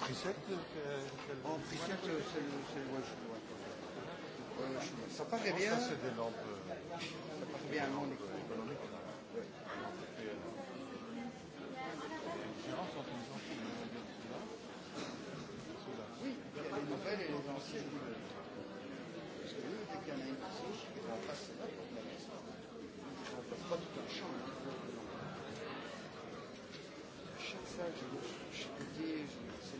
preset euh, En preset, euh, c'est le voile chinois. Ça paraît bien. Ça, c'est des lampes. Euh, ça paraît bien, non économique. Oui. Oui, il y a les nouvelles et les anciennes. Parce que nous, dès qu'il y en a une qui sèche, on passe là pour la reste. On ne passe pas tout un champ ça, je, je suis pitié, c'est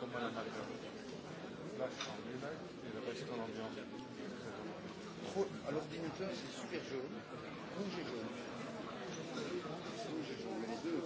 comme à la marguerite. Là, je prends les lacs et le reste en ambiance. Trop, à l'ordinateur, c'est super jaune, rouge et jaune. Rouge et jaune, les deux.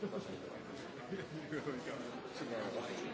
Tomorrow.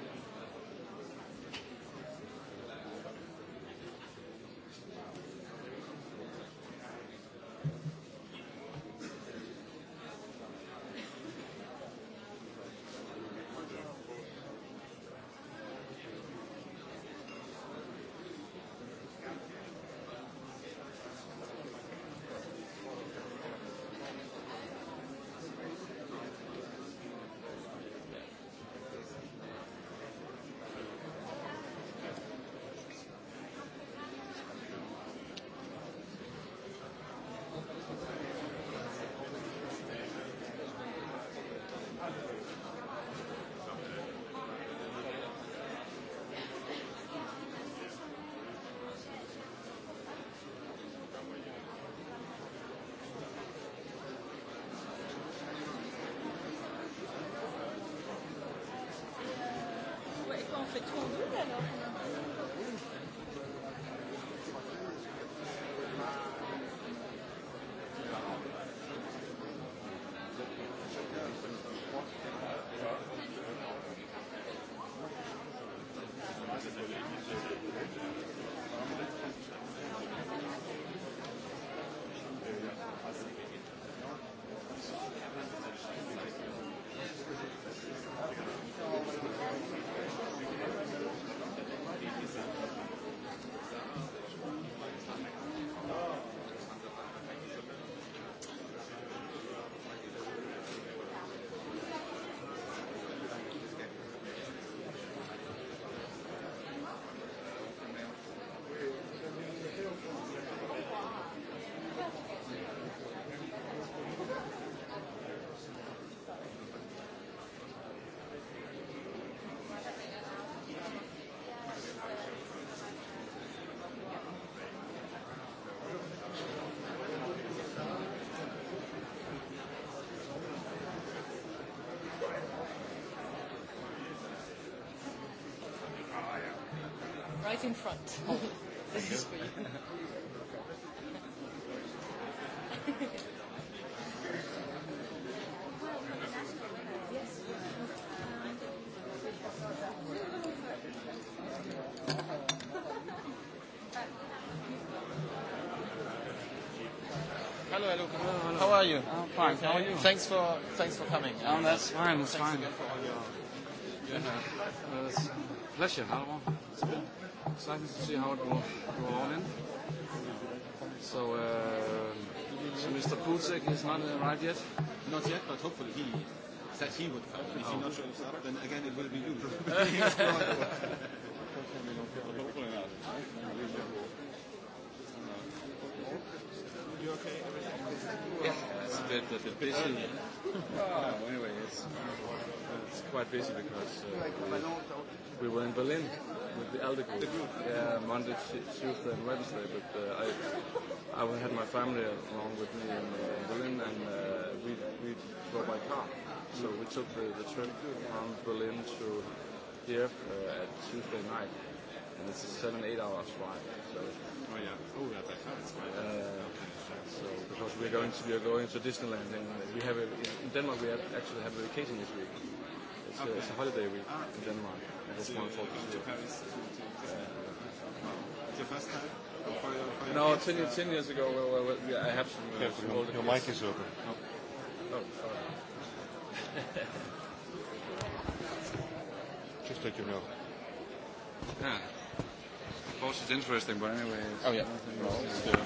right in front. Oh, this is for you. Hello, hello. hello, hello. How are you? I'm fine. Okay. How are you? Thanks for thanks for coming. Oh, that's fine. That's thanks fine. Again for all your, your yeah. Well, it's a pleasure. Hello excited to see how it will go all in. So, uh, so Mr. Pucek is not arrived yet? Not yet, but hopefully he said he would come. If oh. he not shows up, then again it will be you. you okay? Everything? Yeah, it's a bit, a bit busy. oh, anyway, it's, it's quite busy because uh, we, we were in Berlin with the elder group yeah, Monday, Tuesday, and Wednesday. But uh, I, I had my family along with me in uh, Berlin, and uh, we we drove by car. So we took the, the trip from Berlin to here uh, at Tuesday night, and it's a seven eight hours flight. So. Oh yeah. Oh yeah, that's fast. Uh, okay. So because we're going to we are going to Disneyland, and we have a, in Denmark we have, actually have a vacation this week it's, okay. a, it's a holiday week ah, okay. in Denmark. I just so want to focus to Paris. To, to, to uh, it's your first time? Oh, for your, for your no, kids, ten, uh, ten years ago, well, well, well, yeah, I have some. Uh, Careful, some your, your mic is open. No. Oh. oh, sorry. just let you know. Yeah. Of course, it's interesting, but anyway. It's oh yeah. No, it's, uh,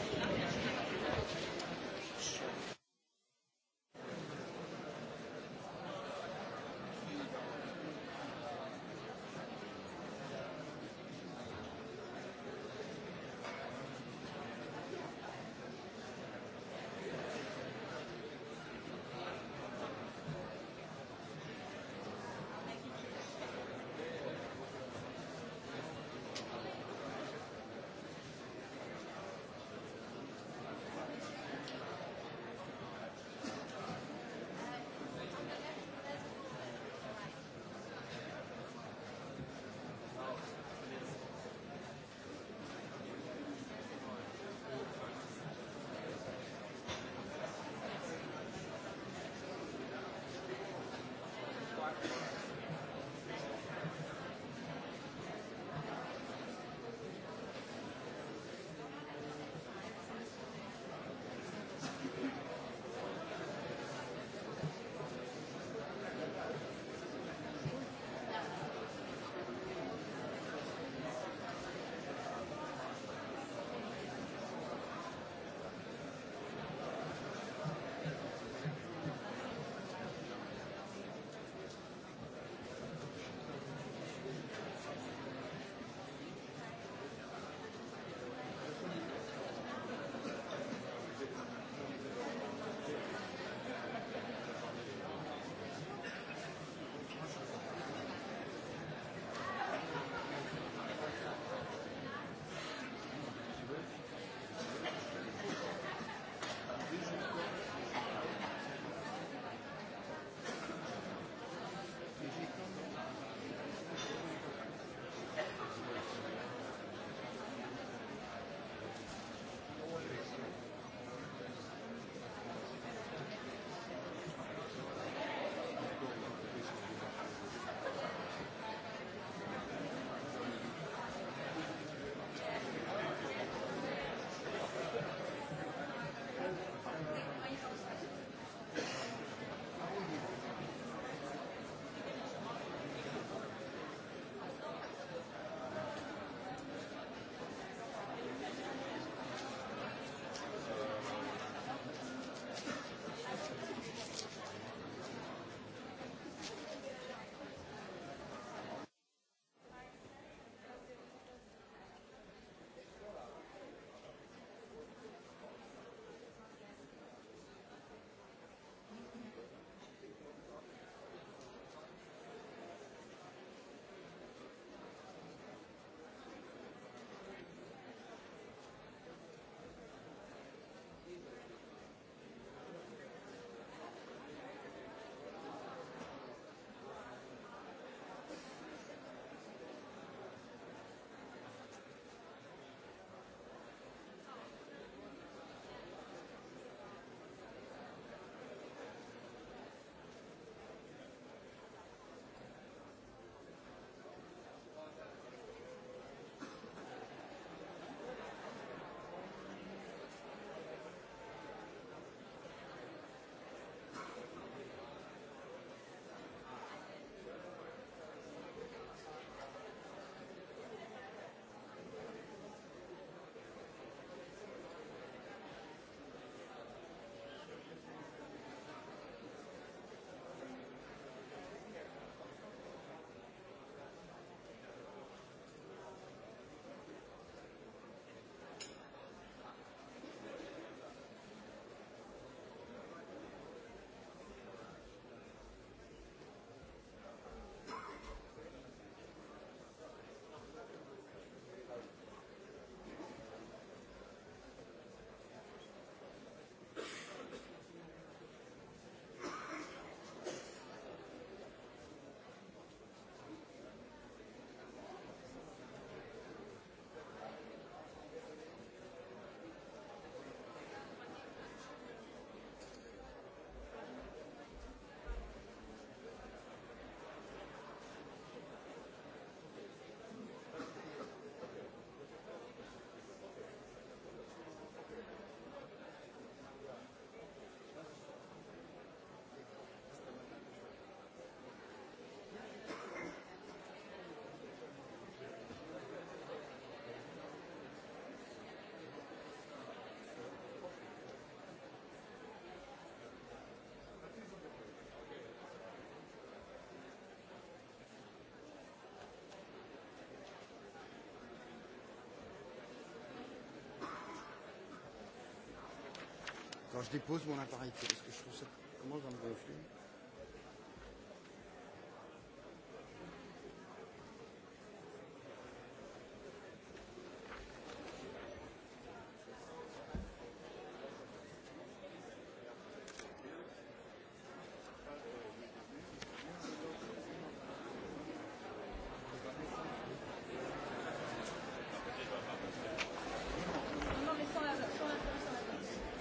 je dépose mon appareil, parce que je trouve ça commence à me gonfler.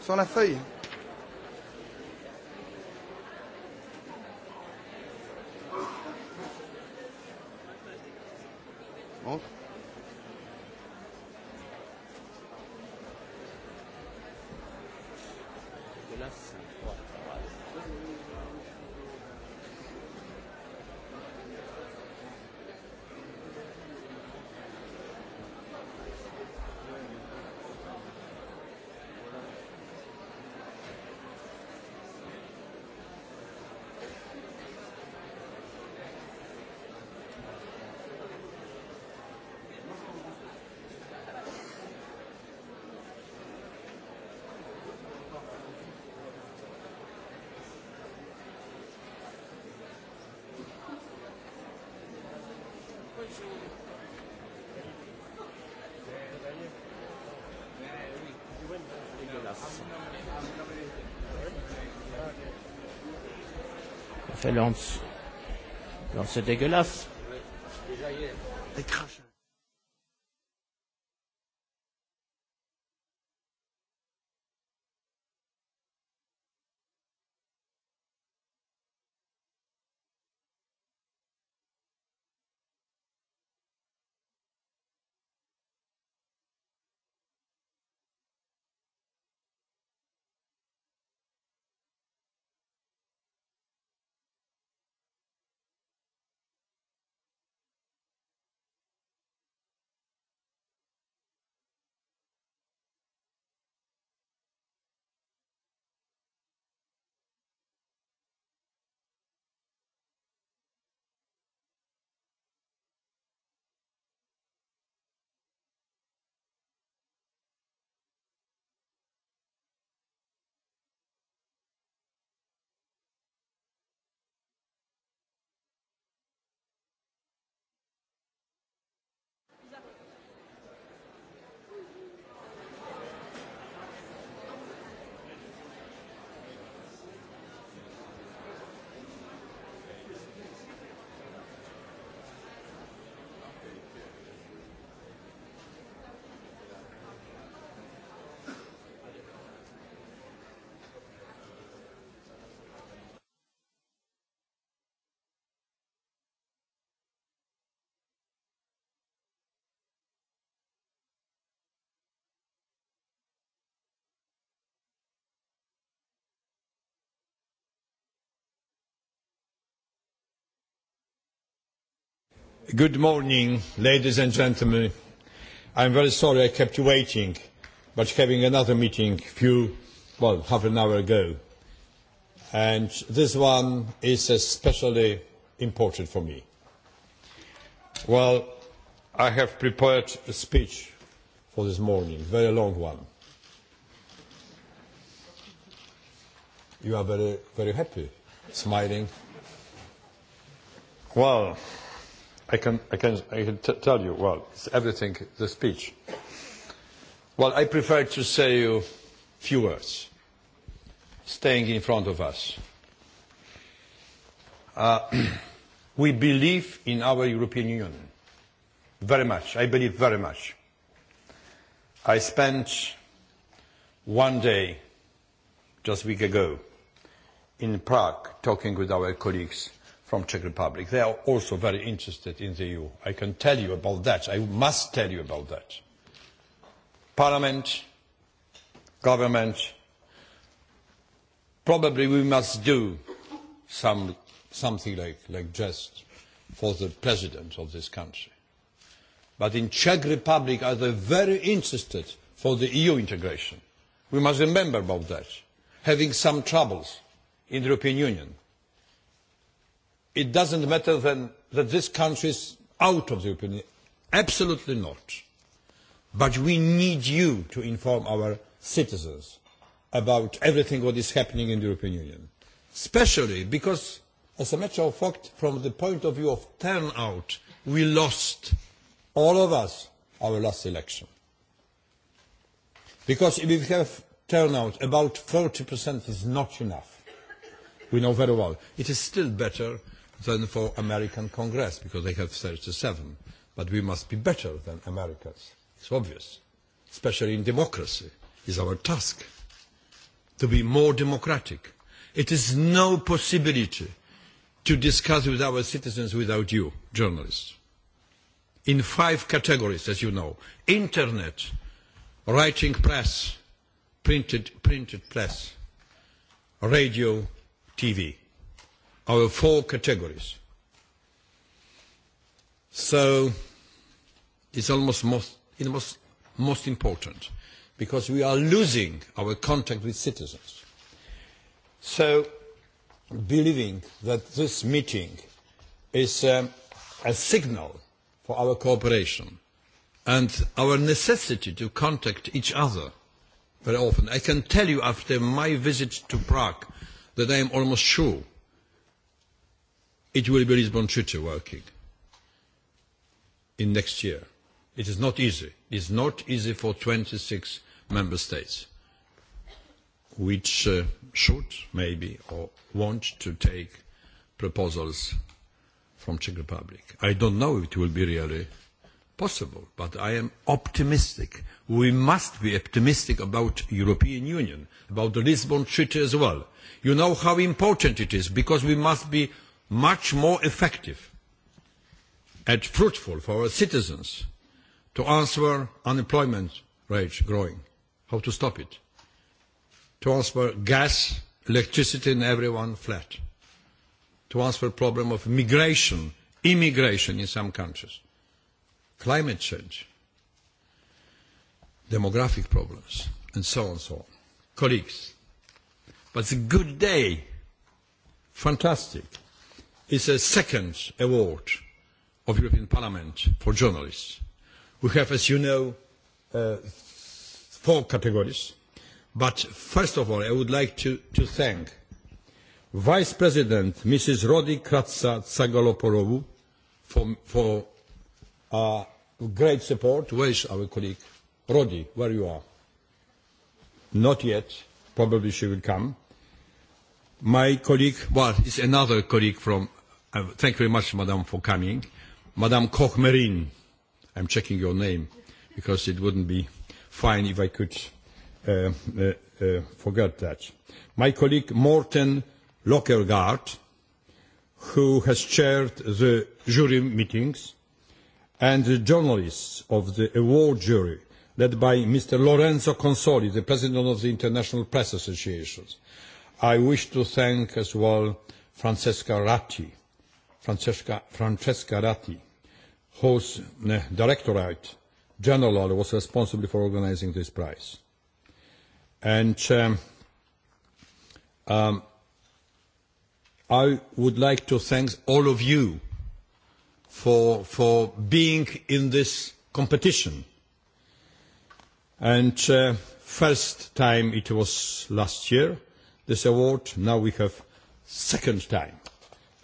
Sans la feuille. Yes. Fait lance. Lance dégueulasse. Déjà hier. Écraseur. Good morning, ladies and gentlemen. I'm very sorry I kept you waiting, but having another meeting few, well, half an hour ago. And this one is especially important for me. Well, I have prepared a speech for this morning, very long one. You are very, very happy, smiling. Well, I can, I can, I can t- tell you, well, it's everything, the speech. Well, I prefer to say a few words, staying in front of us. Uh, we believe in our European Union very much. I believe very much. I spent one day just a week ago in Prague talking with our colleagues from Czech Republic. They are also very interested in the EU. I can tell you about that. I must tell you about that. Parliament, government, probably we must do some, something like, like just for the president of this country. But in Czech Republic are they very interested for the EU integration. We must remember about that. Having some troubles in the European Union it doesn't matter then that this country is out of the European Union. Absolutely not. But we need you to inform our citizens about everything what is happening in the European Union. Especially because, as a matter of fact, from the point of view of turnout, we lost, all of us, our last election. Because if we have turnout, about 40% is not enough. We know very well. It is still better than for American Congress, because they have 37. But we must be better than Americans. It's obvious. Especially in democracy is our task to be more democratic. It is no possibility to discuss with our citizens without you, journalists. In five categories, as you know. Internet, writing press, printed, printed press, radio, TV our four categories. So it's almost most, it was most important because we are losing our contact with citizens. So believing that this meeting is um, a signal for our cooperation and our necessity to contact each other very often. I can tell you after my visit to Prague that I am almost sure it will be Lisbon Treaty working in next year. It is not easy. It is not easy for 26 member states, which uh, should maybe or want to take proposals from Czech Republic. I don't know if it will be really possible, but I am optimistic. We must be optimistic about European Union, about the Lisbon Treaty as well. You know how important it is, because we must be much more effective and fruitful for our citizens to answer unemployment rate growing, how to stop it, to answer gas, electricity in everyone flat, to answer problem of migration, immigration in some countries, climate change, demographic problems, and so on and so on. Colleagues, but it's a good day, fantastic is a second award of European Parliament for journalists. We have, as you know, uh, four categories. But first of all, I would like to, to thank Vice President Mrs. Rodi Kratsa-Tsagalopoulou for, for uh, great support. Where is our colleague? Rodi, where you are? Not yet. Probably she will come. My colleague, well, is another colleague from Uh, thank you very much, Madam, for coming. Madam Koch-Merin, I'm checking your name because it wouldn't be fine if I could uh, uh, uh, forget that. My colleague Morten Lockergaard, who has chaired the jury meetings, and the journalists of the award jury, led by Mr. Lorenzo Consoli, the president of the International Press Association. I wish to thank as well Francesca Ratti, Francesca, Francesca Ratti, whose directorate general was responsible for organizing this prize. And um, um, I would like to thank all of you for, for being in this competition. And uh, first time it was last year, this award. Now we have second time.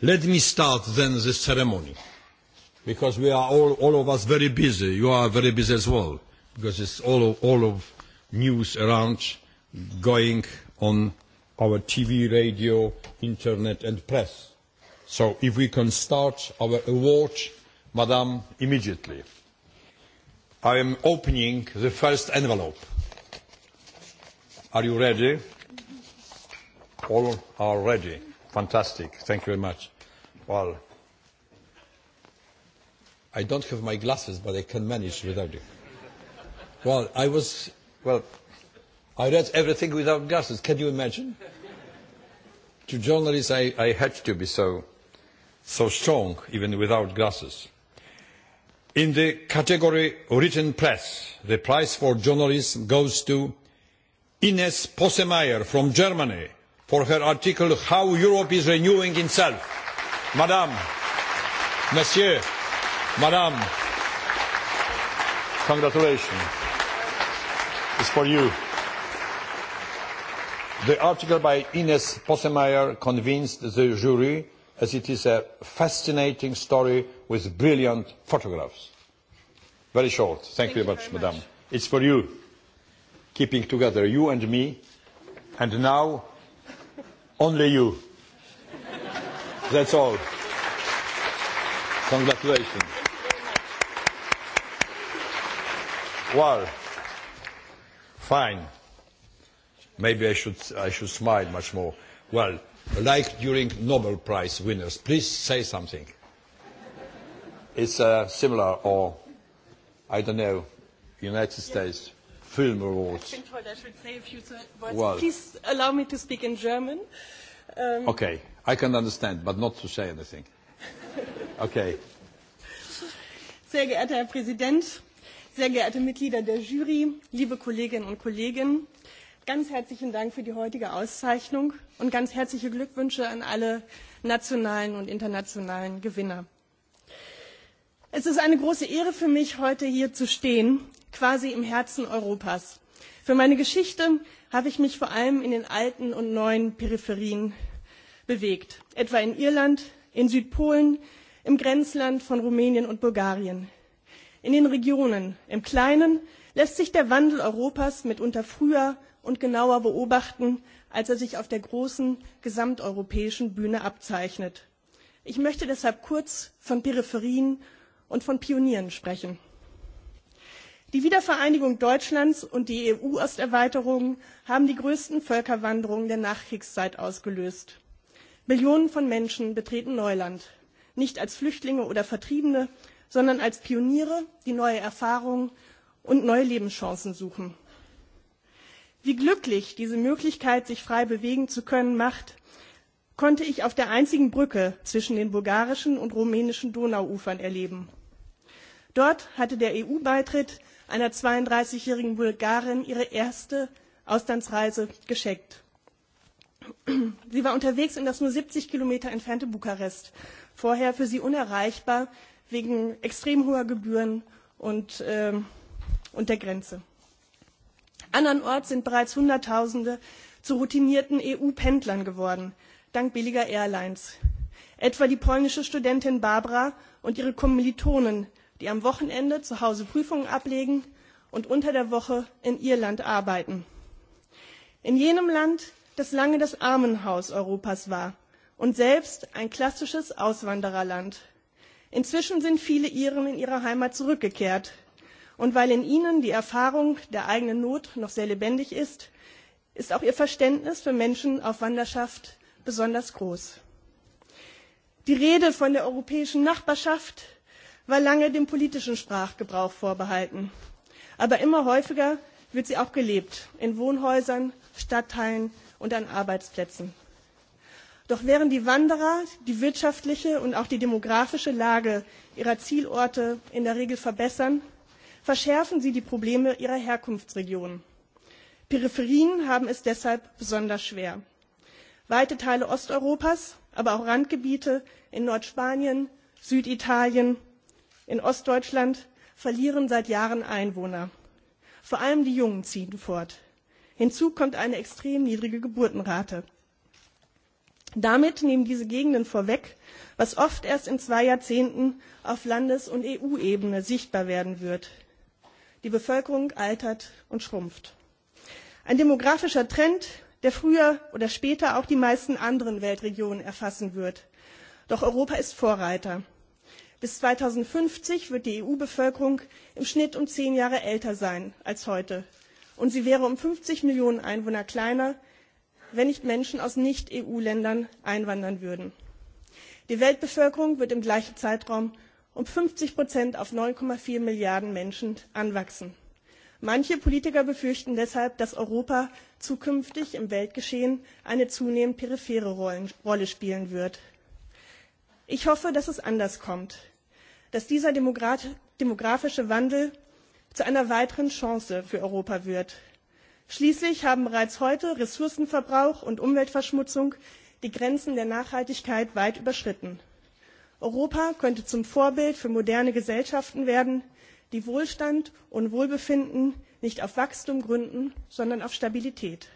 Let me start then the ceremony, because we are all, all of us very busy. You are very busy as well, because it's all of, all of news around going on our TV, radio, internet and press. So if we can start our award, Madam, immediately. I am opening the first envelope. Are you ready? All are ready. Fantastic. Thank you very much. Well, I don't have my glasses, but I can manage without you. Well, I was, well, I read everything without glasses. Can you imagine? To journalists, I, I had to be so, so strong, even without glasses. In the category written press, the prize for journalism goes to Ines Possemeyer from Germany for her article How Europe is Renewing Itself. Madame, Monsieur, Madame, congratulations. It's for you. The article by Ines Possemeyer convinced the jury as it is a fascinating story with brilliant photographs. Very short. Thank, Thank you very much, very madame. Much. It's for you, keeping together you and me. And now Only you. That's all. Congratulations. Well, fine. Maybe I should, I should smile much more. Well, like during Nobel Prize winners, please say something. It's uh, similar or, I don't know, United States. Film Awards. I think what I should say a few words. Well. Please allow me to speak in German. Um, okay, I can understand, but not to say anything. Okay. Sehr geehrter Herr Präsident, sehr geehrte Mitglieder der Jury, liebe Kolleginnen und Kollegen, ganz herzlichen Dank für die heutige Auszeichnung und ganz herzliche Glückwünsche an alle nationalen und internationalen Gewinner. Es ist eine große Ehre für mich, heute hier zu stehen quasi im Herzen Europas. Für meine Geschichte habe ich mich vor allem in den alten und neuen Peripherien bewegt, etwa in Irland, in Südpolen, im Grenzland von Rumänien und Bulgarien. In den Regionen, im Kleinen, lässt sich der Wandel Europas mitunter früher und genauer beobachten, als er sich auf der großen gesamteuropäischen Bühne abzeichnet. Ich möchte deshalb kurz von Peripherien und von Pionieren sprechen die wiedervereinigung deutschlands und die eu osterweiterung haben die größten völkerwanderungen der nachkriegszeit ausgelöst. millionen von menschen betreten neuland nicht als flüchtlinge oder vertriebene sondern als pioniere die neue erfahrungen und neue lebenschancen suchen. wie glücklich diese möglichkeit sich frei bewegen zu können macht konnte ich auf der einzigen brücke zwischen den bulgarischen und rumänischen donauufern erleben. dort hatte der eu beitritt einer 32-jährigen Bulgarin ihre erste Auslandsreise geschenkt. Sie war unterwegs in das nur 70 Kilometer entfernte Bukarest, vorher für sie unerreichbar wegen extrem hoher Gebühren und, äh, und der Grenze. Andernorts sind bereits Hunderttausende zu routinierten EU-Pendlern geworden, dank billiger Airlines. Etwa die polnische Studentin Barbara und ihre Kommilitonen, die am Wochenende zu Hause Prüfungen ablegen und unter der Woche in Irland arbeiten. In jenem Land, das lange das Armenhaus Europas war und selbst ein klassisches Auswandererland. Inzwischen sind viele Iren in ihre Heimat zurückgekehrt. Und weil in ihnen die Erfahrung der eigenen Not noch sehr lebendig ist, ist auch ihr Verständnis für Menschen auf Wanderschaft besonders groß. Die Rede von der europäischen Nachbarschaft war lange dem politischen Sprachgebrauch vorbehalten. Aber immer häufiger wird sie auch gelebt, in Wohnhäusern, Stadtteilen und an Arbeitsplätzen. Doch während die Wanderer die wirtschaftliche und auch die demografische Lage ihrer Zielorte in der Regel verbessern, verschärfen sie die Probleme ihrer Herkunftsregionen. Peripherien haben es deshalb besonders schwer. Weite Teile Osteuropas, aber auch Randgebiete in Nordspanien, Süditalien in Ostdeutschland verlieren seit Jahren Einwohner. Vor allem die Jungen ziehen fort. Hinzu kommt eine extrem niedrige Geburtenrate. Damit nehmen diese Gegenden vorweg, was oft erst in zwei Jahrzehnten auf Landes- und EU-Ebene sichtbar werden wird. Die Bevölkerung altert und schrumpft. Ein demografischer Trend, der früher oder später auch die meisten anderen Weltregionen erfassen wird. Doch Europa ist Vorreiter. Bis 2050 wird die EU-Bevölkerung im Schnitt um zehn Jahre älter sein als heute. Und sie wäre um 50 Millionen Einwohner kleiner, wenn nicht Menschen aus Nicht-EU-Ländern einwandern würden. Die Weltbevölkerung wird im gleichen Zeitraum um 50 Prozent auf 9,4 Milliarden Menschen anwachsen. Manche Politiker befürchten deshalb, dass Europa zukünftig im Weltgeschehen eine zunehmend periphere Rollen, Rolle spielen wird. Ich hoffe, dass es anders kommt dass dieser demografische Wandel zu einer weiteren Chance für Europa wird. Schließlich haben bereits heute Ressourcenverbrauch und Umweltverschmutzung die Grenzen der Nachhaltigkeit weit überschritten. Europa könnte zum Vorbild für moderne Gesellschaften werden, die Wohlstand und Wohlbefinden nicht auf Wachstum gründen, sondern auf Stabilität.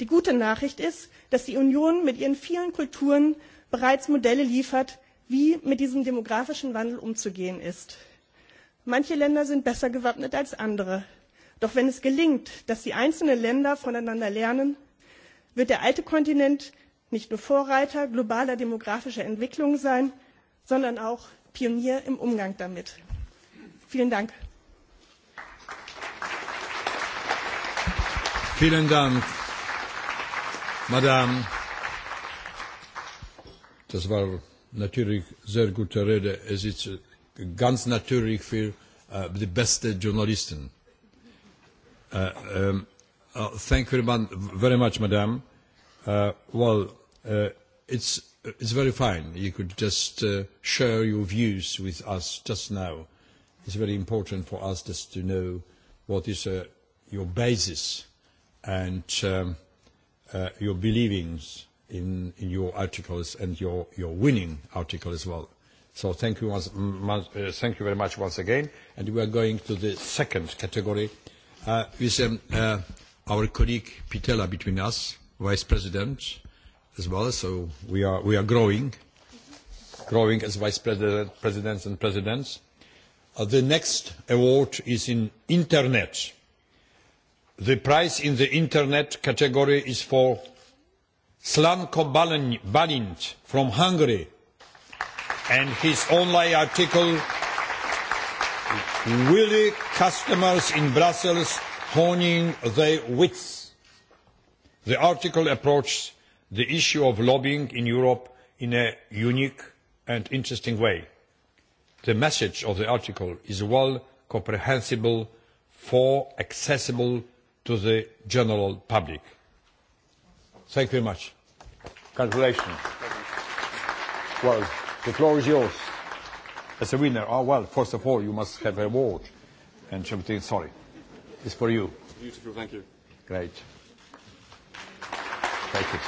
Die gute Nachricht ist, dass die Union mit ihren vielen Kulturen bereits Modelle liefert, wie mit diesem demografischen Wandel umzugehen ist. Manche Länder sind besser gewappnet als andere. Doch wenn es gelingt, dass die einzelnen Länder voneinander lernen, wird der alte Kontinent nicht nur Vorreiter globaler demografischer Entwicklung sein, sondern auch Pionier im Umgang damit. Vielen Dank. Vielen Dank, Madame. Das war natürlich sehr gute Rede. Es ist äh, ganz natürlich für äh, die besten Journalisten. Uh, um, uh, thank you very much, madam. Uh, well, uh, it's, it's very fine. You could just uh, share your views with us just now. It's very important for us just to know what is uh, your basis and um, uh, your believings in, in your articles and your, your winning article as well. So thank you, once, much, uh, thank you very much once again. And we are going to the second category uh, with um, uh, our colleague Pitella between us, Vice President as well. So we are, we are growing, growing as Vice President, Presidents and Presidents. Uh, the next award is in Internet. The prize in the Internet category is for Slanko Balint from Hungary and his online article Willy Customers in Brussels Honing Their Wits. The article approaches the issue of lobbying in Europe in a unique and interesting way. The message of the article is well comprehensible for accessible to the general public. Thank you very much. Congratulations. Well, the floor is yours. As a winner, oh, well, first of all, you must have a award. And Chambertin, sorry. It's for you. Beautiful, thank you. Great. Thank you.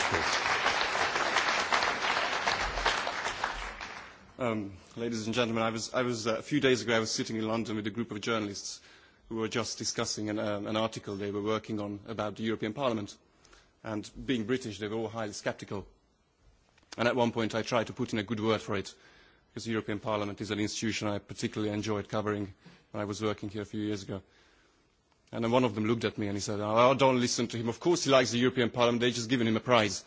Please. Um, ladies and gentlemen, I was, I was, uh, a few days ago I was sitting in London with a group of journalists who were just discussing an, um, an article they were working on about the European Parliament. Uh, And being British, they were all highly sceptical. And at one point, I tried to put in a good word for it, because the European Parliament is an institution I particularly enjoyed covering when I was working here a few years ago. And then one of them looked at me and he said, oh, don't listen to him. Of course he likes the European Parliament. They've just given him a prize.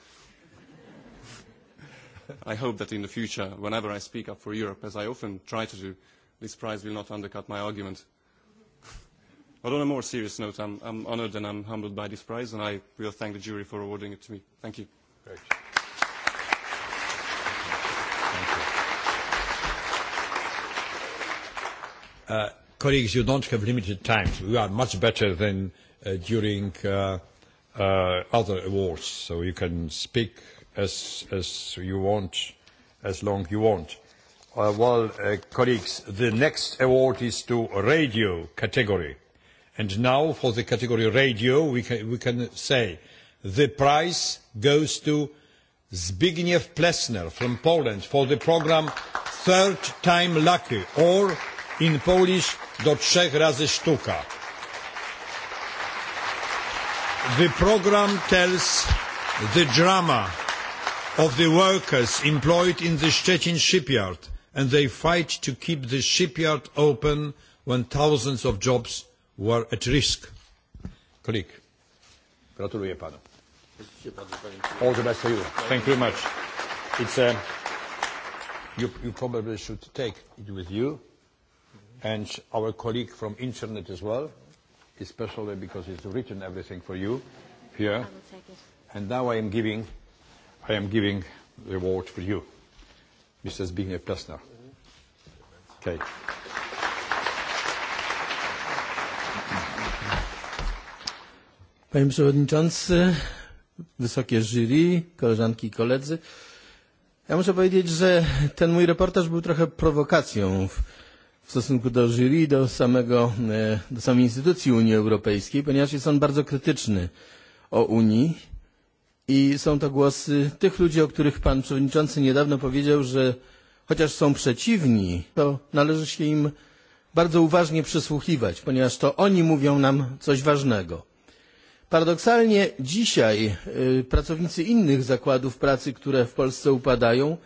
I hope that in the future, whenever I speak up for Europe, as I often try to do, this prize will not undercut my argument. But on a more serious note, I'm, I'm honored and I'm humbled by this prize, and I will thank the jury for awarding it to me. Thank you. Great. Thank you. Uh, colleagues, you don't have limited time. We are much better than uh, during uh, uh, other awards, so you can speak as, as you want, as long you want. Uh, well, uh, colleagues, the next award is to radio category. And now for the category radio, we can, we can say the prize goes to Zbigniew Plesner from Poland for the program Third Time Lucky or in Polish do trzech razy sztuka. The program tells the drama of the workers employed in the Szczecin shipyard and they fight to keep the shipyard open when thousands of jobs were at risk. Colleague, gratuluję panu. All the best to you. Thank you very much. It's a, um, you, you probably should take it with you and our colleague from internet as well, especially because he's written everything for you here. I will take it. And now I am giving, I am giving the award for you, Mr. Zbigniew Plesner. Okay. Panie Przewodniczący, wysokie jury, koleżanki i koledzy. Ja muszę powiedzieć, że ten mój reportaż był trochę prowokacją w, w stosunku do jury, do, samego, e, do samej instytucji Unii Europejskiej, ponieważ jest on bardzo krytyczny o Unii i są to głosy tych ludzi, o których pan przewodniczący niedawno powiedział, że chociaż są przeciwni, to należy się im bardzo uważnie przysłuchiwać, ponieważ to oni mówią nam coś ważnego. Paradoksalnie dzisiaj pracownicy innych zakładów pracy, które w Polsce upadają,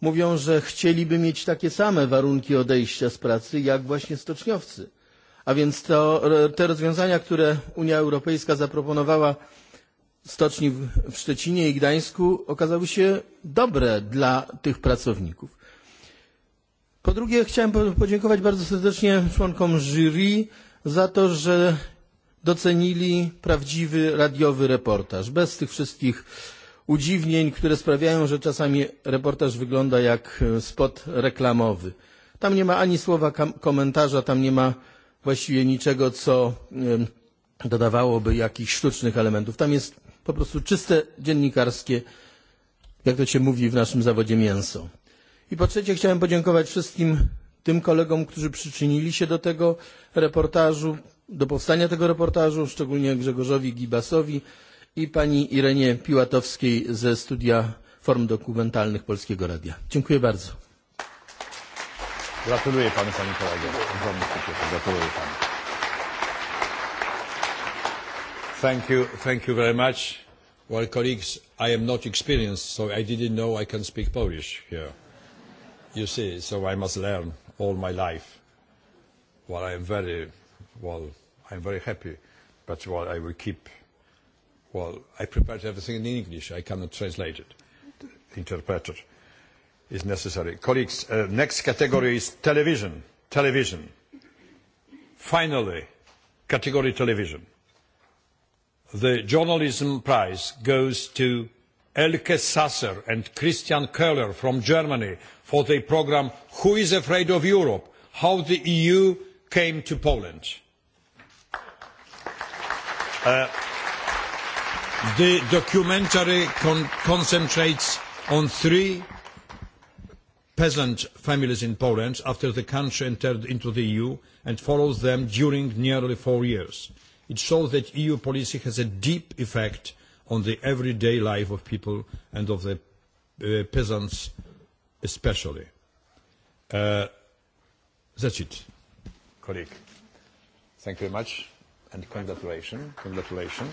mówią, że chcieliby mieć takie same warunki odejścia z pracy jak właśnie stoczniowcy. A więc to, te rozwiązania, które Unia Europejska zaproponowała stoczni w Szczecinie i Gdańsku okazały się dobre dla tych pracowników. Po drugie, chciałem podziękować bardzo serdecznie członkom jury za to, że docenili prawdziwy radiowy reportaż, bez tych wszystkich udziwnień, które sprawiają, że czasami reportaż wygląda jak e, spot reklamowy. Tam nie ma ani słowa komentarza, tam nie ma właściwie niczego, co dodawałoby jakichś sztucznych elementów. Tam jest po prostu czyste dziennikarskie, jak to się mówi w naszym zawodzie, mięso. I po trzecie chciałem podziękować wszystkim tym kolegom, którzy przyczynili się do tego reportażu, do powstania tego reportażu, szczególnie Grzegorzowi Gibasowi i pani Irenie Piłatowskiej ze Studia Form Dokumentalnych Polskiego Radia. Dziękuję bardzo. Gratuluję panu, panie kolego. Ogromny sukces. Gratuluję panu. Thank you, thank you very much. Well, colleagues, I am not experienced, so I didn't know I can speak Polish here. You see, so I must learn all my life. Well, I am very, well, I'm very happy, but well, I will keep. Well, I prepared everything in English. I cannot translate it. Interpreter is necessary. Colleagues, uh, next category is television. Television. Finally, category television. The Journalism Prize goes to Elke Sasser and Christian Köhler from Germany for the program Who is Afraid of Europe? How the EU came to Poland. Uh, the documentary con- concentrates on three peasant families in Poland after the country entered into the EU and follows them during nearly four years. It shows that EU policy has a deep effect on the everyday life of people and of the uh, peasants especially. Uh, that's it, colleague. Thank you very much and congratulations. Congratulations.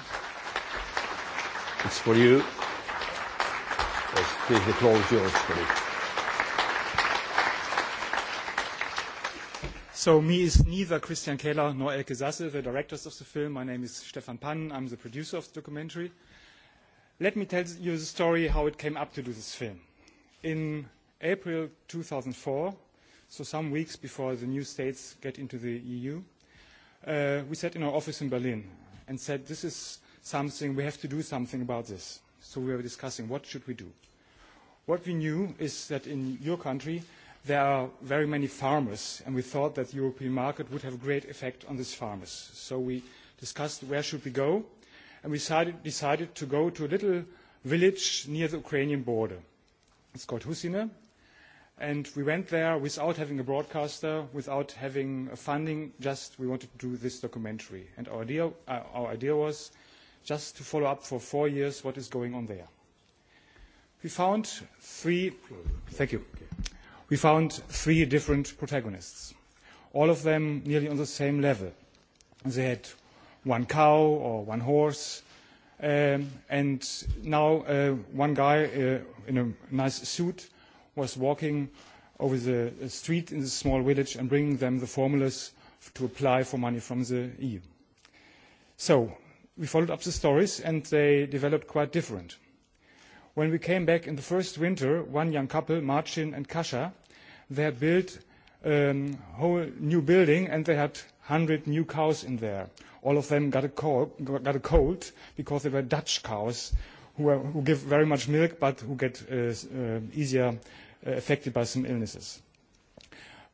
It's for you. Yes, please, the floor is yours, colleague. So me is neither Christian Keller nor Elke Sasse, the directors of the film. My name is Stefan Pannen. I'm the producer of the documentary. Let me tell you the story how it came up to do this film. In April 2004, so some weeks before the new states get into the EU, uh, we sat in our office in Berlin and said, this is something, we have to do something about this. So we were discussing what should we do. What we knew is that in your country, there are very many farmers, and we thought that the European market would have a great effect on these farmers. So we discussed where should we go, and we decided, decided to go to a little village near the Ukrainian border. It's called Husine, And we went there without having a broadcaster, without having funding, just we wanted to do this documentary. And our idea, uh, our idea was just to follow up for four years what is going on there. We found three, thank you. We found three different protagonists, all of them nearly on the same level. They had one cow or one horse, um, and now uh, one guy uh, in a nice suit was walking over the street in this small village and bringing them the formulas to apply for money from the EU. So we followed up the stories and they developed quite different. When we came back in the first winter, one young couple, Marcin and Kasia, they had built a um, whole new building and they had 100 new cows in there. All of them got a, cold, got a cold because they were Dutch cows who, are, who give very much milk but who get uh, uh, easier Uh, affected by some illnesses.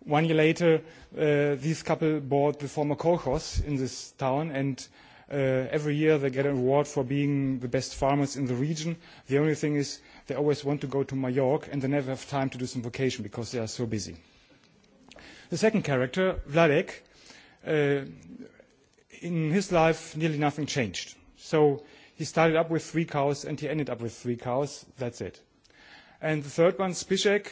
One year later, uh, this couple bought the former kolkhoz in this town, and uh, every year they get an award for being the best farmers in the region. The only thing is they always want to go to Majorque, and they never have time to do some vacation because they are so busy. The second character, Vladek, uh, in his life nearly nothing changed. So he started up with three cows, and he ended up with three cows. That's it. And the third one, Spishek,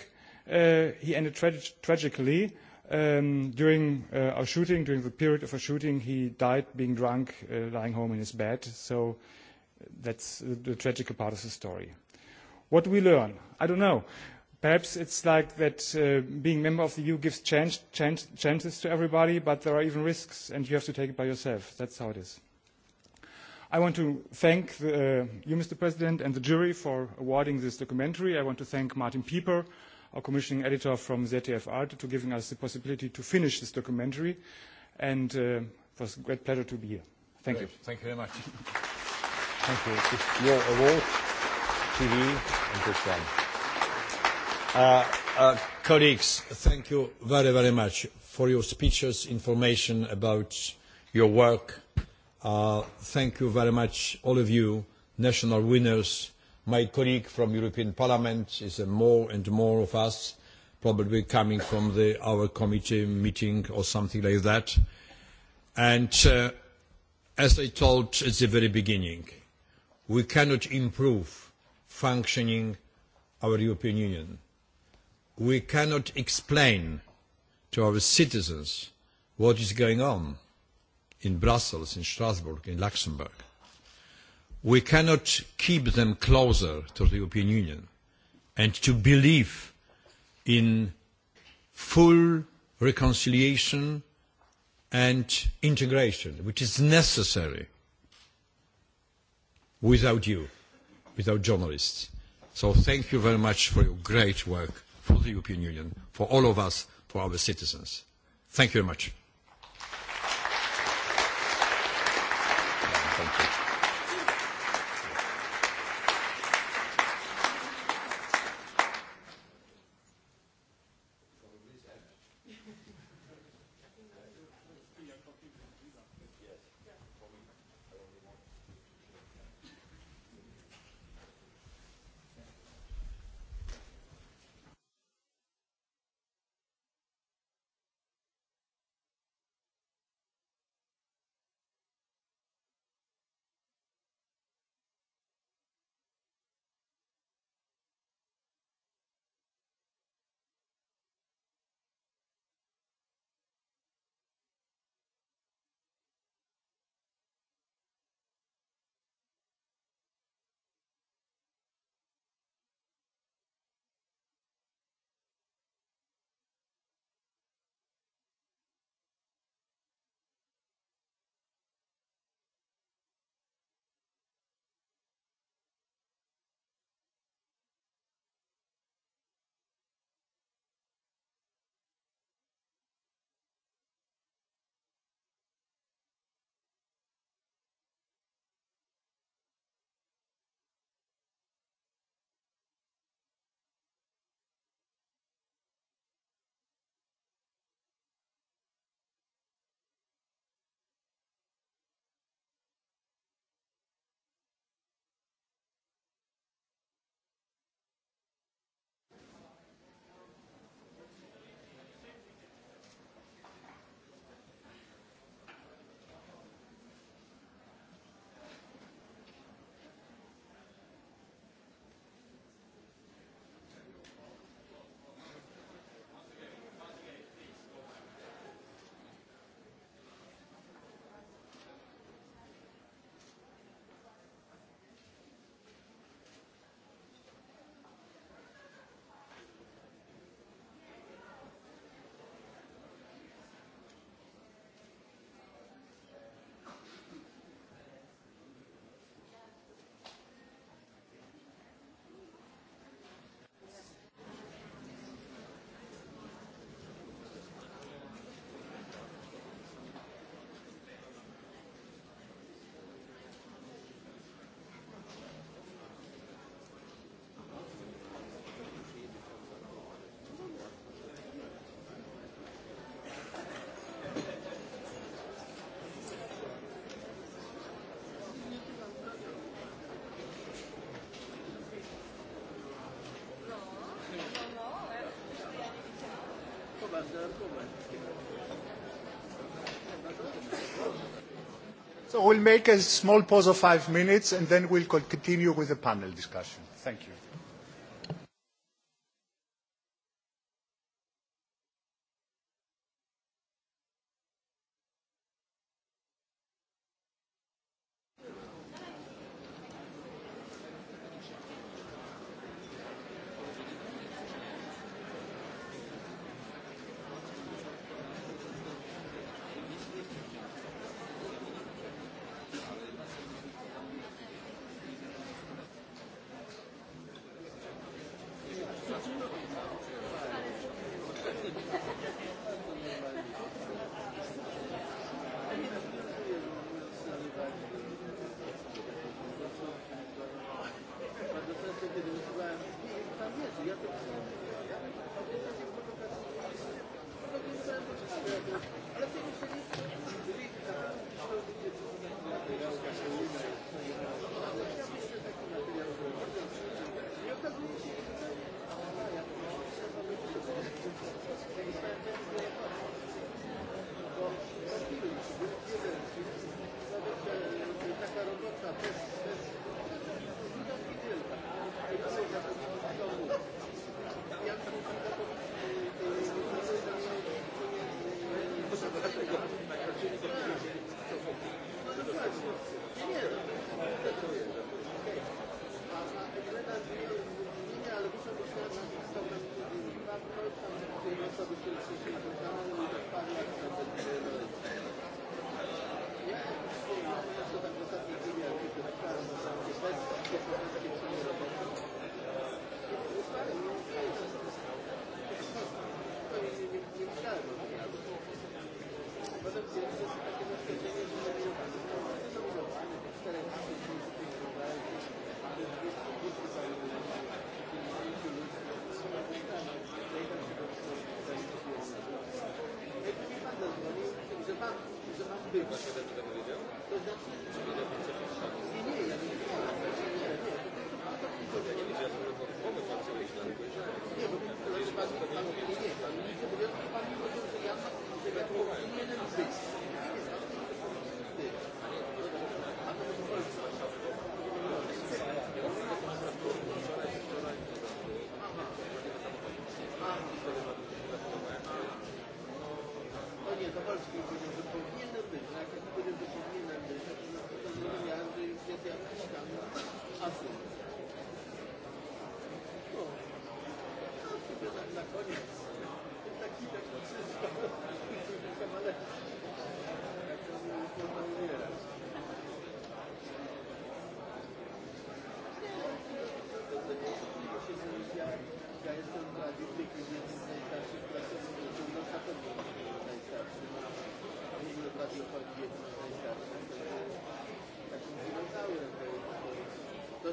uh, he ended tra- tragically. Um, during uh, our shooting, during the period of our shooting, he died being drunk, uh, lying home in his bed. So uh, that's the, the tragic part of the story. What do we learn? I don't know. Perhaps it's like that uh, being a member of the EU gives chance, chance, chances to everybody, but there are even risks, and you have to take it by yourself. That's how it is. I want to thank the, uh, you, Mr. President, and the jury for awarding this documentary. I want to thank Martin Pieper, our commissioning editor from ZTF Art, to giving us the possibility to finish this documentary. And uh, it was a great pleasure to be here. Thank great. you. Thank you very much. Thank you. Your award, TV, and this one. Uh, uh, colleagues, thank you very, very much for your speeches, information about your work Uh, thank you very much, all of you, national winners. My colleague from European Parliament is a more and more of us, probably coming from the, our committee meeting or something like that. And uh, as I told at the very beginning, we cannot improve functioning our European Union. We cannot explain to our citizens what is going on in Brussels, in Strasbourg, in Luxembourg. We cannot keep them closer to the European Union and to believe in full reconciliation and integration, which is necessary without you, without journalists. So thank you very much for your great work for the European Union, for all of us, for our citizens. Thank you very much. So we'll make a small pause of five minutes and then we'll continue with the panel discussion. Thank you.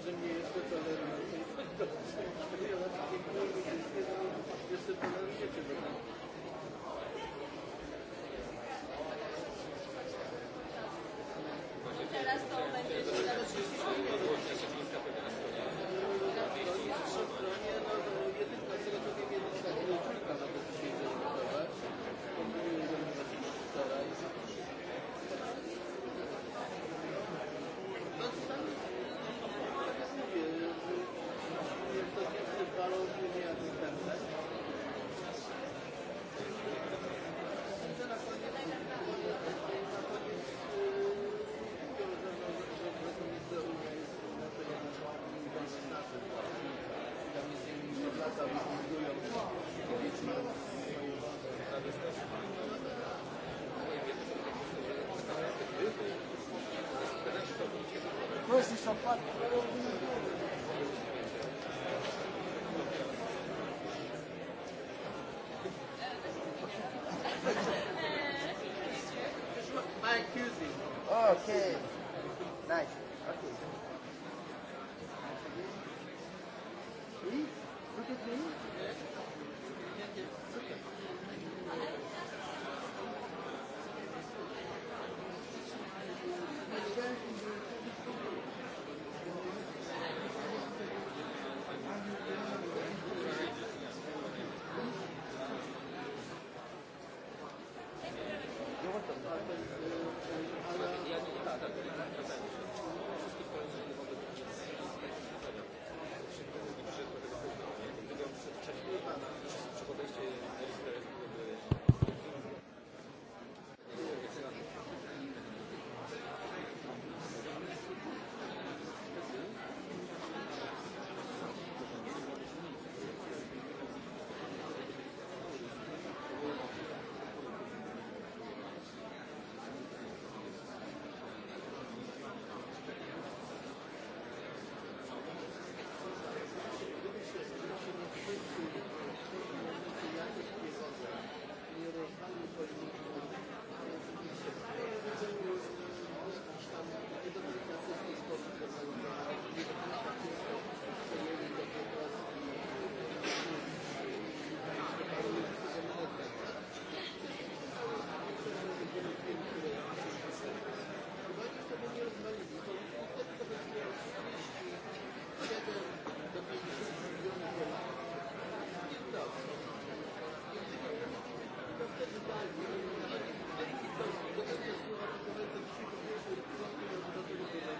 Thank you. sofort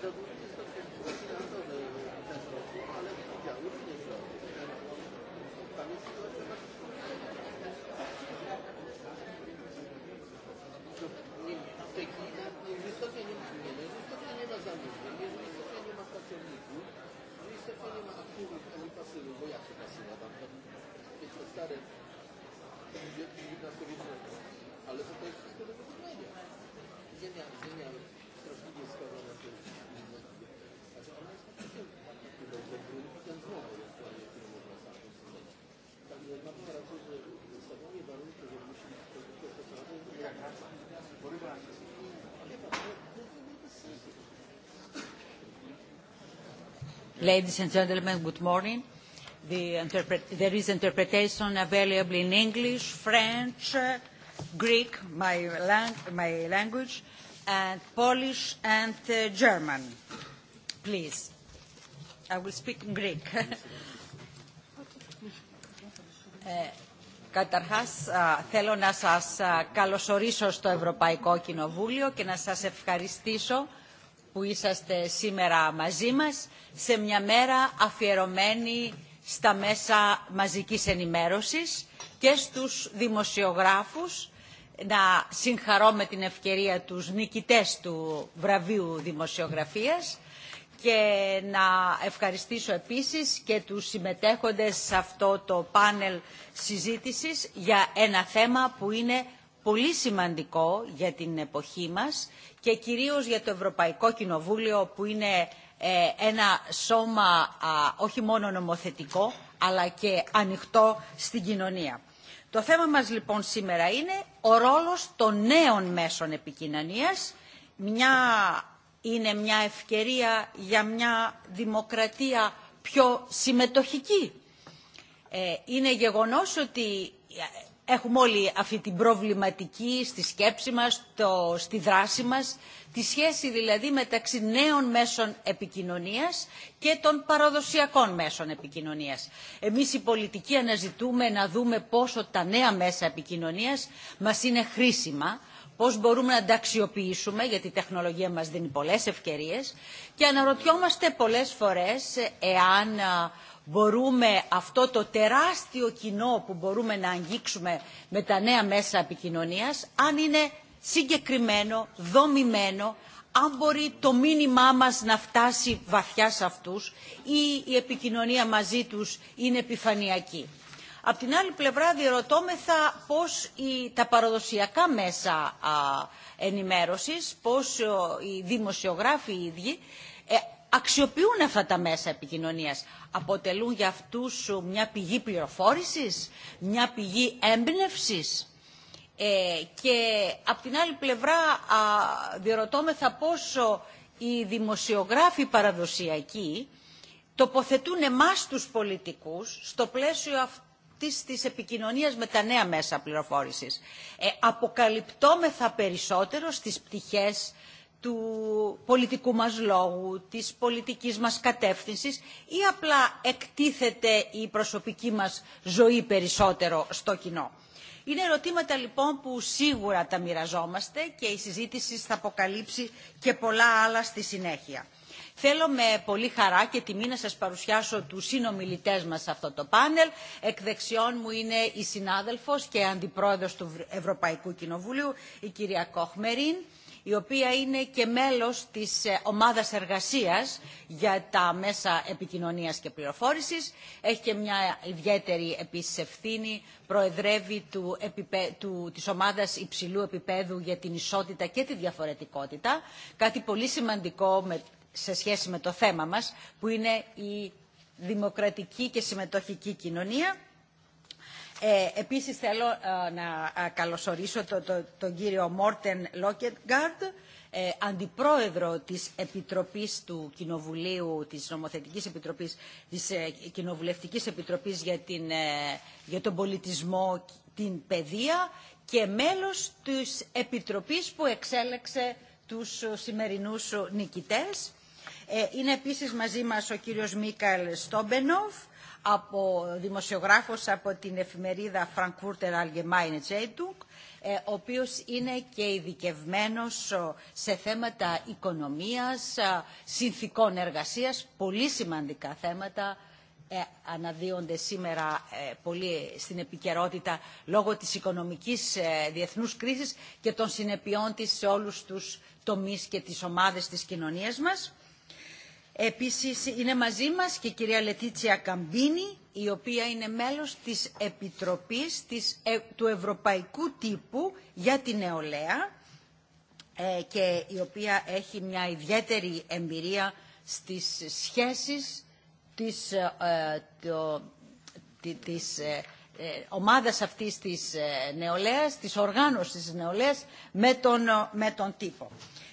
Tam jest sytuacja bardzo trudna. Ladies and gentlemen, good morning. The interpret there is interpretation available in English, French, uh, Greek, my, lang my language, and Polish and uh, German. Please, I will speak in Greek. Uh, Καταρχάς, θέλω να σας καλωσορίσω στο Ευρωπαϊκό Κοινοβούλιο και να σας ευχαριστήσω που είσαστε σήμερα μαζί μας σε μια μέρα αφιερωμένη στα μέσα μαζικής ενημέρωσης και στους δημοσιογράφους να συγχαρώ με την ευκαιρία τους νικητές του βραβείου δημοσιογραφίας και να ευχαριστήσω επίσης και τους συμμετέχοντες σε αυτό το πάνελ συζήτησης για ένα θέμα που είναι πολύ σημαντικό για την εποχή μας και κυρίως για το Ευρωπαϊκό Κοινοβούλιο που είναι ε, ένα σώμα α, όχι μόνο νομοθετικό αλλά και ανοιχτό στην κοινωνία. Το θέμα μας λοιπόν σήμερα είναι ο ρόλος των νέων μέσων επικοινωνίας. Μια, είναι μια ευκαιρία για μια δημοκρατία πιο συμμετοχική. Ε, είναι γεγονός ότι έχουμε όλοι αυτή την προβληματική στη σκέψη μας, το, στη δράση μας, τη σχέση δηλαδή μεταξύ νέων μέσων επικοινωνίας και των παραδοσιακών μέσων επικοινωνίας. Εμείς οι πολιτικοί αναζητούμε να δούμε πόσο τα νέα μέσα επικοινωνίας μας είναι χρήσιμα, πώς μπορούμε να τα αξιοποιήσουμε, γιατί η τεχνολογία μας δίνει πολλές ευκαιρίες και αναρωτιόμαστε πολλές φορές εάν μπορούμε αυτό το τεράστιο κοινό που μπορούμε να αγγίξουμε με τα νέα μέσα επικοινωνίας, αν είναι συγκεκριμένο, δομημένο, αν μπορεί το μήνυμά μας να φτάσει βαθιά σε αυτούς ή η επικοινωνία μαζί τους είναι επιφανειακή. Απ' την άλλη πλευρά διερωτώμεθα πώς η, τα παραδοσιακά μέσα α, ενημέρωσης, πώς ο, οι δημοσιογράφοι οι ίδιοι ε, αξιοποιούν αυτά τα μέσα επικοινωνίας. Αποτελούν για αυτούς μια πηγή πληροφόρησης, μια πηγή έμπνευσης. Ε, και από την άλλη πλευρά α, διερωτώμεθα πόσο οι δημοσιογράφοι παραδοσιακοί τοποθετούν εμάς τους πολιτικούς στο πλαίσιο αυτής της επικοινωνίας με τα νέα μέσα πληροφόρησης. Ε, αποκαλυπτόμεθα περισσότερο στις πτυχές του πολιτικού μας λόγου, της πολιτικής μας κατεύθυνσης ή απλά εκτίθεται η προσωπική μας ζωή περισσότερο στο κοινό. Είναι ερωτήματα λοιπόν που σίγουρα τα μοιραζόμαστε και η συζήτηση θα αποκαλύψει και πολλά άλλα στη συνέχεια. Θέλω με πολύ χαρά και τιμή να σας παρουσιάσω τους συνομιλητές μας σε αυτό το πάνελ. Εκ δεξιών μου είναι η συνάδελφος και αντιπρόεδρος του Ευρωπαϊκού Κοινοβουλίου, η κυρία Κοχμερίν η οποία είναι και μέλος της ομάδας εργασίας για τα μέσα επικοινωνίας και πληροφόρησης. Έχει και μια ιδιαίτερη επίσης ευθύνη, προεδρεύει του, επιπέ, του, της ομάδας υψηλού επίπεδου για την ισότητα και τη διαφορετικότητα, κάτι πολύ σημαντικό με, σε σχέση με το θέμα μας, που είναι η δημοκρατική και συμμετοχική κοινωνία Ε, επίσης θέλω ε, να καλωσορίσω το, το, τον κύριο Μόρτεν Λόκετγκαρντ, ε, αντιπρόεδρο της Επιτροπής του Κοινοβουλίου, της Νομοθετικής Επιτροπής, της ε, Κοινοβουλευτικής Επιτροπής για, την, ε, για τον πολιτισμό, την παιδεία και μέλος της Επιτροπής που εξέλεξε τους σημερινούς νικητές. Ε, είναι επίσης μαζί μας ο κύριος Μίκαλ Στόμπενοφ, από δημοσιογράφος από την εφημερίδα Frankfurter Allgemeine Zeitung, ο οποίος είναι και ειδικευμένο σε θέματα οικονομίας, συνθήκων εργασίας, πολύ σημαντικά θέματα ε, αναδύονται σήμερα ε, πολύ στην επικαιρότητα λόγω της οικονομικής ε, διεθνούς κρίσης και των συνεπειών της σε όλους τους τομείς και τις ομάδες της κοινωνίας μας. Επίσης είναι μαζί μας και η κυρία Λετίτσια Καμπίνη, η οποία είναι μέλος της Επιτροπής της, ε, του Ευρωπαϊκού Τύπου για την Νεολαία ε, και η οποία έχει μια ιδιαίτερη εμπειρία στις σχέσεις της, ε, το, τη, της ε, ομάδας αυτής της νεολαίας, της οργάνωσης της νεολαίας με τον, με τον τύπο.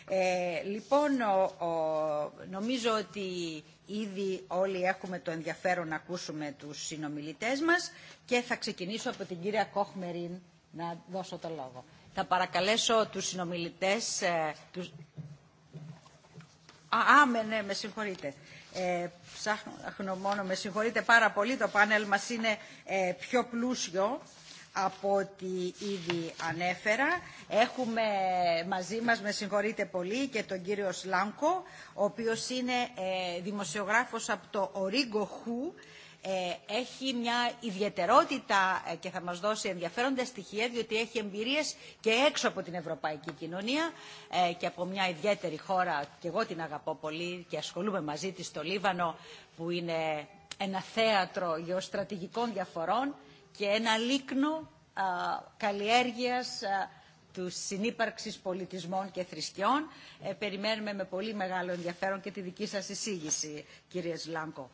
Ε, λοιπόν, ο, ο, νομίζω ότι ήδη όλοι έχουμε το ενδιαφέρον να ακούσουμε τους συνομιλητές μας και θα ξεκινήσω από την κυρία Κόχμεριν να δώσω το λόγο. Θα παρακαλέσω τους συνομιλητές... Ε, τους... Α, α, με, ναι, με συγχωρείτε. Ε, ψάχνω μόνο, με συγχωρείτε πάρα πολύ, το πάνελ μας είναι ε, πιο πλούσιο από ό,τι ήδη ανέφερα. Έχουμε μαζί μας, με συγχωρείτε πολύ, και τον κύριο Σλάνκο, ο οποίος είναι ε, δημοσιογράφος από το Ορίγκο Χου, ε, έχει μια ιδιαιτερότητα και θα μας δώσει ενδιαφέροντα στοιχεία διότι έχει εμπειρίες και έξω από την ευρωπαϊκή κοινωνία ε, και από μια ιδιαίτερη χώρα και εγώ την αγαπώ πολύ και ασχολούμαι μαζί της στο Λίβανο που είναι ένα θέατρο γεωστρατηγικών διαφορών και ένα λίκνο α, καλλιέργειας α, του συνύπαρξης πολιτισμών και θρησκειών. Ε, περιμένουμε με πολύ μεγάλο ενδιαφέρον και τη δική σας εισήγηση, κύριε Σλάνκο.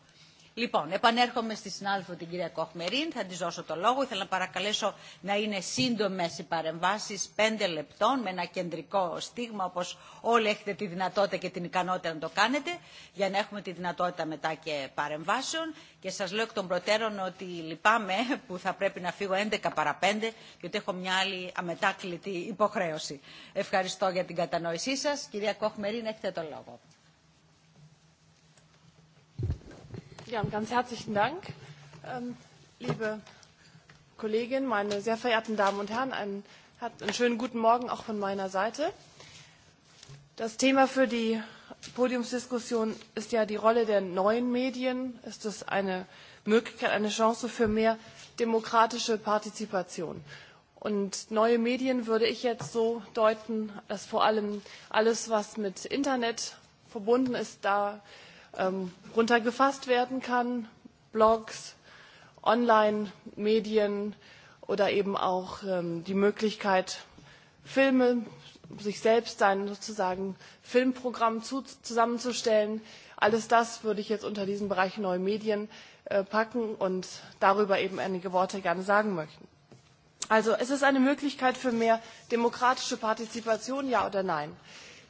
Λοιπόν, επανέρχομαι στη συνάδελφο την κυρία Κοχμερίν, θα της δώσω το λόγο. Ήθελα να παρακαλέσω να είναι σύντομες οι παρεμβάσεις, πέντε λεπτών, με ένα κεντρικό στίγμα, όπως όλοι έχετε τη δυνατότητα και την ικανότητα να το κάνετε, για να έχουμε τη δυνατότητα μετά και παρεμβάσεων. Και σας λέω εκ των προτέρων ότι λυπάμαι που θα πρέπει να φύγω 11 παρα 5, γιατί έχω μια άλλη αμετάκλητη υποχρέωση. Ευχαριστώ για την κατανόησή σας. Κυρία Κοχμερίν, έχετε το λόγο. Ja, ganz herzlichen Dank, ähm, liebe Kollegin, meine sehr verehrten Damen und Herren. Einen, einen schönen guten Morgen auch von meiner Seite. Das Thema für die Podiumsdiskussion ist ja die Rolle der neuen Medien. Ist es eine Möglichkeit, eine Chance für mehr demokratische Partizipation? Und neue Medien würde ich jetzt so deuten, dass vor allem alles, was mit Internet verbunden ist, da äh, ähm, runtergefasst werden kann. Blogs, Online-Medien oder eben auch ähm, die Möglichkeit, Filme, sich selbst sein sozusagen Filmprogramm zu, zusammenzustellen. Alles das würde ich jetzt unter diesen Bereich neue Medien äh, packen und darüber eben einige Worte gerne sagen möchten. Also es ist eine Möglichkeit für mehr demokratische Partizipation, ja oder nein.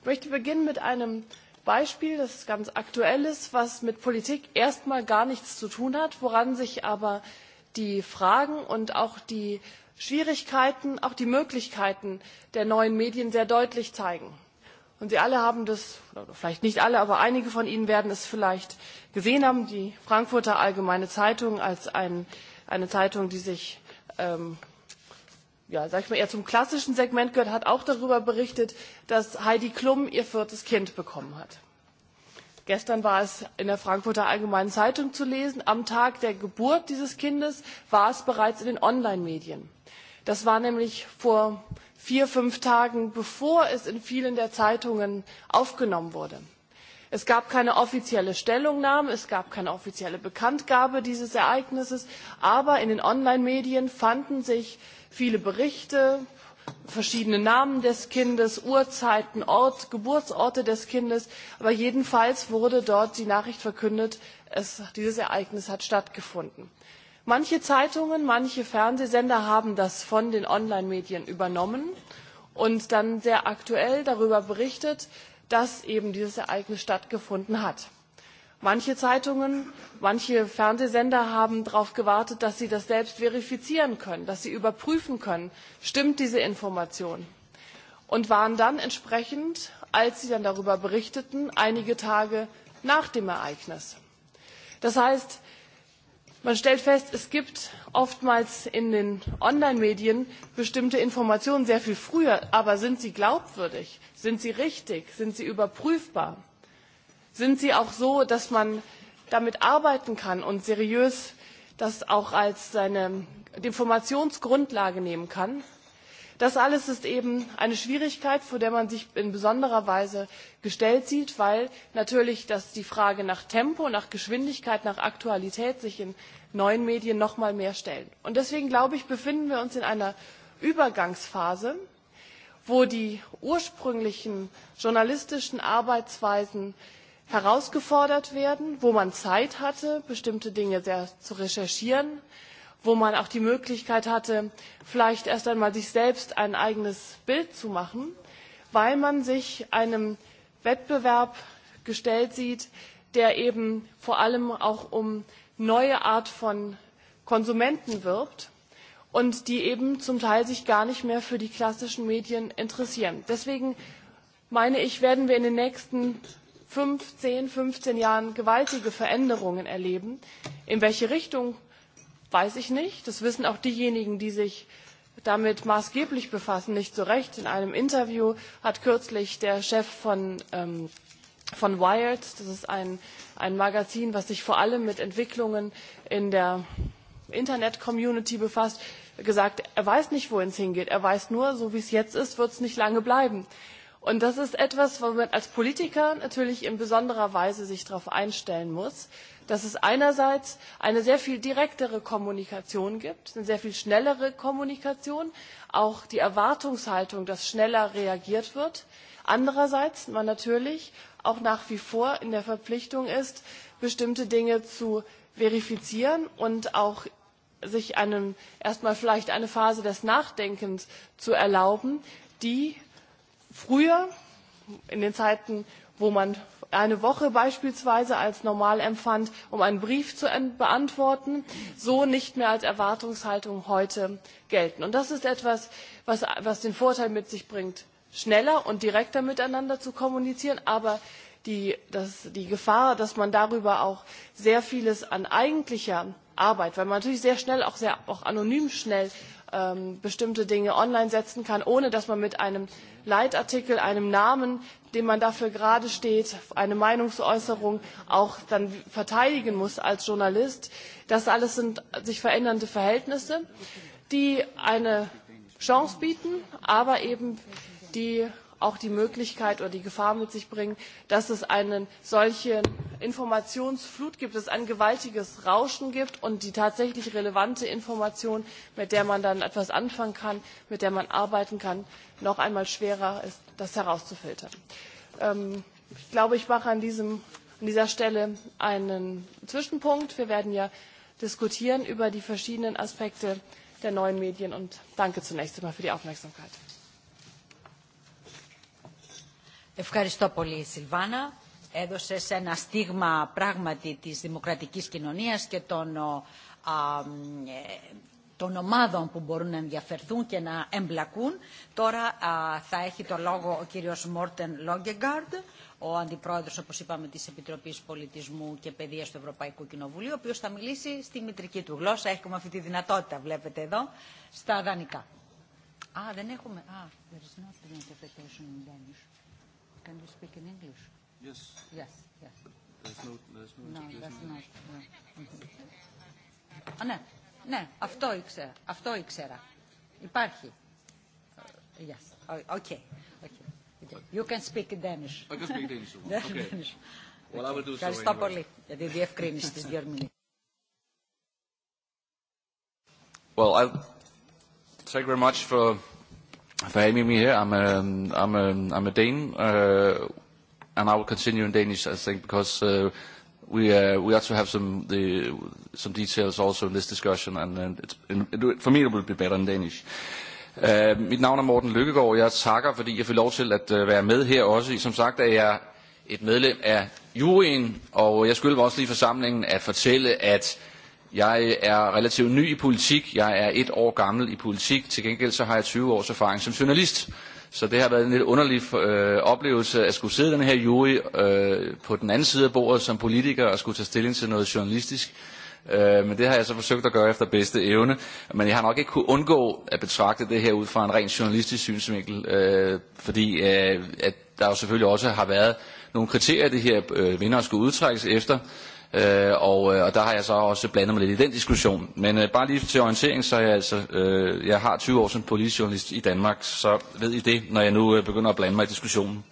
Ich möchte beginnen mit einem Beispiel, das ist ganz aktuelles, was mit Politik erstmal gar nichts zu tun hat, woran sich aber die Fragen und auch die Schwierigkeiten, auch die Möglichkeiten der neuen Medien sehr deutlich zeigen. Und Sie alle haben das, oder vielleicht nicht alle, aber einige von Ihnen werden es vielleicht gesehen haben, die Frankfurter Allgemeine Zeitung als ein, eine Zeitung, die sich ähm, ja, sag ich mal, eher zum klassischen Segment gehört, hat auch darüber berichtet, dass Heidi Klum ihr viertes Kind bekommen hat. Gestern war es in der Frankfurter Allgemeinen Zeitung zu lesen. Am Tag der Geburt dieses Kindes war es bereits in den Online-Medien. Das war nämlich vor vier, fünf Tagen, bevor es in vielen der Zeitungen aufgenommen wurde. Es gab keine offizielle Stellungnahme, es gab keine offizielle Bekanntgabe dieses Ereignisses, aber in den Online-Medien fanden sich viele Berichte, verschiedene Namen des Kindes, Uhrzeiten, Ort, Geburtsorte des Kindes. Aber jedenfalls wurde dort die Nachricht verkündet, es, dieses Ereignis hat stattgefunden. Manche Zeitungen, manche Fernsehsender haben das von den Online-Medien übernommen und dann sehr aktuell darüber berichtet, dass eben dieses Ereignis stattgefunden hat. Manche Zeitungen, manche Fernsehsender haben darauf gewartet, dass sie das selbst verifizieren können, dass sie überprüfen können, stimmt diese Information. Und waren dann entsprechend, als sie dann darüber berichteten, einige Tage nach dem Ereignis. Das heißt, man stellt fest, es gibt oftmals in den Online-Medien bestimmte Informationen sehr viel früher, aber sind sie glaubwürdig? Sind sie richtig? Sind sie überprüfbar? sind sie auch so, dass man damit arbeiten kann und seriös das auch als seine Informationsgrundlage nehmen kann. Das alles ist eben eine Schwierigkeit, vor der man sich in besonderer Weise gestellt sieht, weil natürlich dass die Frage nach Tempo, nach Geschwindigkeit, nach Aktualität sich in neuen Medien noch mal mehr stellen. Und deswegen glaube ich, befinden wir uns in einer Übergangsphase, wo die ursprünglichen journalistischen Arbeitsweisen äh, herausgefordert werden, wo man Zeit hatte, bestimmte Dinge sehr zu recherchieren, wo man auch die Möglichkeit hatte, vielleicht erst einmal sich selbst ein eigenes Bild zu machen, weil man sich einem Wettbewerb gestellt sieht, der eben vor allem auch um neue Art von Konsumenten wirbt und die eben zum Teil sich gar nicht mehr für die klassischen Medien interessieren. Deswegen meine ich, werden wir in den nächsten fünf, zehn, 15 Jahren gewaltige Veränderungen erleben. In welche Richtung, weiß ich nicht. Das wissen auch diejenigen, die sich damit maßgeblich befassen, nicht so recht. In einem Interview hat kürzlich der Chef von, ähm, von Wired, das ist ein, ein Magazin, was sich vor allem mit Entwicklungen in der Internet-Community befasst, gesagt, er weiß nicht, wohin es hingeht. Er weiß nur, so wie es jetzt ist, wird es nicht lange bleiben. Und das ist etwas, wo man als Politiker natürlich in besonderer Weise sich darauf einstellen muss, dass es einerseits eine sehr viel direktere Kommunikation gibt, eine sehr viel schnellere Kommunikation, auch die Erwartungshaltung, dass schneller reagiert wird. Andererseits man natürlich auch nach wie vor in der Verpflichtung ist, bestimmte Dinge zu verifizieren und auch sich einem erstmal vielleicht eine Phase des Nachdenkens zu erlauben, die Früher, in den Zeiten, wo man eine Woche beispielsweise als normal empfand, um einen Brief zu beantworten, so nicht mehr als Erwartungshaltung heute gelten. Und das ist etwas, was, was den Vorteil mit sich bringt, schneller und direkter miteinander zu kommunizieren, aber die, das, die Gefahr, dass man darüber auch sehr vieles an eigentlicher Arbeit, weil man natürlich sehr schnell, auch sehr auch anonym schnell ähm, bestimmte Dinge online setzen kann, ohne dass man mit einem Leitartikel, einem Namen, dem man dafür gerade steht, eine Meinungsäußerung auch dann verteidigen muss als Journalist. Das alles sind sich verändernde Verhältnisse, die eine Chance bieten, aber eben die auch die Möglichkeit oder die Gefahr mit sich bringen, dass es einen solchen Informationsflut gibt, dass es ein gewaltiges Rauschen gibt und die tatsächlich relevante Information, mit der man dann etwas anfangen kann, mit der man arbeiten kann, noch einmal schwerer ist, das herauszufiltern. Ähm, ich glaube, ich mache an, diesem, an dieser Stelle einen Zwischenpunkt. Wir werden ja diskutieren über die verschiedenen Aspekte der neuen Medien und danke zunächst einmal für die Aufmerksamkeit. Ευχαριστώ πολύ, Σιλβάνα. Έδωσες ένα στίγμα πράγματι της δημοκρατικής κοινωνίας και των, α, των ομάδων που μπορούν να ενδιαφερθούν και να εμπλακούν. Τώρα α, θα έχει το λόγο ο κύριος Μόρτεν Λόγκεγκάρντ, ο αντιπρόεδρος, όπως είπαμε, της Επιτροπής Πολιτισμού και Παιδείας του Ευρωπαϊκού Κοινοβουλίου, ο οποίος θα μιλήσει στη μητρική του γλώσσα. Έχουμε αυτή τη δυνατότητα, βλέπετε εδώ, στα δανεικά. Α, δεν έχουμε. Α, there is not an interpretation in Danish. Can we speak in English? Yes. Yes, yes. There's no, there's no, no there's no. no. Mm-hmm. Ναι, ah, ναι, αυτό ήξερα. Αυτό ήξερα. Υπάρχει. Yes. Okay. Okay. okay. You can speak Danish. I can speak Danish. okay. Danish. Well, I will do so. Ευχαριστώ πολύ για τη διευκρίνηση της διερμηνής. Well, I'll thank very much for Verheemie me here. I'm a, I'm a, I'm a Dane, uh, and I will continue in Danish, I think, because uh, we uh, we also have some the some details also in this discussion, and, and it's, it, for me it will be better in Danish. Uh, mit navn er Morten Lykkegaard, jeg takker, fordi jeg får lov til at uh, være med her også. Som sagt er jeg et medlem af juryen, og jeg skylder mig også lige forsamlingen at fortælle, at Jeg er relativt ny i politik. Jeg er et år gammel i politik. Til gengæld så har jeg 20 års erfaring som journalist. Så det har været en lidt underlig øh, oplevelse at skulle sidde den her jury øh, på den anden side af bordet som politiker og skulle tage stilling til noget journalistisk. Øh, men det har jeg så forsøgt at gøre efter bedste evne. Men jeg har nok ikke kunne undgå at betragte det her ud fra en ren journalistisk synsvinkel, øh, fordi øh, at der jo selvfølgelig også har været nogle kriterier, det her øh, vinder skulle udtrækkes efter. Øh, og, øh, og der har jeg så også blandet mig lidt i den diskussion. Men øh, bare lige til orientering, så er jeg altså, øh, jeg har 20 år som politijournalist i Danmark, så ved I det, når jeg nu øh, begynder at blande mig i diskussionen.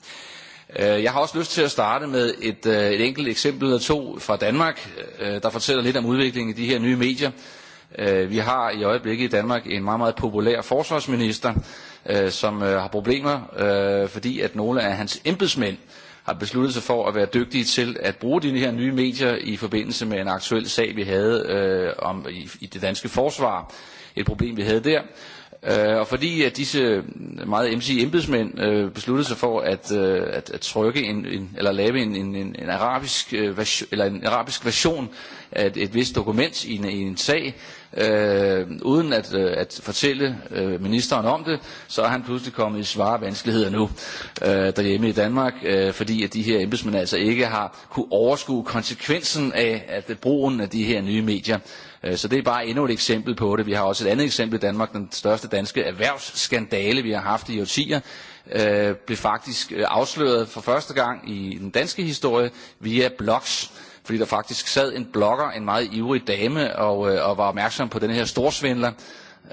Øh, jeg har også lyst til at starte med et, øh, et enkelt eksempel eller to fra Danmark, øh, der fortæller lidt om udviklingen i de her nye medier. Øh, vi har i øjeblikket i Danmark en meget, meget populær forsvarsminister, øh, som øh, har problemer, øh, fordi at nogle af hans embedsmænd øh, har besluttet sig for at være dygtige til at bruge de her nye medier i forbindelse med en aktuel sag, vi havde øh, om i, i det danske forsvar. Et problem, vi havde der. Øh, og fordi at disse meget MC embedsmænd øh, besluttede sig for at, øh, at, at trykke en, en, eller lave en, en, en, en, arabisk, øh, version, eller en arabisk version af et, et vist dokument i en, i en sag, øh, uden at, øh, at fortælle øh, ministeren om det, så er han pludselig kommet i svare vanskeligheder nu øh, derhjemme i Danmark, øh, fordi at de her embedsmænd altså ikke har kunne overskue konsekvensen af at brugen af de her nye medier. Øh, så det er bare endnu et eksempel på det. Vi har også et andet eksempel i Danmark. Den største danske erhvervsskandale, vi har haft i årtier, øh, blev faktisk øh, afsløret for første gang i den danske historie via blogs fordi der faktisk sad en blogger, en meget ivrig dame, og, øh, og var opmærksom på den her storsvindler,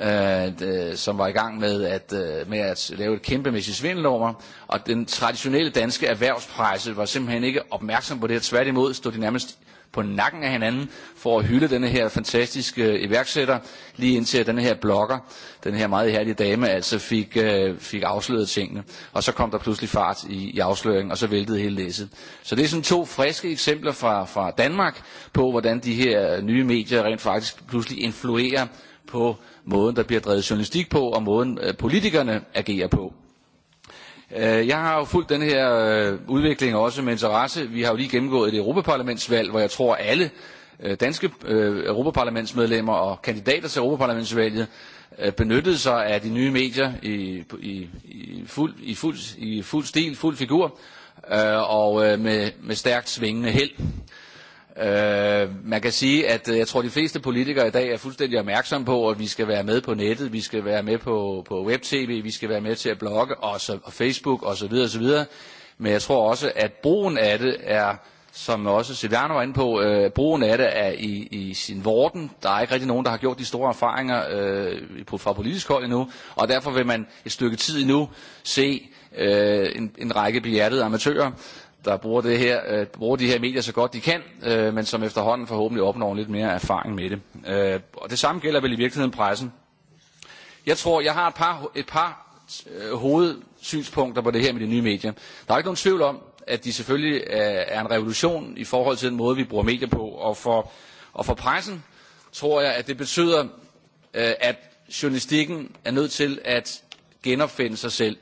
øh, som var i gang med at, øh, med at lave et kæmpemæssigt svindelnummer, og den traditionelle danske erhvervspresse var simpelthen ikke opmærksom på det her. Tværtimod stod de nærmest på nakken af hinanden for at hylde denne her fantastiske øh, iværksætter, lige indtil den her blogger, den her meget herlige dame, altså fik, øh, fik afsløret tingene. Og så kom der pludselig fart i, i afsløringen, og så væltede hele læsset. Så det er sådan to friske eksempler fra, fra Danmark på, hvordan de her øh, nye medier rent faktisk pludselig influerer på måden, der bliver drevet journalistik på, og måden øh, politikerne agerer på. Øh, jeg har jo fulgt den her øh, udvikling også med interesse. Vi har jo lige gennemgået et europaparlamentsvalg, hvor jeg tror alle øh, danske europaparlamentsmedlemmer og kandidater til europaparlamentsvalget benyttede sig af de nye medier i, i, i, fuld, i, fuld, i fuld stil, fuld figur og med, med stærkt svingende held. Øh, man kan sige, at øh, jeg tror, at de fleste politikere i dag er fuldstændig opmærksomme på, at vi skal være med på nettet, vi skal være med på, på web-tv, vi skal være med til at blogge, og, så, og Facebook osv. osv. Men jeg tror også, at brugen af det er, som også Silvano var inde på, øh, brugen af det er i, i sin vorden. Der er ikke rigtig nogen, der har gjort de store erfaringer øh, på, fra politisk hold endnu, og derfor vil man et stykke tid endnu se øh, en, en række behjertede amatører, der bruger, det her, øh, bruger de her medier så godt de kan, øh, men som efterhånden forhåbentlig opnår lidt mere erfaring med det. Øh, og det samme gælder vel i virkeligheden pressen. Jeg tror, jeg har et par, et par øh, hovedsynspunkter på det her med de nye medier. Der er ikke nogen tvivl om, at de selvfølgelig er, er en revolution i forhold til den måde, vi bruger medier på. Og for, og for pressen tror jeg, at det betyder, øh, at journalistikken er nødt til at genopfinde sig selv.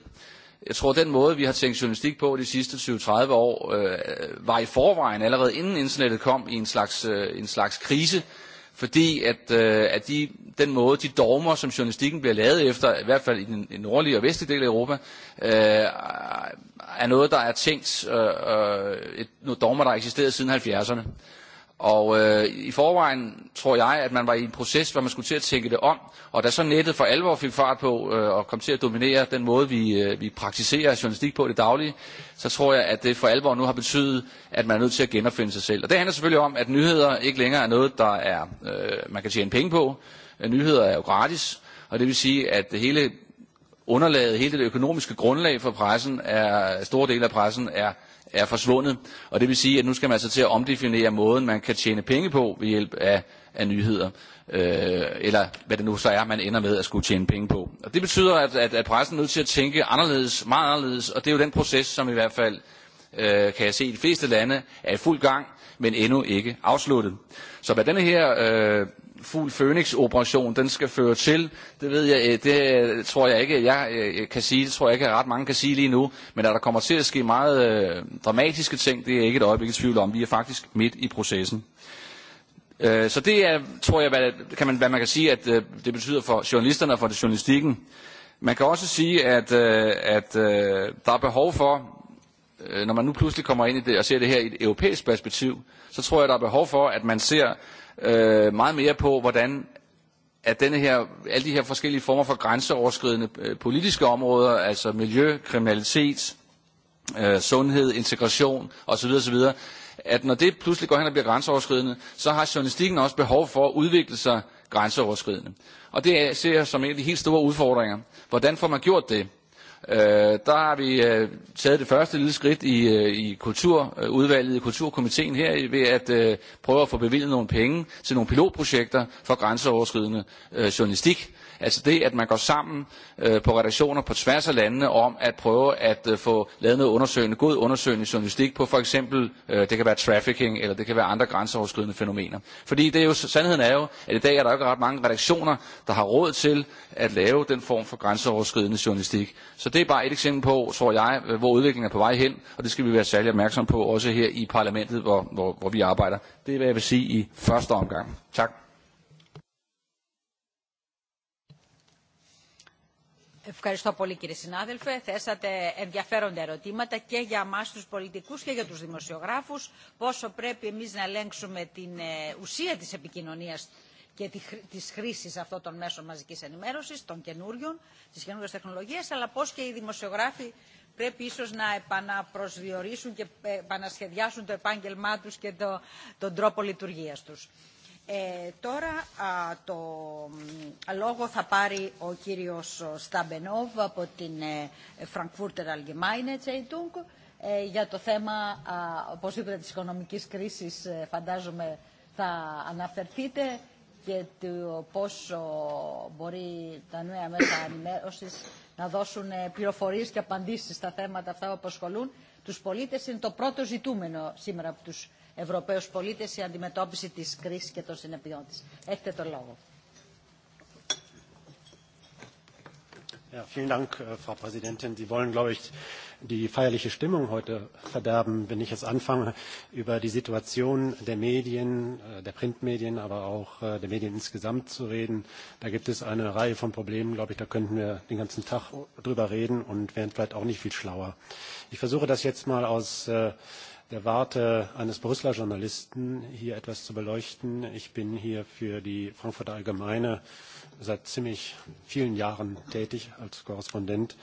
Jeg tror, den måde, vi har tænkt journalistik på de sidste 20-30 år, øh, var i forvejen, allerede inden internettet kom, i en slags, øh, en slags krise, fordi at, øh, at de, den måde, de dogmer, som journalistikken bliver lavet efter, i hvert fald i den, den nordlige og vestlige del af Europa, øh, er noget, der er tænkt, øh, øh et, nogle dogmer, der har eksisteret siden 70'erne. Og øh, i forvejen tror jeg, at man var i en proces, hvor man skulle til at tænke det om. Og da så nettet for alvor fik fart på øh, og kom til at dominere den måde, vi, øh, vi praktiserer journalistik på i det daglige, så tror jeg, at det for alvor nu har betydet, at man er nødt til at genopfinde sig selv. Og det handler selvfølgelig om, at nyheder ikke længere er noget, der er, øh, man kan tjene penge på. Øh, nyheder er jo gratis, og det vil sige, at det hele underlaget, hele det økonomiske grundlag for pressen, er, store dele af pressen, er er forsvundet. Og det vil sige, at nu skal man altså til at omdefinere måden, man kan tjene penge på ved hjælp af, af nyheder. Øh, eller hvad det nu så er, man ender med at skulle tjene penge på. Og det betyder, at, at, at pressen er nødt til at tænke anderledes, meget anderledes. Og det er jo den proces, som i hvert fald, øh, kan jeg se, i de fleste lande er i fuld gang, men endnu ikke afsluttet. Så hvad denne her... Øh, fugl Phoenix operation den skal føre til, det ved jeg, øh, det øh, tror jeg ikke, øh, jeg kan sige, det tror jeg ikke, at ret mange kan sige lige nu, men at der kommer til at ske meget øh, dramatiske ting, det er jeg ikke et øjeblik i tvivl om. Vi er faktisk midt i processen. Øh, så det er, tror jeg, hvad, kan man, hvad man kan sige, at øh, det betyder for journalisterne og for det journalistikken. Man kan også sige, at, øh, at øh, der er behov for, øh, når man nu pludselig kommer ind i det og ser det her i et europæisk perspektiv, så tror jeg, der er behov for, at man ser øh, meget mere på, hvordan at denne her, alle de her forskellige former for grænseoverskridende øh, politiske områder, altså miljø, kriminalitet, øh, sundhed, integration osv. osv., at når det pludselig går hen og bliver grænseoverskridende, så har journalistikken også behov for at udvikle sig grænseoverskridende. Og det ser jeg som en af de helt store udfordringer. Hvordan får man gjort det? Øh, der har vi øh, taget det første lille skridt i, øh, i kulturudvalget, øh, i kulturkomiteen her, i, ved at øh, prøve at få bevilget nogle penge til nogle pilotprojekter for grænseoverskridende øh, journalistik. Altså det, at man går sammen øh, på redaktioner på tværs af landene om at prøve at øh, få lavet noget undersøgende, god undersøgende journalistik på for eksempel, øh, det kan være trafficking, eller det kan være andre grænseoverskridende fænomener. Fordi det er jo, sandheden er jo, at i dag er der ikke ret mange redaktioner, der har råd til at lave den form for grænseoverskridende journalistik. Så det er bare et eksempel på, tror jeg, øh, hvor udviklingen er på vej hen, og det skal vi være særlig opmærksom på, også her i parlamentet, hvor, hvor, hvor vi arbejder. Det er, hvad jeg vil sige i første omgang. Tak. Ευχαριστώ πολύ κύριε συνάδελφε. Θέσατε ενδιαφέροντα ερωτήματα και για εμάς τους πολιτικούς και για τους δημοσιογράφους πόσο πρέπει εμείς να ελέγξουμε την ουσία της επικοινωνίας και της χρήσης αυτών των μέσων μαζικής ενημέρωσης, των καινούριων, της καινούριας τεχνολογίας, αλλά πώς και οι δημοσιογράφοι πρέπει ίσως να επαναπροσδιορίσουν και επανασχεδιάσουν το επάγγελμά τους και το, τον τρόπο λειτουργίας τους. Ε, τώρα α, το α, λόγο θα πάρει ο κύριος Σταμπενόβ από την ε, Frankfurter Allgemeine Zeitung ε, για το θέμα, α, όπως είπατε, της οικονομικής κρίσης ε, φαντάζομαι θα αναφερθείτε και το πόσο μπορεί τα νέα μέσα ενημέρωσης να δώσουν πληροφορίες και απαντήσεις στα θέματα αυτά που απασχολούν τους πολίτες είναι το πρώτο ζητούμενο σήμερα από τους Ευρωπαίους πολίτες η αντιμετώπιση της κρίσης και των συνεπειών της. Έχετε το λόγο. Ja, vielen Dank, äh, Frau Präsidentin. Sie wollen, glaube ich, die feierliche Stimmung heute verderben, wenn ich jetzt anfange, über die Situation der Medien, äh, der Printmedien, aber auch äh, der Medien insgesamt zu reden. Da gibt es eine Reihe von Problemen, glaube ich, da könnten wir den ganzen Tag drüber reden und wären vielleicht auch nicht viel schlauer. Ich versuche das jetzt mal aus der Warte eines Brüsseler Journalisten, hier etwas zu beleuchten. Ich bin hier für die Frankfurter Allgemeine seit ziemlich vielen Jahren tätig als Korrespondent.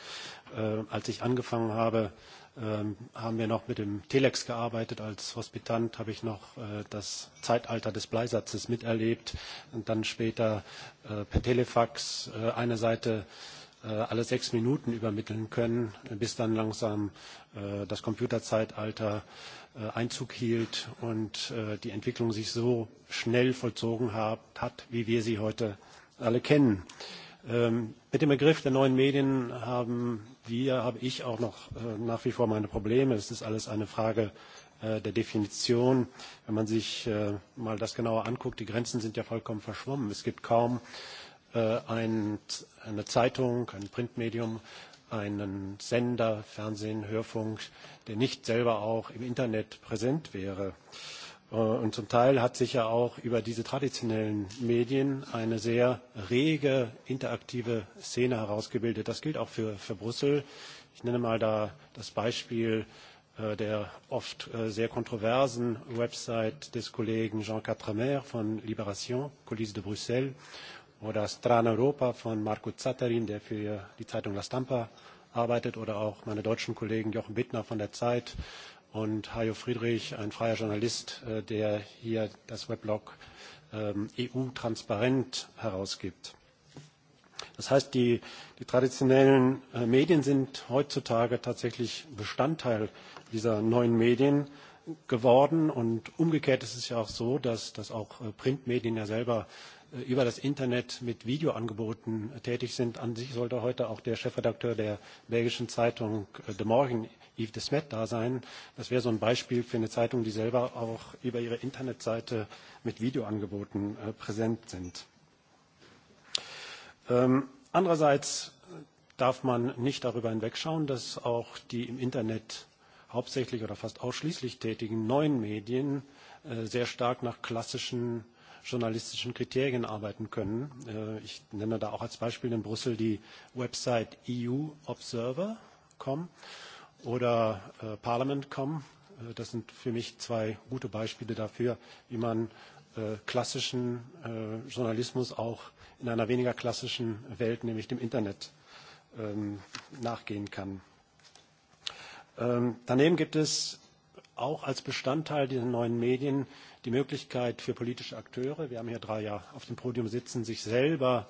Äh, als ich angefangen habe, äh, haben wir noch mit dem Telex gearbeitet. Als Hospitant habe ich noch äh, das Zeitalter des Bleisatzes miterlebt und dann später äh, per Telefax äh, eine Seite äh, Äh, alle sechs Minuten übermitteln können, bis dann langsam äh, das Computerzeitalter äh, Einzug hielt und die Entwicklung sich so schnell vollzogen hat, wie wir sie heute alle kennen. Ähm, mit dem Begriff der neuen Medien haben wir, habe ich auch noch nach wie vor meine Probleme. Es ist alles eine Frage der Definition. Wenn man sich mal das genauer anguckt, die Grenzen sind ja vollkommen verschwommen. Es gibt kaum äh, äh, ein, eine Zeitung, ein Printmedium, einen Sender, Fernsehen, Hörfunk, der nicht selber auch im Internet präsent wäre. Äh, und zum Teil hat sich ja auch über diese traditionellen Medien eine sehr rege, interaktive Szene herausgebildet. Das gilt auch für, für Brüssel. Ich nenne mal da das Beispiel äh, der oft äh, sehr kontroversen Website des Kollegen Jean Quatremer von Libération, Colise de Bruxelles, oder Strana Europa von Marco Zatterin, der für die Zeitung La Stampa arbeitet, oder auch meine deutschen Kollegen Jochen Bittner von der Zeit und Hajo Friedrich, ein freier Journalist, äh, der hier das Weblog ähm, EU transparent herausgibt. Das heißt, die, die traditionellen äh, Medien sind heutzutage tatsächlich Bestandteil dieser neuen Medien geworden. Und umgekehrt ist es ja auch so, dass, dass auch äh, Printmedien ja selber Äh, über das Internet mit Videoangeboten tätig sind. An sich sollte heute auch der Chefredakteur der belgischen Zeitung De äh, Morgen, Yves de Smet, da sein. Das wäre so ein Beispiel für eine Zeitung, die selber auch über ihre Internetseite mit Videoangeboten äh, präsent sind. Ähm, andererseits darf man nicht darüber hinwegschauen, dass auch die im Internet hauptsächlich oder fast ausschließlich tätigen neuen Medien sehr stark nach klassischen journalistischen Kriterien arbeiten können. Äh, ich nenne da auch als Beispiel in Brüssel die Website EUObserver.com oder äh, Parliament.com. Äh, das sind für mich zwei gute Beispiele dafür, wie man klassischen Journalismus auch in einer weniger klassischen Welt, nämlich dem Internet, ähm, nachgehen kann. Ähm, daneben gibt es auch als Bestandteil dieser neuen Medien die Möglichkeit für politische Akteure, wir haben hier drei ja auf dem Podium sitzen, sich selber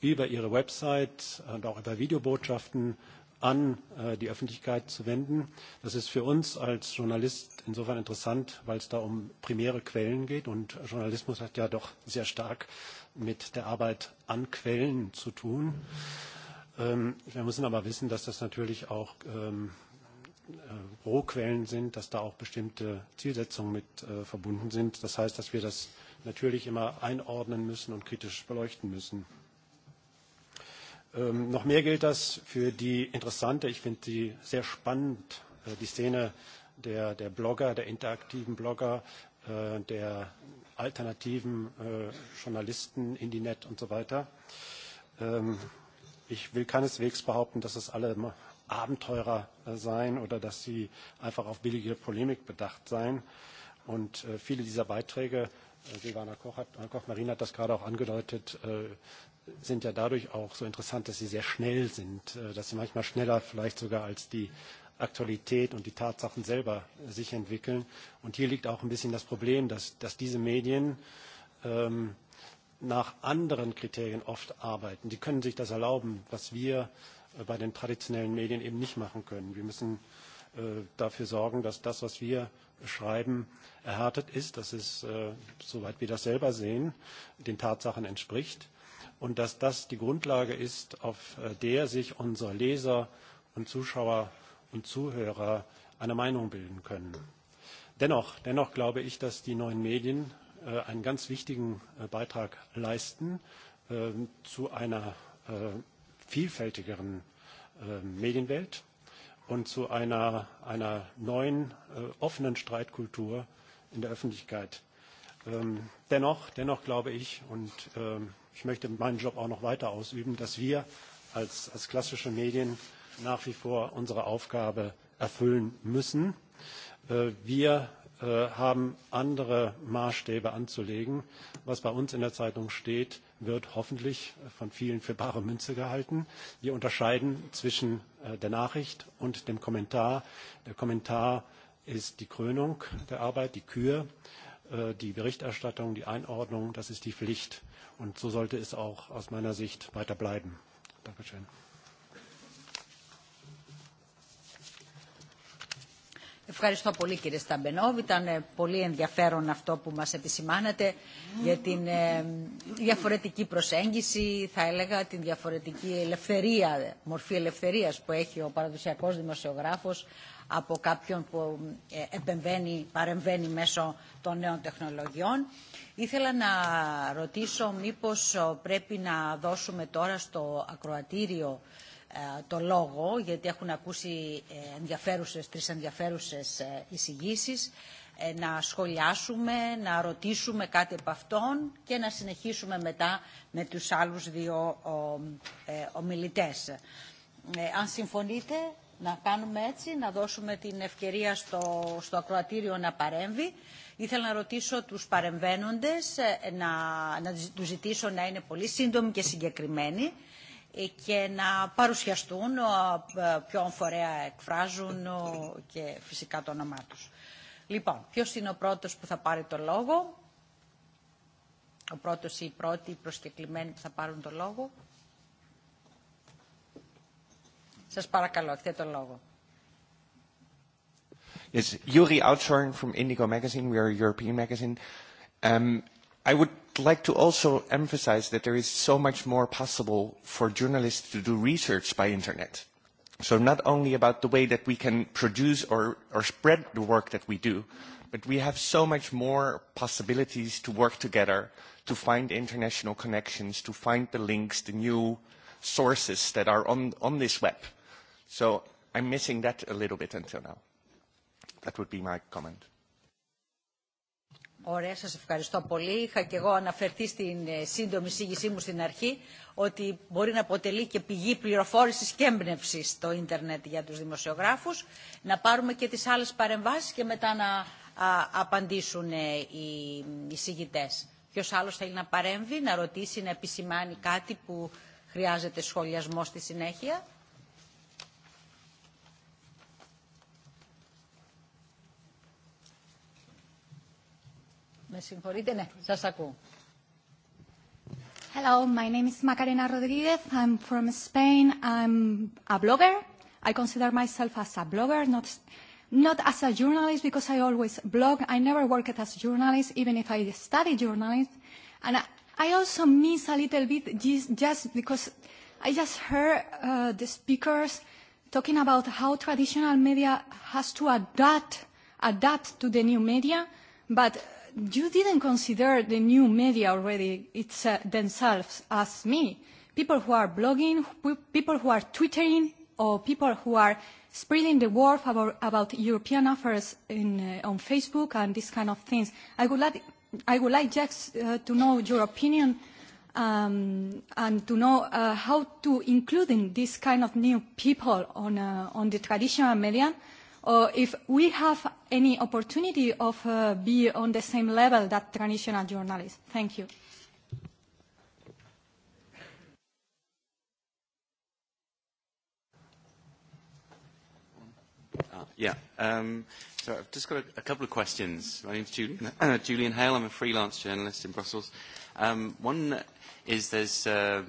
über ihre Website und auch über Videobotschaften an äh, die Öffentlichkeit zu wenden. Das ist für uns als Journalist insofern interessant, weil es da um primäre Quellen geht. Und Journalismus hat ja doch sehr stark mit der Arbeit an Quellen zu tun. Ähm, wir müssen aber wissen, dass das natürlich auch ähm, Äh, Rohquellen sind, dass da auch bestimmte Zielsetzungen mit äh, verbunden sind. Das heißt, dass wir das natürlich immer einordnen müssen und kritisch beleuchten müssen. Ähm, noch mehr gilt das für die interessante, ich finde sie sehr spannend, äh, die Szene der, der Blogger, der interaktiven Blogger, äh, der alternativen äh, Journalisten, Indinet und so weiter. Ähm, ich will keineswegs behaupten, dass es alle Abenteurer äh, seien oder dass sie einfach auf billige Polemik bedacht seien. Und äh, viele dieser Beiträge, äh, Silvana Koch, hat, Koch Marina hat das gerade auch angedeutet, sind ja dadurch auch so interessant, dass sie sehr schnell sind, dass sie manchmal schneller vielleicht sogar als die Aktualität und die Tatsachen selber sich entwickeln. Und hier liegt auch ein bisschen das Problem, dass, dass diese Medien ähm, nach anderen Kriterien oft arbeiten. Die können sich das erlauben, was wir äh, Äh, bei den traditionellen Medien eben nicht machen können. Wir müssen äh, dafür sorgen, dass das, was wir schreiben, erhärtet ist, dass es, äh, soweit wir das selber sehen, den Tatsachen entspricht und dass das die Grundlage ist, auf äh, der sich unsere Leser und Zuschauer und Zuhörer eine Meinung bilden können. Dennoch, dennoch glaube ich, dass die neuen Medien äh, einen ganz wichtigen äh, Beitrag leisten äh, zu einer äh, vielfältigeren äh, Medienwelt und zu einer, einer neuen, äh, offenen Streitkultur in der Öffentlichkeit. Ähm, dennoch, dennoch glaube ich, und ähm, ich möchte meinen Job auch noch weiter ausüben, dass wir als, als klassische Medien nach wie vor unsere Aufgabe erfüllen müssen. Äh, wir äh, haben andere Maßstäbe anzulegen. Was bei uns in der Zeitung steht, wird hoffentlich von vielen für bare Münze gehalten. Wir unterscheiden zwischen äh, der Nachricht und dem Kommentar. Der Kommentar ist die Krönung der Arbeit, die Kür, äh, die Berichterstattung, die Einordnung, das ist die Pflicht. Und so sollte es auch aus meiner Sicht weiter bleiben. Dankeschön. Ευχαριστώ πολύ κύριε Σταμπενόβ. Ήταν πολύ ενδιαφέρον αυτό που μας επισημάνατε για την διαφορετική προσέγγιση, θα έλεγα την διαφορετική ελευθερία, μορφή ελευθερίας που έχει ο παραδοσιακός δημοσιογράφος από κάποιον που επεμβαίνει, παρεμβαίνει μέσω των νέων τεχνολογιών. Ήθελα να ρωτήσω μήπως πρέπει να δώσουμε τώρα στο ακροατήριο το λόγο, γιατί έχουν ακούσει ενδιαφέρουσες, τρεις ενδιαφέρουσες εισηγήσεις, να σχολιάσουμε, να ρωτήσουμε κάτι από αυτόν και να συνεχίσουμε μετά με τους άλλους δύο ομιλητές. Αν συμφωνείτε, να κάνουμε έτσι, να δώσουμε την ευκαιρία στο, στο ακροατήριο να παρέμβει. Ήθελα να ρωτήσω τους παρεμβαίνοντες, να, να τους ζητήσω να είναι πολύ σύντομοι και συγκεκριμένοι, και να παρουσιαστούν ποιον φορέα εκφράζουν και φυσικά το όνομά τους. Λοιπόν, ποιος είναι ο πρώτος που θα πάρει το λόγο. Ο πρώτος ή η πρώτη προσκεκλημένοι που θα πάρουν το λόγο. Σας παρακαλώ, έχετε το λόγο. Yes, Yuri Outshorn from Indigo Magazine. We are a European magazine. Um, I would like to also emphasize that there is so much more possible for journalists to do research by internet. So not only about the way that we can produce or, or spread the work that we do, but we have so much more possibilities to work together, to find international connections, to find the links, the new sources that are on, on this web. So I'm missing that a little bit until now. That would be my comment. Ωραία, σας ευχαριστώ πολύ. Είχα και εγώ αναφερθεί στην σύντομη εισήγησή μου στην αρχή ότι μπορεί να αποτελεί και πηγή πληροφόρησης και έμπνευση το ίντερνετ για τους δημοσιογράφους. Να πάρουμε και τις άλλες παρεμβάσεις και μετά να α, απαντήσουν οι εισηγητές. Ποιος άλλος θέλει να παρέμβει, να ρωτήσει, να επισημάνει κάτι που χρειάζεται σχολιασμό στη συνέχεια. Με συγχωρείτε, ναι, σας ακούω. Hello, my name is Macarena Rodriguez. I'm from Spain. I'm a blogger. I consider myself as a blogger, not not as a journalist because I always blog. I never worked as a journalist, even if I studied journalism. And I, I also miss a little bit just, just because I just heard uh, the speakers talking about how traditional media has to adapt, adapt to the new media, but you didn't consider the new media already it's, uh, themselves as me. People who are blogging, people who are twittering, or people who are spreading the word about, about European affairs in, uh, on Facebook and these kind of things. I would like, I would like just uh, to know your opinion um, and to know uh, how to include in this kind of new people on, uh, on the traditional media uh, uh, if we have any opportunity of uh, be on the same level that traditional journalists. Thank you. Uh, yeah. Um, so I've just got a, a couple of questions. My name's Julian, uh, Julian Hale. I'm a freelance journalist in Brussels. Um, one is there's uh,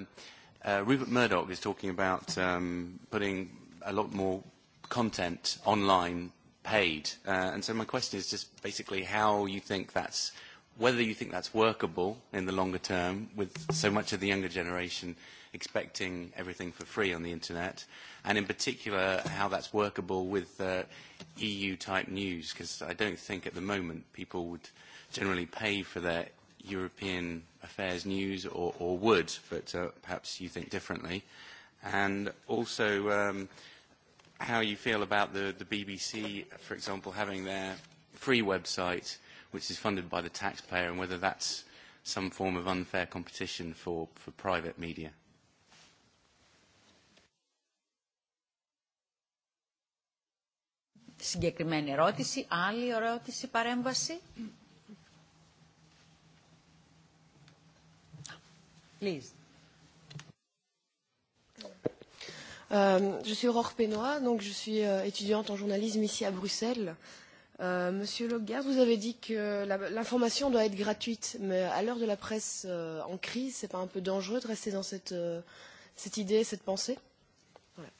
uh, Rupert Murdoch is talking about um, putting a lot more content online paid. Uh, and so my question is just basically how you think that's, whether you think that's workable in the longer term with so much of the younger generation expecting everything for free on the internet, and in particular how that's workable with uh, EU-type news, because I don't think at the moment people would generally pay for their European affairs news, or, or would, but uh, perhaps you think differently. And also, um, how you feel about the, the BBC, for example, having their free website, which is funded by the taxpayer, and whether that's some form of unfair competition for, for private media. Συγκεκριμένη ερώτηση, άλλη ερώτηση, παρέμβαση. Please. Euh, je suis Aurore Pénois, donc je suis euh, étudiante en journalisme ici à Bruxelles. Euh, Monsieur Logard, vous avez dit que l'information doit être gratuite, mais à l'heure de la presse euh, en crise, c'est pas un peu dangereux de rester dans cette, euh, cette idée, cette pensée voilà.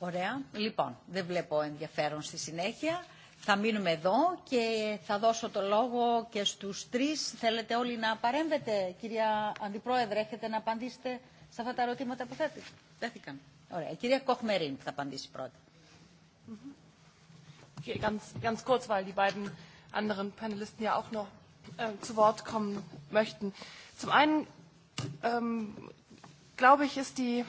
Ωραία. Λοιπόν, δεν βλέπω ενδιαφέρον στη συνέχεια θα μείνουμε εδώ και θα δώσω το λόγο και στους τρεις. Θέλετε όλοι να παρέμβετε, κυρία Αντιπρόεδρε, έχετε να απαντήσετε σε αυτά τα ερωτήματα που θέθηκαν. Ωραία. Η κυρία Κοχμερίν θα απαντήσει πρώτα. Mhm. Okay, ganz, ganz kurz, weil die beiden anderen Panelisten ja auch noch äh, zu Wort kommen möchten. Zum einen ähm, glaube ich, ist die,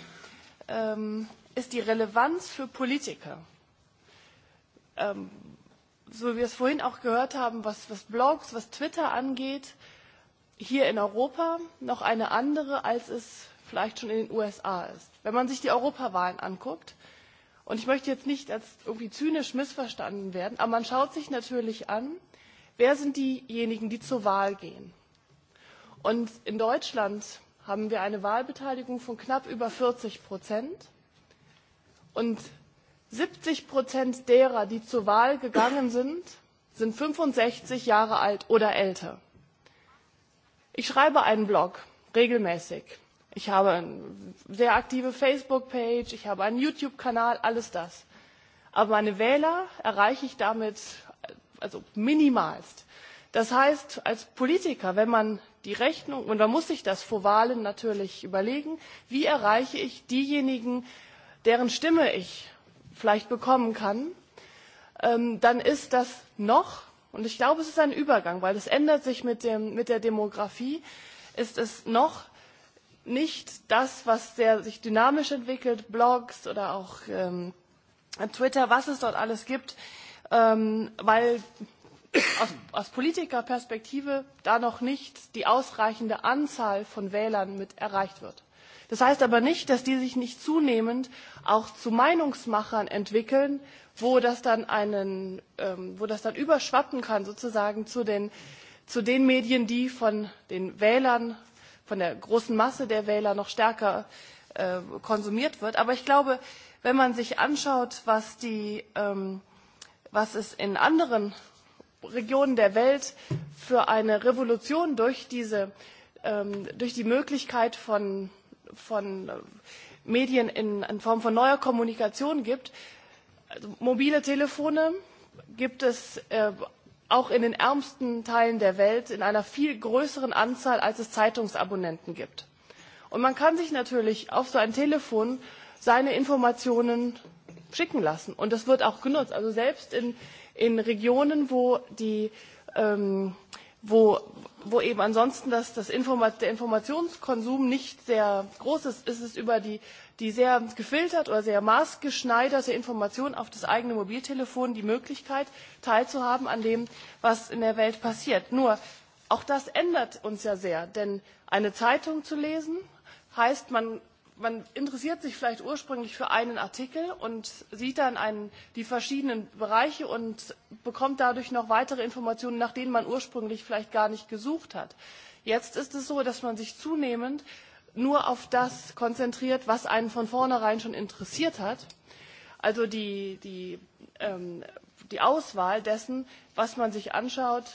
ähm, ist die Relevanz für Politiker ähm, so wie wir es vorhin auch gehört haben, was, was Blogs, was Twitter angeht, hier in Europa noch eine andere, als es vielleicht schon in den USA ist. Wenn man sich die Europawahlen anguckt, und ich möchte jetzt nicht als irgendwie zynisch missverstanden werden, aber man schaut sich natürlich an, wer sind diejenigen, die zur Wahl gehen. Und in Deutschland haben wir eine Wahlbeteiligung von knapp über 40 Prozent. Und siebzig prozent derer die zur wahl gegangen sind sind fünfundsechzig jahre alt oder älter. ich schreibe einen blog regelmäßig ich habe eine sehr aktive facebook page ich habe einen youtube kanal alles das aber meine wähler erreiche ich damit also minimalst. das heißt als politiker wenn man die rechnung und man muss sich das vor wahlen natürlich überlegen wie erreiche ich diejenigen deren stimme ich vielleicht bekommen kann, ähm, dann ist das noch, und ich glaube, es ist ein Übergang, weil es ändert sich mit, dem, mit der Demografie, ist es noch nicht das, was sehr sich dynamisch entwickelt, Blogs oder auch ähm, Twitter, was es dort alles gibt, ähm, weil aus, aus Politikerperspektive da noch nicht die ausreichende Anzahl von Wählern mit erreicht wird. Das heißt aber nicht, dass die sich nicht zunehmend auch zu Meinungsmachern entwickeln, wo das dann, einen, ähm, wo das dann überschwappen kann sozusagen zu den, zu den Medien, die von den Wählern, von der großen Masse der Wähler noch stärker äh, konsumiert wird. Aber ich glaube, wenn man sich anschaut, was, die, ähm, was es in anderen Regionen der Welt für eine Revolution durch, diese, ähm, durch die Möglichkeit von von äh, Medien in, in Form von neuer Kommunikation gibt. Also mobile Telefone gibt es äh, auch in den ärmsten Teilen der Welt in einer viel größeren Anzahl, als es Zeitungsabonnenten gibt. Und man kann sich natürlich auf so ein Telefon seine Informationen schicken lassen. Und das wird auch genutzt. Also selbst in, in Regionen, wo die ähm, wo, wo eben ansonsten das, das Informa der Informationskonsum nicht sehr groß ist, ist es über die, die sehr gefiltert oder sehr maßgeschneiderte Information auf das eigene Mobiltelefon die Möglichkeit, teilzuhaben an dem, was in der Welt passiert. Nur, auch das ändert uns ja sehr, denn eine Zeitung zu lesen heißt, man man interessiert sich vielleicht ursprünglich für einen Artikel und sieht dann einen, die verschiedenen Bereiche und bekommt dadurch noch weitere Informationen, nach denen man ursprünglich vielleicht gar nicht gesucht hat. Jetzt ist es so, dass man sich zunehmend nur auf das konzentriert, was einen von vornherein schon interessiert hat. Also die, die, ähm, die Auswahl dessen, was man sich anschaut,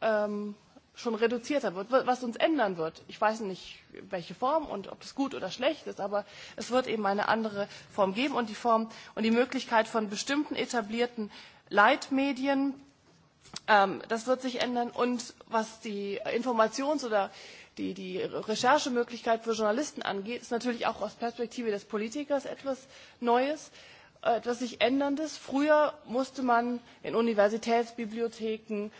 ähm, schon reduzierter wird, was uns ändern wird. Ich weiß nicht, welche Form und ob das gut oder schlecht ist, aber es wird eben eine andere Form geben und die Form und die Möglichkeit von bestimmten etablierten Leitmedien, ähm, das wird sich ändern und was die Informations- oder die, die Recherchemöglichkeit für Journalisten angeht, ist natürlich auch aus Perspektive des Politikers etwas Neues etwas äh, sich Änderndes. Früher musste man in Universitätsbibliotheken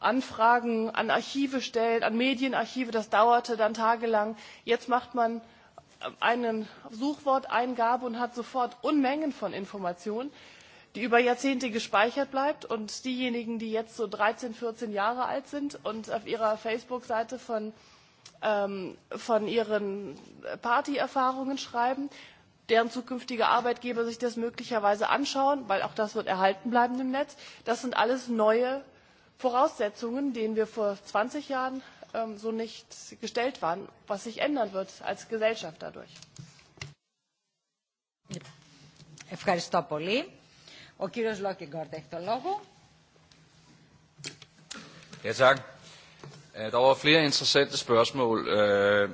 Anfragen an Archive stellt, an Medienarchive, das dauerte dann tagelang. Jetzt macht man äh, eine Suchworteingabe und hat sofort Unmengen von Informationen, die über Jahrzehnte gespeichert bleibt. Und diejenigen, die jetzt so 13, 14 Jahre alt sind und auf ihrer Facebook-Seite von, ähm, von ihren Partyerfahrungen schreiben, deren zukünftige Arbeitgeber sich das möglicherweise anschauen, weil auch das wird erhalten bleiben im Netz. Das sind alles neue voraussetzungen denen wir vor zwanzig jahren ähm, so nicht gestellt waren was sich ändern wird als gesellschaft dadurch. Ευχαριστώ πολύ. Ο κύριος Λόκεγκορντ έχει το λόγο. Ja, tak. Øh, der var flere interessante spørgsmål. Øh,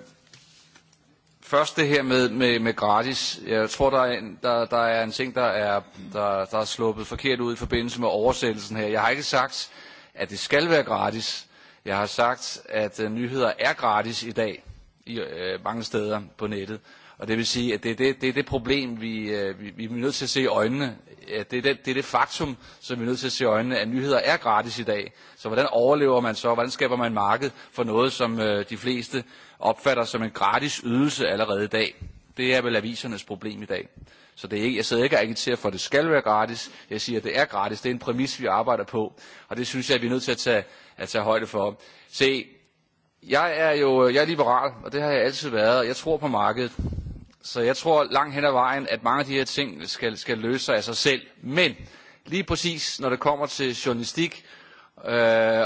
først det her med, med, med gratis. Jeg tror, der er en, der, der er en ting, der er, der, der er sluppet forkert ud i forbindelse med oversættelsen her. Jeg har ikke sagt, at det skal være gratis. Jeg har sagt, at øh, nyheder er gratis i dag i øh, mange steder på nettet. Og det vil sige, at det er det, det, er det problem, vi, øh, vi, vi er nødt til at se i øjnene. At det, er det, det er det faktum, som vi er nødt til at se i øjnene, at nyheder er gratis i dag. Så hvordan overlever man så? Hvordan skaber man marked for noget, som øh, de fleste opfatter som en gratis ydelse allerede i dag? Det er vel avisernes problem i dag. Så det er ikke, jeg sidder ikke og agiterer for, at det skal være gratis. Jeg siger, at det er gratis. Det er en præmis, vi arbejder på. Og det synes jeg, at vi er nødt til at tage, at tage højde for. Se, jeg er jo jeg er liberal, og det har jeg altid været. Jeg tror på markedet. Så jeg tror langt hen ad vejen, at mange af de her ting skal, skal løse sig af sig selv. Men lige præcis, når det kommer til journalistik øh,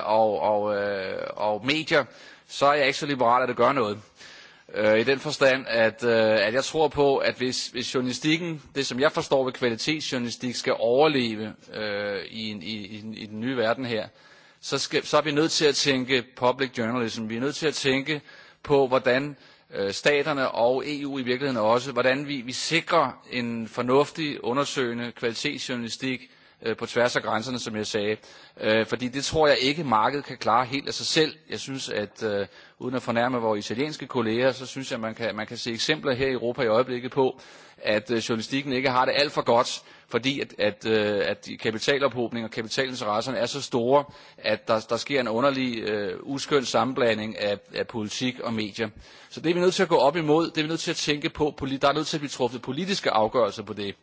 og, og, øh, og medier, så er jeg ikke så liberal, at det gør noget øh, i den forstand, at, øh, at jeg tror på, at hvis, hvis journalistikken, det som jeg forstår ved kvalitetsjournalistik, skal overleve øh, i, en, i, i, den, i den nye verden her, så, skal, så er vi nødt til at tænke public journalism. Vi er nødt til at tænke på, hvordan øh, staterne og EU i virkeligheden også, hvordan vi, vi sikrer en fornuftig, undersøgende kvalitetsjournalistik, øh, på tværs af grænserne, som jeg sagde. Øh, fordi det tror jeg ikke, markedet kan klare helt af sig selv. Jeg synes, at øh, uden at fornærme vores italienske kolleger, så synes jeg, at man kan, man kan se eksempler her i Europa i øjeblikket på, at øh, journalistikken ikke har det alt for godt, fordi at, at, øh, at kapitalophobning og kapitalinteresserne er så store, at der, der sker en underlig øh, uskøn sammenblanding af, af politik og medier. Så det er vi nødt til at gå op imod, det er vi nødt til at tænke på, der er nødt til at blive truffet politiske afgørelser på det.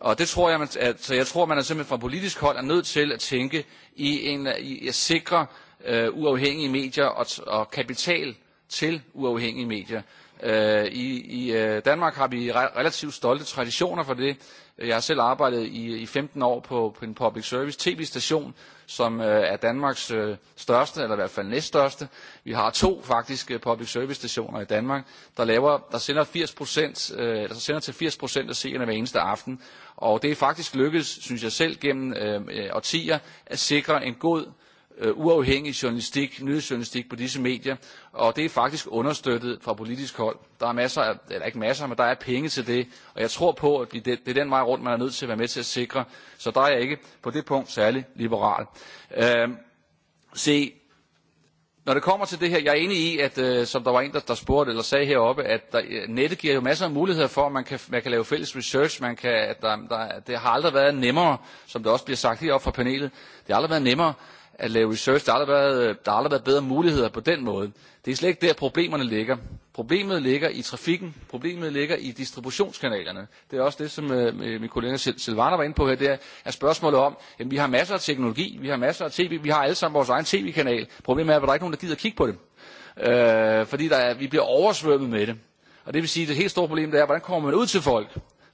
Og det tror jeg, man, at, så jeg tror, man er simpelthen fra politisk hold er nødt til at tænke i, en, i at sikre øh, uafhængige medier og, og kapital til uafhængige medier. Øh, I i øh, Danmark har vi re relativt stolte traditioner for det. Jeg har selv arbejdet i, i 15 år på, på en public service tv-station, som øh, er Danmarks øh, største, eller i hvert fald næststørste. Vi har to faktisk øh, public service stationer i Danmark, der, laver, der sender, 80 procent, øh, der sender til 80 procent af seerne hver eneste aften. Og det er faktisk lykkedes, synes jeg selv, gennem øh, øh årtier at sikre en god øh, uafhængig journalistik, nyhedsjournalistik på disse medier, og det er faktisk understøttet fra politisk hold. Der er masser, af, eller ikke masser, men der er penge til det, og jeg tror på, at det, det er den vej rundt, man er nødt til at være med til at sikre, så der er jeg ikke på det punkt særlig liberal. Øh, se, når det kommer til det her, jeg er enig i, at øh, som der var en, der, der spurgte eller sagde heroppe, at der, øh, nettet giver jo masser af muligheder for, at man kan, man kan lave fælles research, man kan, at der, der, det har aldrig været nemmere, som det også bliver sagt heroppe fra panelet, det har aldrig været nemmere at lave research. Der har aldrig været, øh, der har aldrig været bedre muligheder på den måde. Det er slet ikke der, problemerne ligger. Problemet ligger i trafikken. Problemet ligger i distributionskanalerne. Det er også det, som øh, øh min kollega Silvana var inde på her. Det er, er spørgsmålet om, at vi har masser af teknologi, vi har masser af tv, vi har alle sammen vores egen tv-kanal. Problemet er, at der er ikke nogen, der gider at kigge på det. Øh, fordi der er, vi bliver oversvømmet med det. Og det vil sige, at det helt store problem det er, hvordan kommer man ud til folk?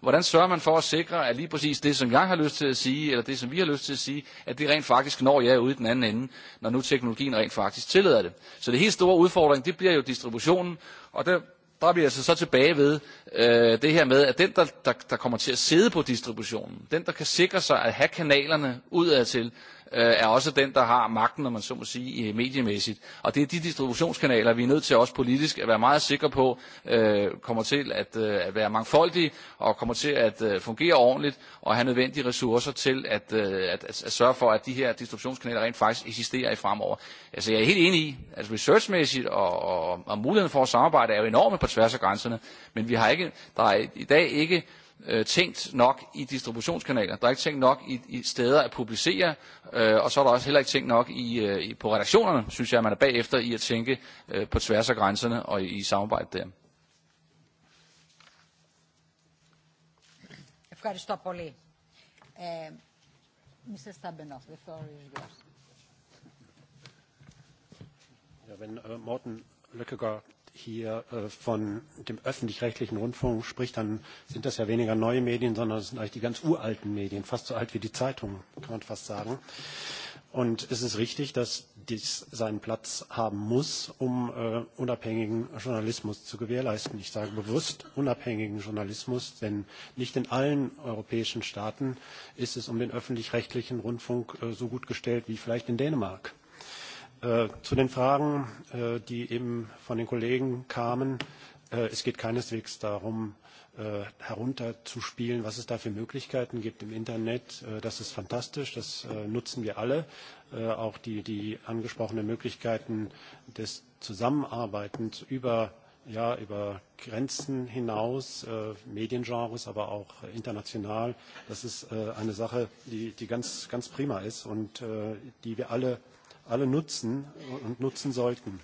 Hvordan sørger man for at sikre, at lige præcis det, som jeg har lyst til at sige, eller det, som vi har lyst til at sige, at det rent faktisk når jer ude i den anden ende, når nu teknologien rent faktisk tillader det. Så det helt store udfordring, det bliver jo distributionen, og der der er vi altså så tilbage ved øh, det her med, at den, der, der, der kommer til at sidde på distributionen, den, der kan sikre sig at have kanalerne udadtil, Øh, er også den, der har magten, om man så må sige, mediemæssigt. Og det er de distributionskanaler, vi er nødt til også politisk at være meget sikre på, øh, kommer til at, øh, at være mangfoldige og kommer til at fungere ordentligt og have nødvendige ressourcer til at, at, at, at sørge for, at de her distributionskanaler rent faktisk eksisterer i fremover. Altså jeg er helt enig i, at researchmæssigt og, og, og muligheden for at samarbejde er jo enorme på tværs af grænserne, men vi har ikke, der er i dag ikke øh, tænkt nok i distributionskanaler. Der er ikke tænkt nok i, i steder at publicere, øh, og så er der også heller ikke tænkt nok i, øh, i, på redaktionerne, synes jeg, man er bagefter i at tænke øh, på tværs af grænserne og i, i samarbejde der. Ευχαριστώ πολύ. Ε, Mr. Stabenow, the floor is yours. Ja, wenn äh, Morten Lückegaard hier äh, von dem öffentlich-rechtlichen Rundfunk spricht, dann sind das ja weniger neue Medien, sondern das sind eigentlich die ganz uralten Medien, fast so alt wie die Zeitungen, kann man fast sagen. Und es ist richtig, dass dies seinen Platz haben muss, um äh, unabhängigen Journalismus zu gewährleisten. Ich sage bewusst unabhängigen Journalismus, denn nicht in allen europäischen Staaten ist es um den öffentlich-rechtlichen Rundfunk äh, so gut gestellt wie vielleicht in Dänemark. Äh, Äh, zu den Fragen, äh, die eben von den Kollegen kamen. Äh, es geht keineswegs darum, äh, herunterzuspielen, was es da für Möglichkeiten gibt im Internet. Äh, das ist fantastisch, das äh, nutzen wir alle. Auch die, die angesprochenen Möglichkeiten des Zusammenarbeitens über, ja, über Grenzen hinaus, Mediengenres, aber auch international. Das ist eine Sache, die, die ganz, ganz prima ist und die wir alle alle nutzen und nutzen sollten.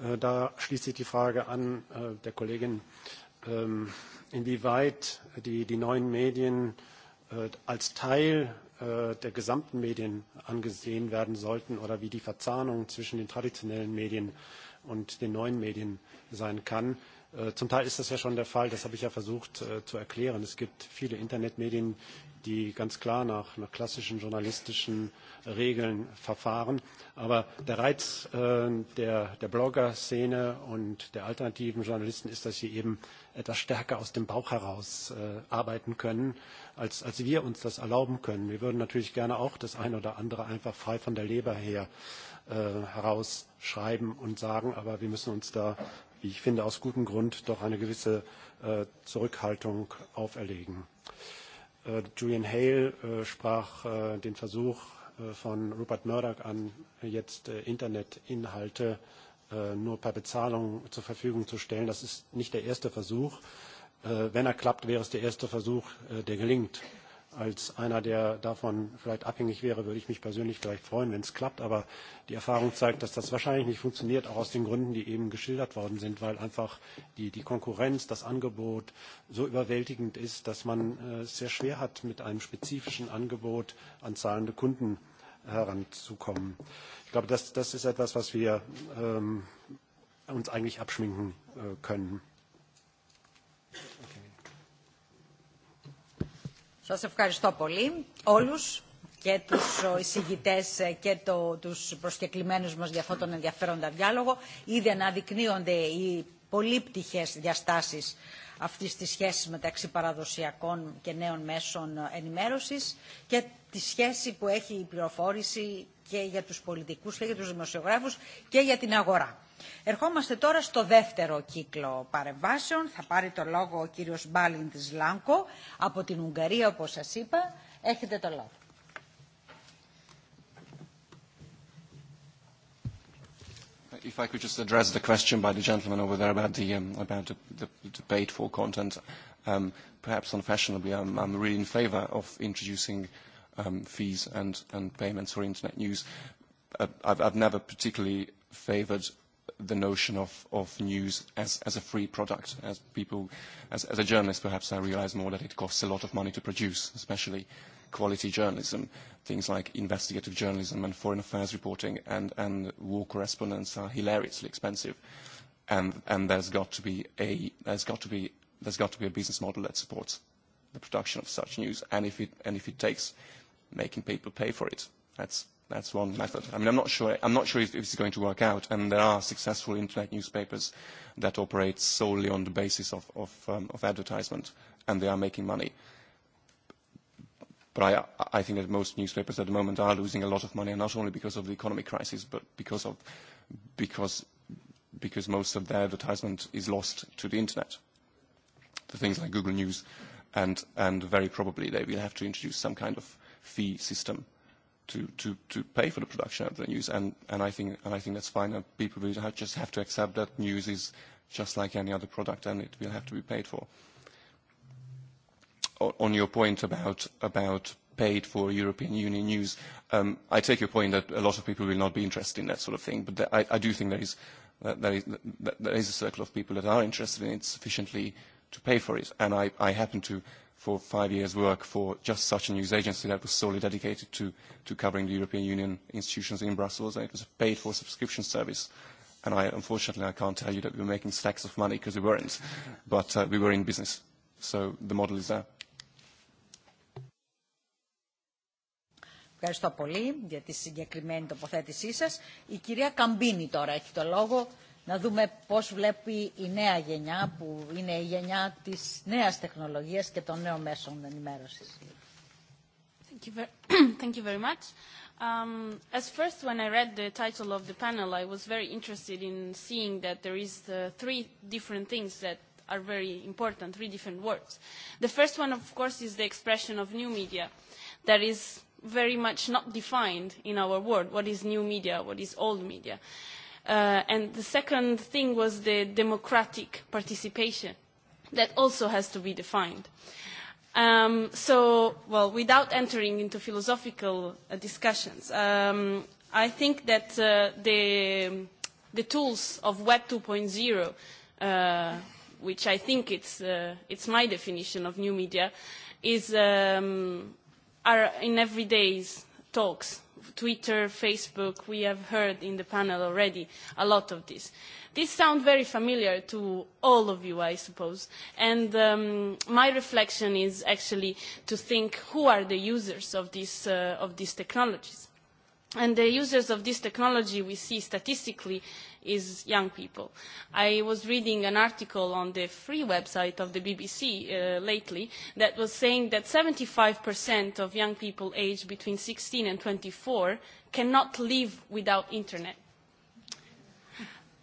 Äh, da schließt sich die Frage an äh, der Kollegin, ähm, inwieweit die, die neuen Medien äh, als Teil der gesamten Medien angesehen werden sollten oder wie die Verzahnung zwischen den traditionellen Medien und den neuen Medien sein kann. Zum Teil ist das ja schon der Fall, das habe ich ja versucht zu erklären. Es gibt viele Internetmedien, die ganz klar nach, nach klassischen journalistischen Regeln verfahren. Aber der Reiz äh, der, der Blogger-Szene und der alternativen Journalisten ist, dass sie eben etwas stärker aus dem Bauch heraus äh, arbeiten können, als, als wir uns das erlauben können. Wir würden natürlich gerne auch das eine oder andere einfach frei von der Leber her äh, herausschreiben und sagen, aber wir müssen uns da, wie ich finde, aus gutem Grund doch eine gewisse äh, Zurückhaltung auferlegen. Äh, Äh, Julian Hale äh, sprach äh, den Versuch von Rupert Murdoch an, jetzt Internetinhalte nur per Bezahlung zur Verfügung zu stellen. Das ist nicht der erste Versuch. Wenn er klappt, wäre es der erste Versuch, der gelingt als einer, der davon vielleicht abhängig wäre, würde ich mich persönlich vielleicht freuen, wenn es klappt. Aber die Erfahrung zeigt, dass das wahrscheinlich nicht funktioniert, auch aus den Gründen, die eben geschildert worden sind, weil einfach die, die Konkurrenz, das Angebot so überwältigend ist, dass man äh, es sehr schwer hat, mit einem spezifischen Angebot an zahlende Kunden heranzukommen. Ich glaube, das, das ist etwas, was wir ähm, uns eigentlich abschminken äh, können. Σας ευχαριστώ πολύ όλους και τους εισηγητές και το, τους προσκεκλημένους μας για αυτόν τον ενδιαφέροντα διάλογο. Ήδη αναδεικνύονται οι πολύπτυχες διαστάσεις αυτής της σχέσης μεταξύ παραδοσιακών και νέων μέσων ενημέρωσης και τη σχέση που έχει η πληροφόρηση και για τους πολιτικούς και για τους δημοσιογράφους και για την αγορά. Ερχόμαστε τώρα στο δεύτερο κύκλο παρεμβάσεων. Θα πάρει το λόγο ο κύριος Μπάλιν της Λάνκο από την Ουγγαρία, όπως σας είπα. Έχετε το λόγο. If I could just address the question by the gentleman over there about the, um, about the, the, the paid for content, um, perhaps unfashionably, I'm, I'm really in favor of introducing um, fees and, and payments for internet news. Uh, I've, I've never particularly favored the notion of, of news as, as a free product. As people, as, as a journalist, perhaps I realize more that it costs a lot of money to produce, especially quality journalism. Things like investigative journalism and foreign affairs reporting and, and war correspondence are hilariously expensive. And, and there's got to be a there's got to be there's got to be a business model that supports the production of such news. And if it and if it takes making people pay for it, that's That's one method. I mean, I'm not sure, I'm not sure if, if it's going to work out, and there are successful internet newspapers that operate solely on the basis of, of, um, of advertisement, and they are making money. But I, I think that most newspapers at the moment are losing a lot of money, and not only because of the economic crisis, but because, of, because, because most of their advertisement is lost to the internet, to things like Google News, and, and very probably they will have to introduce some kind of fee system to, to, to pay for the production of the news. And, and, I think, and I think that's fine. And uh, people will have, just have to accept that news is just like any other product and it will have to be paid for. O, on your point about, about paid for European Union news, um, I take your point that a lot of people will not be interested in that sort of thing. But th I, I do think there is, uh, there, is, there is a circle of people that are interested in it sufficiently to pay for it. And I, I happen to – for five years' work for just such a news agency that was solely dedicated to, to covering the European Union institutions in Brussels. And it was a paid-for subscription service. And I, unfortunately, I can't tell you that we were making stacks of money because we weren't, but uh, we were in business. So the model is there. Ευχαριστώ πολύ για τη συγκεκριμένη τοποθέτησή σας. Η κυρία Καμπίνη τώρα έχει το λόγο να δούμε πώς βλέπει η νέα γενιά που είναι η γενιά της νέας τεχνολογίας και των νέων μέσων ενημέρωσης. Thank you very, thank you very much. Um, as first, when I read the title of the panel, I was very interested in seeing that there is uh, three different things that are very important, three different words. The first one, of course, is the expression of new media that is very much not defined in our world. What is new media? What is old media? Uh, Uh, and the second thing was the democratic participation. That also has to be defined. Um, so, well, without entering into philosophical uh, discussions, um, I think that uh, the, the tools of Web 2.0, uh, which I think it's, uh, it's my definition of new media, is, um, are in everyday's talks Twitter, Facebook, we have heard in the panel already a lot of this. This sounds very familiar to all of you, I suppose. And um, my reflection is actually to think who are the users of, this, uh, of these technologies And the users of this technology we see statistically is young people. I was reading an article on the free website of the BBC uh, lately that was saying that 75% of young people aged between 16 and 24 cannot live without internet.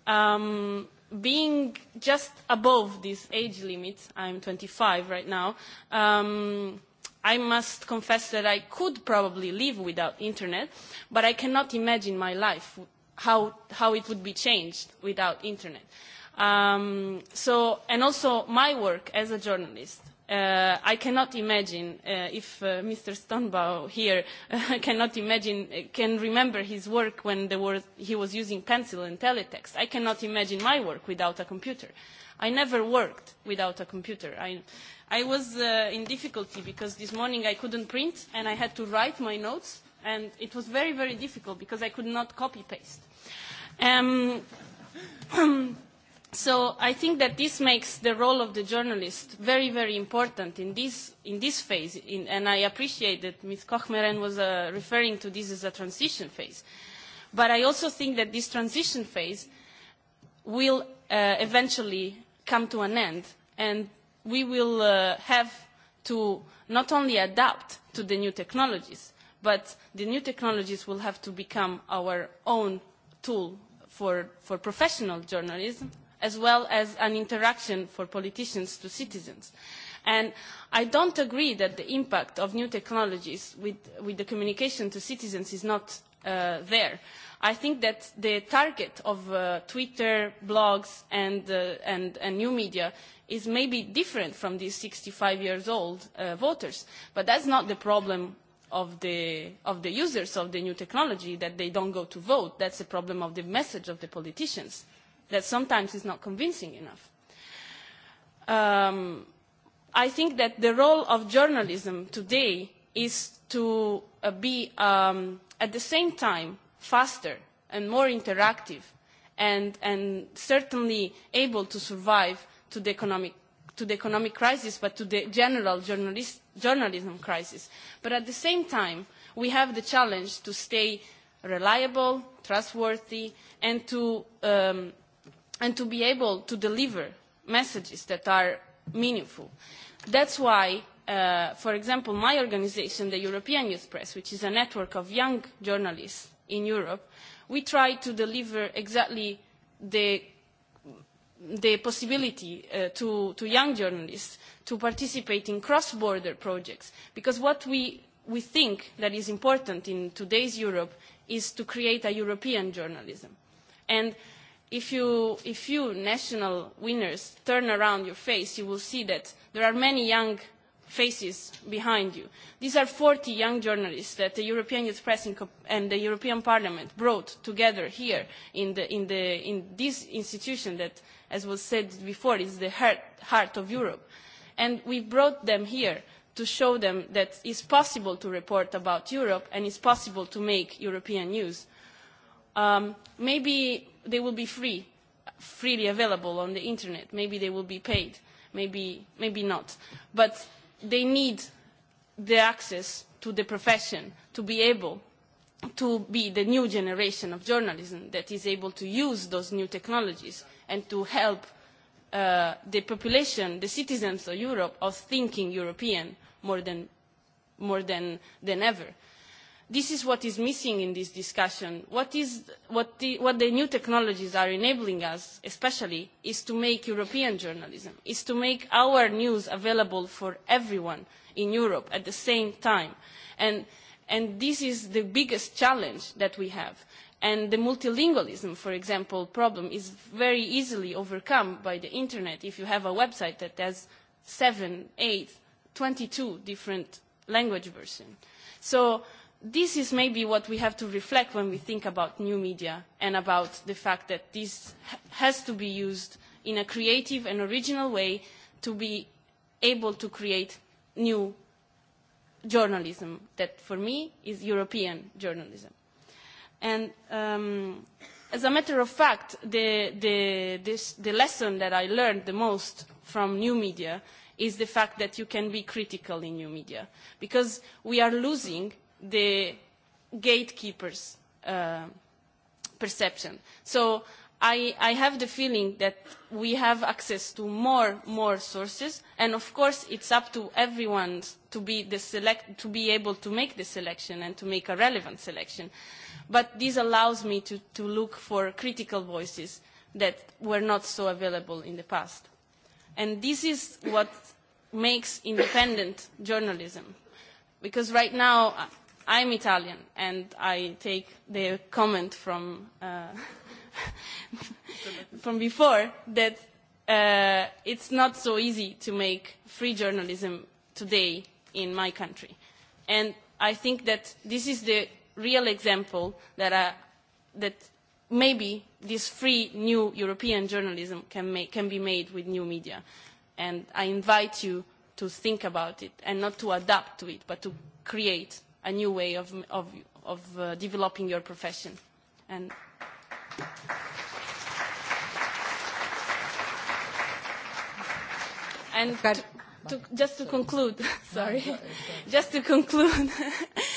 Um, being just above this age limit, I'm 25 right now, um, I must confess that I could probably live without internet, but I cannot imagine my life, how, how it would be changed without internet. Um, so, and also my work as a journalist. Uh, I cannot imagine uh, if uh, Mr. Stonbaugh here uh, cannot imagine, uh, can remember his work when there were, he was using pencil and teletext. I cannot imagine my work without a computer. I never worked without a computer. I, I was uh, in difficulty because this morning I couldn't print and I had to write my notes and it was very, very difficult because I could not copy-paste. Um, so I think that this makes the role of the journalist very, very important in this, in this phase, in, and I appreciate that Ms. Kochmeren was uh, referring to this as a transition phase. But I also think that this transition phase will uh, eventually come to an end, and we will uh, have to not only adapt to the new technologies, but the new technologies will have to become our own tool for, for professional journalism, as well as an interaction for politicians to citizens. And I don't agree that the impact of new technologies with, with the communication to citizens is not uh, there. Uh, I think that the target of uh, Twitter, blogs, and, uh, and, and new media is maybe different from these 65 years old uh, voters. But that's not the problem of the, of the users of the new technology, that they don't go to vote. That's the problem of the message of the politicians, that sometimes is not convincing enough. Um, I think that the role of journalism today is to uh, be um, at the same time faster and more interactive and, and certainly able to survive to the economic to the economic crisis, but to the general journalist, journalism crisis. But at the same time, we have the challenge to stay reliable, trustworthy, and to, um, and to be able to deliver messages that are meaningful. That's why, uh, for example, my organization, the European Youth Press, which is a network of young journalists, in Europe, we try to deliver exactly the the possibility uh, to, to young journalists to participate in cross-border projects. Because what we, we think that is important in today's Europe is to create a European journalism. And if you, if you national winners turn around your face, you will see that there are many young faces behind you. These are 40 young journalists that the European Youth Press and the European Parliament brought together here in, the, in, the, in this institution that, as was said before, is the heart, heart of Europe. And we brought them here to show them that it's possible to report about Europe and it's possible to make European news. Um, maybe they will be free, freely available on the internet. Maybe they will be paid. Maybe, maybe not. But they need the access to the profession to be able to be the new generation of journalism that is able to use those new technologies and to help uh, the population, the citizens of Europe, of thinking European more than, more than, than ever this is what is missing in this discussion. What, is, what, the, what the new technologies are enabling us, especially, is to make European journalism, is to make our news available for everyone in Europe at the same time. And, and this is the biggest challenge that we have. And the multilingualism, for example, problem is very easily overcome by the internet if you have a website that has 7, 8, 22 different language versions. So this is maybe what we have to reflect when we think about new media and about the fact that this has to be used in a creative and original way to be able to create new journalism that for me is European journalism. And um, as a matter of fact, the, the, this, the lesson that I learned the most from new media is the fact that you can be critical in new media because we are losing the gatekeepers' uh, perception. So I, I have the feeling that we have access to more, more sources, and of course it's up to everyone to be, the select, to be able to make the selection and to make a relevant selection. But this allows me to, to look for critical voices that were not so available in the past. And this is what makes independent journalism. Because right now, I'm Italian, and I take the comment from uh, from before that uh, it's not so easy to make free journalism today in my country, and I think that this is the real example that I, uh, that maybe this free new European journalism can, make, can be made with new media, and I invite you to think about it and not to adapt to it, but to create a new way of, of, of uh, developing your profession. And and to, to, just to conclude, sorry, just to conclude,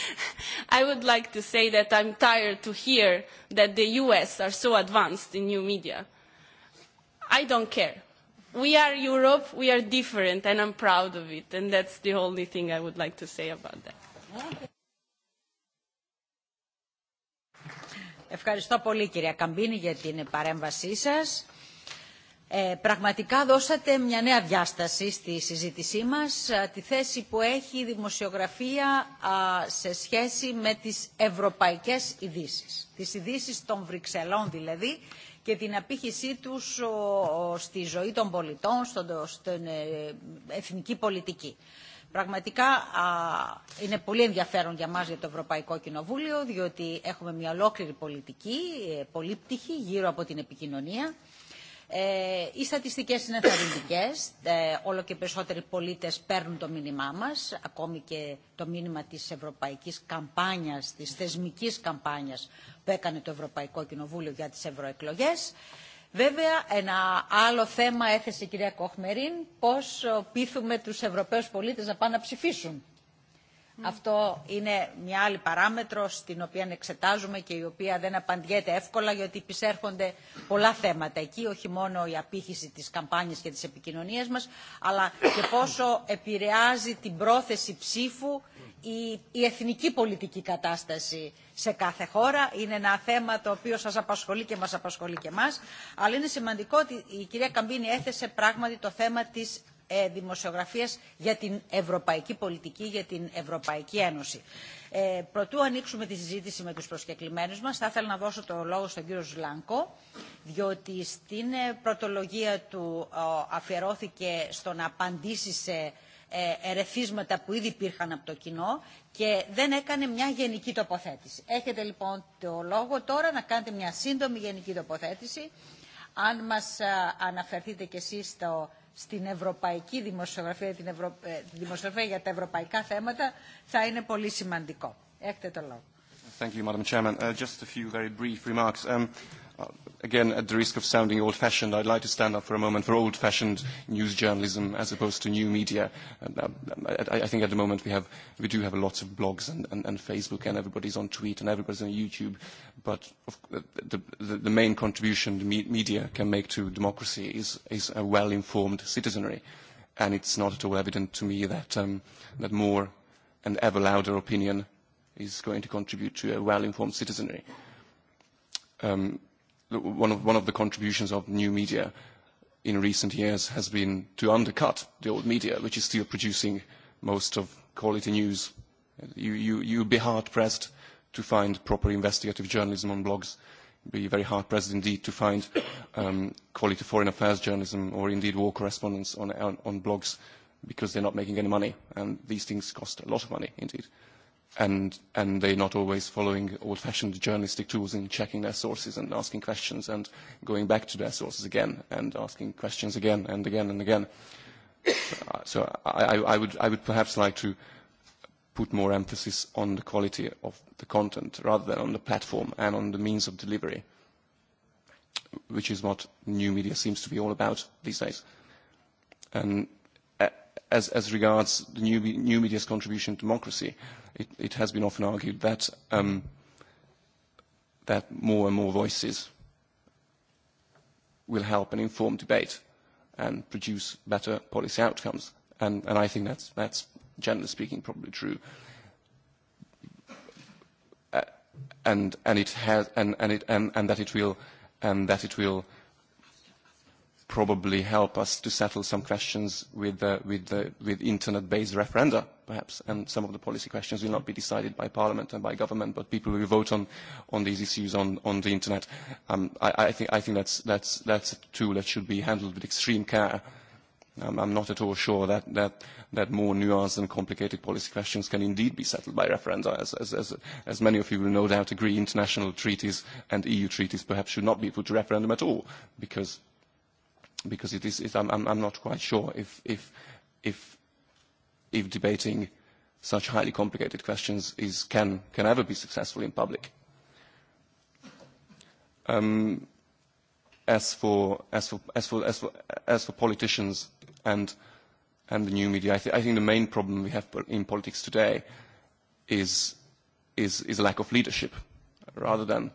I would like to say that I'm tired to hear that the US are so advanced in new media. I don't care. We are Europe, we are different, and I'm proud of it, and that's the only thing I would like to say about that. Okay. Ευχαριστώ πολύ κυρία Καμπίνη για την παρέμβασή σας. Ε, πραγματικά δώσατε μια νέα διάσταση στη συζήτησή μας, τη θέση που έχει η δημοσιογραφία α, σε σχέση με τις ευρωπαϊκές ειδήσει, τις ειδήσει των Βρυξελών δηλαδή και την απήχησή τους ο, ο, στη ζωή των πολιτών, στον, στην ε, εθνική πολιτική. Ε, Πραγματικά α, είναι πολύ ενδιαφέρον για μας για το Ευρωπαϊκό Κοινοβούλιο, διότι έχουμε μια ολόκληρη πολιτική, πολύπτυχη, γύρω από την επικοινωνία. Ε, οι στατιστικές είναι ενθαρρυντικές. Ε, όλο και περισσότεροι πολίτες παίρνουν το μήνυμά μας, ακόμη και το μήνυμα της ευρωπαϊκής καμπάνιας, της θεσμικής καμπάνιας που έκανε το Ευρωπαϊκό Κοινοβούλιο για τις ευρωεκλογές. Ε, Βέβαια, ένα άλλο θέμα έθεσε η κυρία Κοχμερίν, πώς πείθουμε τους Ευρωπαίους πολίτες να πάνε να ψηφίσουν Mm. Αυτό είναι μια άλλη παράμετρος την οποία εξετάζουμε και η οποία δεν απαντιέται εύκολα γιατί επισέρχονται πολλά θέματα εκεί, όχι μόνο η απήχηση της καμπάνιας και της επικοινωνίας μας, αλλά και πόσο επηρεάζει την πρόθεση ψήφου η, η εθνική πολιτική κατάσταση σε κάθε χώρα. Είναι ένα θέμα το οποίο σας απασχολεί και μας απασχολεί και εμάς, αλλά είναι σημαντικό ότι η κυρία Καμπίνη έθεσε πράγματι το θέμα της ε, δημοσιογραφίας για την ευρωπαϊκή πολιτική, για την Ευρωπαϊκή Ένωση. Ε, προτού ανοίξουμε τη συζήτηση με τους προσκεκλημένους μας, θα ήθελα να δώσω το λόγο στον κύριο Ζλάνκο, διότι στην πρωτολογία του αφιερώθηκε στο να απαντήσει σε ερεθίσματα που ήδη υπήρχαν από το κοινό και δεν έκανε μια γενική τοποθέτηση. Έχετε λοιπόν το λόγο τώρα να κάνετε μια σύντομη γενική τοποθέτηση. Αν μας αναφερθείτε κι εσείς στο στην ευρωπαϊκή δημοσιογραφία, την, Ευρω... την δημοσιογραφία για τα ευρωπαϊκά θέματα θα είναι πολύ σημαντικό. Έχετε το λόγο. Thank you, Madam Chairman. Uh, just a few very brief remarks. Um, uh, again, at the risk of sounding old-fashioned, I'd like to stand up for a moment for old-fashioned news journalism as opposed to new media. And, uh, I, I think at the moment we, have, we do have lots of blogs and, and, and Facebook and everybody's on Tweet and everybody's on YouTube, but of, uh, the, the, the main contribution the me media can make to democracy is, is a well-informed citizenry. And it's not at all evident to me that, um, that more and ever louder opinion is going to contribute to a well-informed citizenry. Um, one of, one of the contributions of new media in recent years has been to undercut the old media, which is still producing most of quality news. You, you, you'd be hard-pressed to find proper investigative journalism on blogs. You'd be very hard-pressed indeed to find um, quality foreign affairs journalism or indeed war correspondence on, on, on blogs because they're not making any money. And these things cost a lot of money indeed. Uh, and and they're not always following old-fashioned journalistic tools in checking their sources and asking questions and going back to their sources again and asking questions again and again and again. uh, so I, I would I would perhaps like to put more emphasis on the quality of the content rather than on the platform and on the means of delivery, which is what new media seems to be all about these days. And as, as regards the new, new media's contribution to democracy, it, it has been often argued that, um, that more and more voices will help and inform debate and produce better policy outcomes. And, and I think that's, that's, generally speaking, probably true. Uh, and, and, it has, and, and, it, and, and that it will, and that it will probably help us to settle some questions with, uh, with, uh, with internet-based referenda, perhaps, and some of the policy questions will not be decided by Parliament and by government, but people will vote on, on these issues on, on the internet. Um, I, I think, I think that's, that's, that's a tool that should be handled with extreme care. Um, I'm not at all sure that, that, that more nuanced and complicated policy questions can indeed be settled by referenda. As, as, as, as many of you will no doubt agree, international treaties and EU treaties perhaps should not be put to referendum at all, because because it is, it, I'm, I'm, I'm not quite sure if, if, if, if debating such highly complicated questions is, can, can ever be successful in public. Um, as, for, as, for, as, for, as, for, as for politicians and, and the new media, I, th I think the main problem we have in politics today is, is, is a lack of leadership rather than,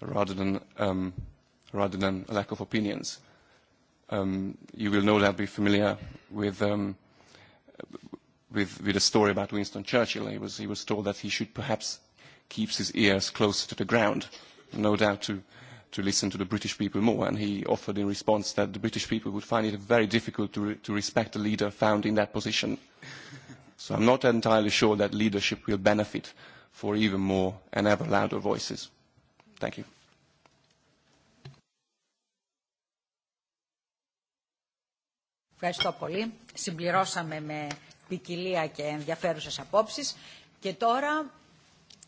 rather than, um, rather than a lack of opinions um, you will no doubt be familiar with, um, with, with a story about Winston Churchill. He was, he was told that he should perhaps keep his ears closer to the ground, no doubt to, to listen to the British people more. And he offered in response that the British people would find it very difficult to, re to respect a leader found in that position. So I'm not entirely sure that leadership will benefit for even more and ever louder voices. Thank you. Ευχαριστώ πολύ. Συμπληρώσαμε με ποικιλία και ενδιαφέρουσες απόψεις. Και τώρα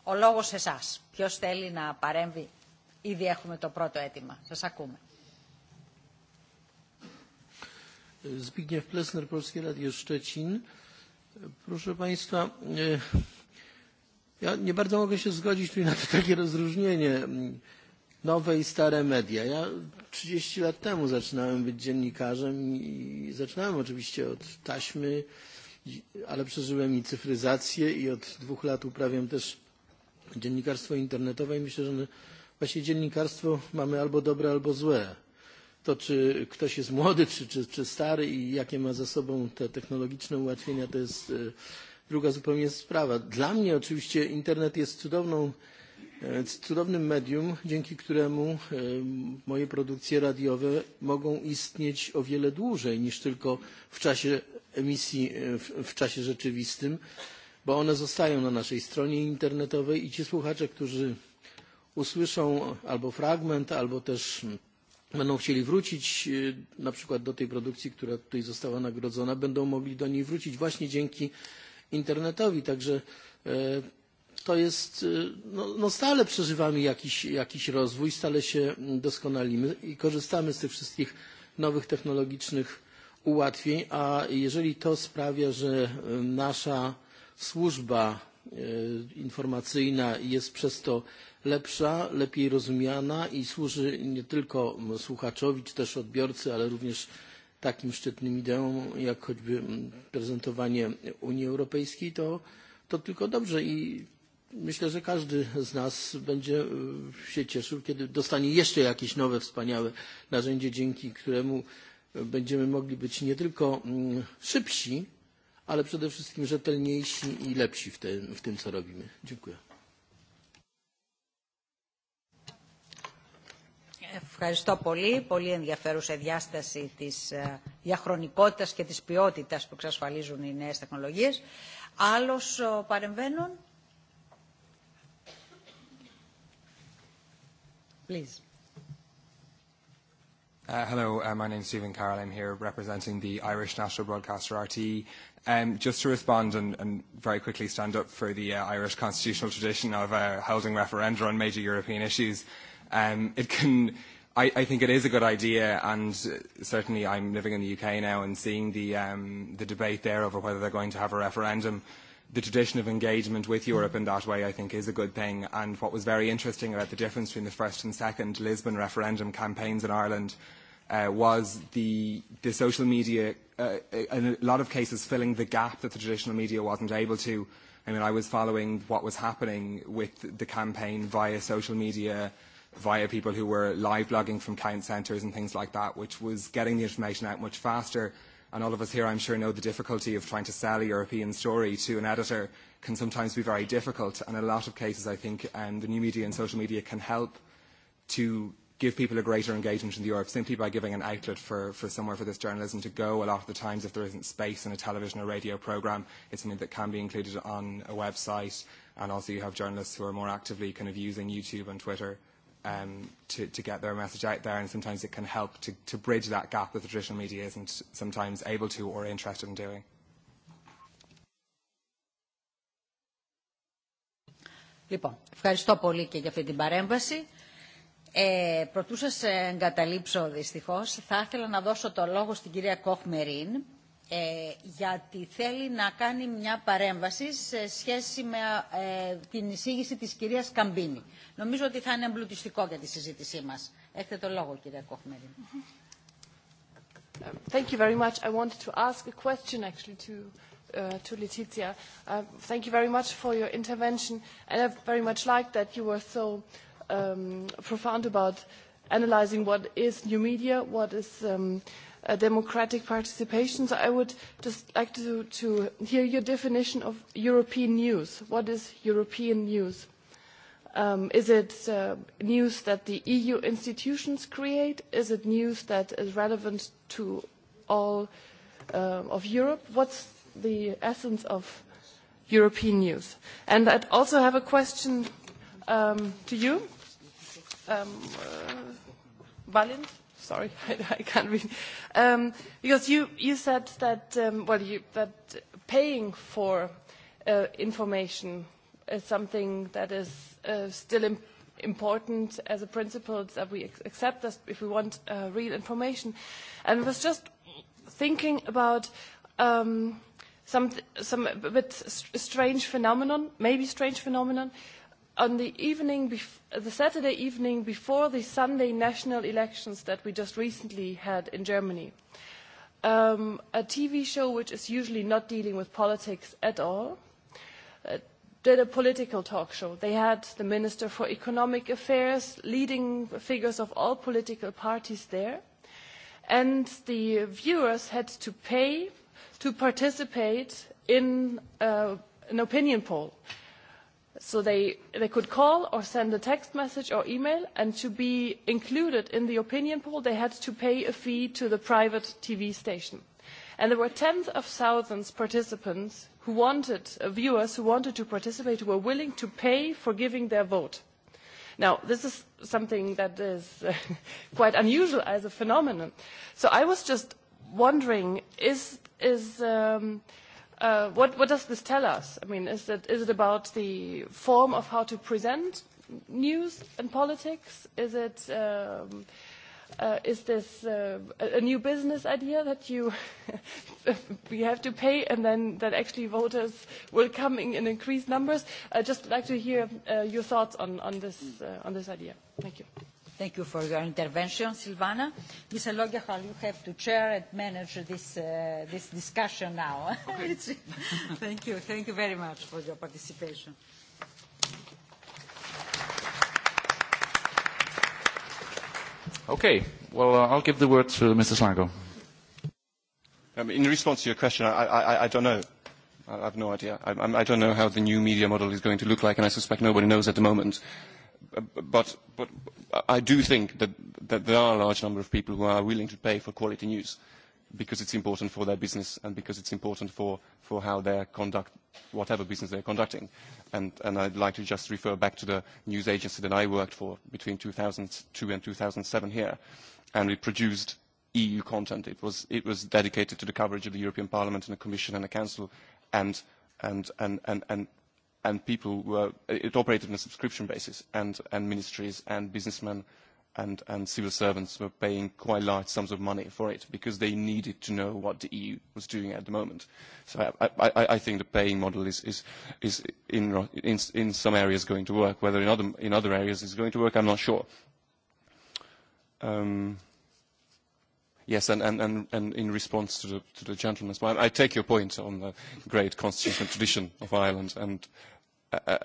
ο λόγος σε εσάς. Ποιος θέλει να παρέμβει. Ήδη έχουμε το πρώτο αίτημα. Σας ακούμε. Zbigniew Plesner, Polskie Radio Szczecin. Proszę Państwa, e, ja nie bardzo mogę się zgodzić tutaj na to takie rozróżnienie nowe i stare media. Ja 30 lat temu zaczynałem być dziennikarzem i zaczynałem oczywiście od taśmy, ale przeżyłem i cyfryzację i od dwóch lat uprawiam też dziennikarstwo internetowe i myślę, że my właśnie dziennikarstwo mamy albo dobre, albo złe. To, czy ktoś jest młody, czy, czy, czy stary i jakie ma za sobą te technologiczne ułatwienia, to jest e, druga zupełnie sprawa. Dla mnie oczywiście internet jest cudowną E, cudownym medium, dzięki któremu e, moje produkcje radiowe mogą istnieć o wiele dłużej niż tylko w czasie emisji e, w czasie rzeczywistym, bo one zostają na naszej stronie internetowej i ci słuchacze, którzy usłyszą albo fragment, albo też będą chcieli wrócić na przykład do tej produkcji, która tutaj została nagrodzona, będą mogli do niej wrócić właśnie dzięki internetowi. Także to jest, no, no stale przeżywamy jakiś, jakiś rozwój, stale się doskonalimy i korzystamy z tych wszystkich nowych technologicznych ułatwień, a jeżeli to sprawia, że nasza służba informacyjna jest przez to lepsza, lepiej rozumiana i służy nie tylko słuchaczowi czy też odbiorcy, ale również takim szczytnym ideom, jak choćby mm, prezentowanie Unii Europejskiej, to, to tylko dobrze i Myślę, że każdy z nas będzie e, się cieszył, kiedy dostanie jeszcze jakieś nowe, wspaniałe narzędzie, dzięki któremu będziemy mogli być nie tylko mm, szybsi, ale przede wszystkim rzetelniejsi i lepsi w tym, w tym co robimy. Dziękuję. Ευχαριστώ πολύ. Πολύ ενδιαφέρουσα διάσταση της διαχρονικότητας και της ποιότητας που εξασφαλίζουν οι νέες τεχνολογίες. Άλλος παρεμβαίνων. Please. Uh, hello, uh, my name is Stephen Carroll. I'm here representing the Irish national broadcaster RTE. Um, just to respond and, and very quickly stand up for the uh, Irish constitutional tradition of uh, holding referenda on major European issues, um, it can, I, I think it is a good idea, and certainly I'm living in the UK now and seeing the, um, the debate there over whether they're going to have a referendum. Uh, the tradition of engagement with Europe in that way, I think, is a good thing. And what was very interesting about the difference between the first and second Lisbon referendum campaigns in Ireland uh, was the, the social media, uh, in a lot of cases, filling the gap that the traditional media wasn't able to. I mean, I was following what was happening with the campaign via social media, via people who were live blogging from count centres and things like that, which was getting the information out much faster and all of us here, I'm sure, know the difficulty of trying to sell a European story to an editor can sometimes be very difficult. And in a lot of cases, I think um, the new media and social media can help to give people a greater engagement in the Europe simply by giving an outlet for, for somewhere for this journalism to go. A lot of the times, if there isn't space in a television or radio programme, it's something that can be included on a website. And also you have journalists who are more actively kind of using YouTube and Twitter um, to, to get their message out there, and sometimes it can help to, to bridge that gap that the traditional media isn't sometimes able to or interested in doing. Λοιπόν, ευχαριστώ πολύ και για αυτή την παρέμβαση. Ε, προτού σας εγκαταλείψω δυστυχώς, θα ήθελα να δώσω το λόγο στην κυρία Κοχμερίν, ε, γιατί θέλει να κάνει μια παρέμβαση σε σχέση με ε, την εισήγηση της κυρίας Καμπίνη. Νομίζω ότι θα είναι εμπλουτιστικό για τη συζήτησή μας. Έχετε το λόγο, κυρία Κοχμέρη. Mm-hmm. Thank you very much. I wanted to ask a question actually to uh, to Letizia. Uh, thank you very much for your intervention, and I very much liked that you were so um, profound about analyzing what is new media, what is um, uh, uh, democratic participation. So I would just like to, to hear your definition of European news. What is European news? Um, is it uh, news that the EU institutions create? Is it news that is relevant to all uh, of Europe? What's the essence of European news? And I'd also have a question um, to you, um, uh, Valiant sorry, I, I can't read. Um, because you, you said that, um, well, you, that paying for uh, information is something that is uh, still imp important as a principle that we accept as if we want uh, real information. And I was just thinking about um, some, some a bit strange phenomenon, maybe strange phenomenon, uh, on the evening, bef- the Saturday evening before the Sunday national elections that we just recently had in Germany. Um, a TV show which is usually not dealing with politics at all uh, did a political talk show. They had the Minister for Economic Affairs, leading figures of all political parties there, and the viewers had to pay to participate in uh, an opinion poll. Uh, so they, they could call or send a text message or email and to be included in the opinion poll they had to pay a fee to the private tv station and there were tens of thousands of participants who wanted uh, viewers who wanted to participate who were willing to pay for giving their vote now this is something that is uh, quite unusual as a phenomenon so i was just wondering is is um, uh, Uh, what, what does this tell us? I mean, is it, is it about the form of how to present news and politics? Is it um, uh, is this uh, a, a new business idea that you you have to pay and then that actually voters will come in, in increased numbers? I'd just like to hear uh, your thoughts on, on this uh, on this idea. Thank you. Thank you for your intervention, Silvana. Mr. Logiachal, you have to chair and manage this, uh, this discussion now. Okay. thank you. Thank you very much for your participation. Okay. Well, uh, I'll give the word to Mr. Slango. Um, in response to your question, I, I, I don't know. I have no idea. I, I don't know how the new media model is going to look like, and I suspect nobody knows at the moment. Uh, but, but I do think that, that there are a large number of people who are willing to pay for quality news because it's important for their business and because it's important for, for how they conduct whatever business they're conducting. And, and I'd like to just refer back to the news agency that I worked for between 2002 and 2007 here. And we produced EU content. It was, it was dedicated to the coverage of the European Parliament and the Commission and the Council and, and, and, and, and and people were, it operated on a subscription basis, and, and ministries and businessmen and, and civil servants were paying quite large sums of money for it because they needed to know what the EU was doing at the moment. So I, I, I think the paying model is, is, is in, in, in some areas going to work. Whether in other, in other areas it's going to work, I'm not sure. Um, Yes, and, and, and, and in response to the, to the gentleman's point, I take your point on the great constitutional tradition of Ireland, and, uh, uh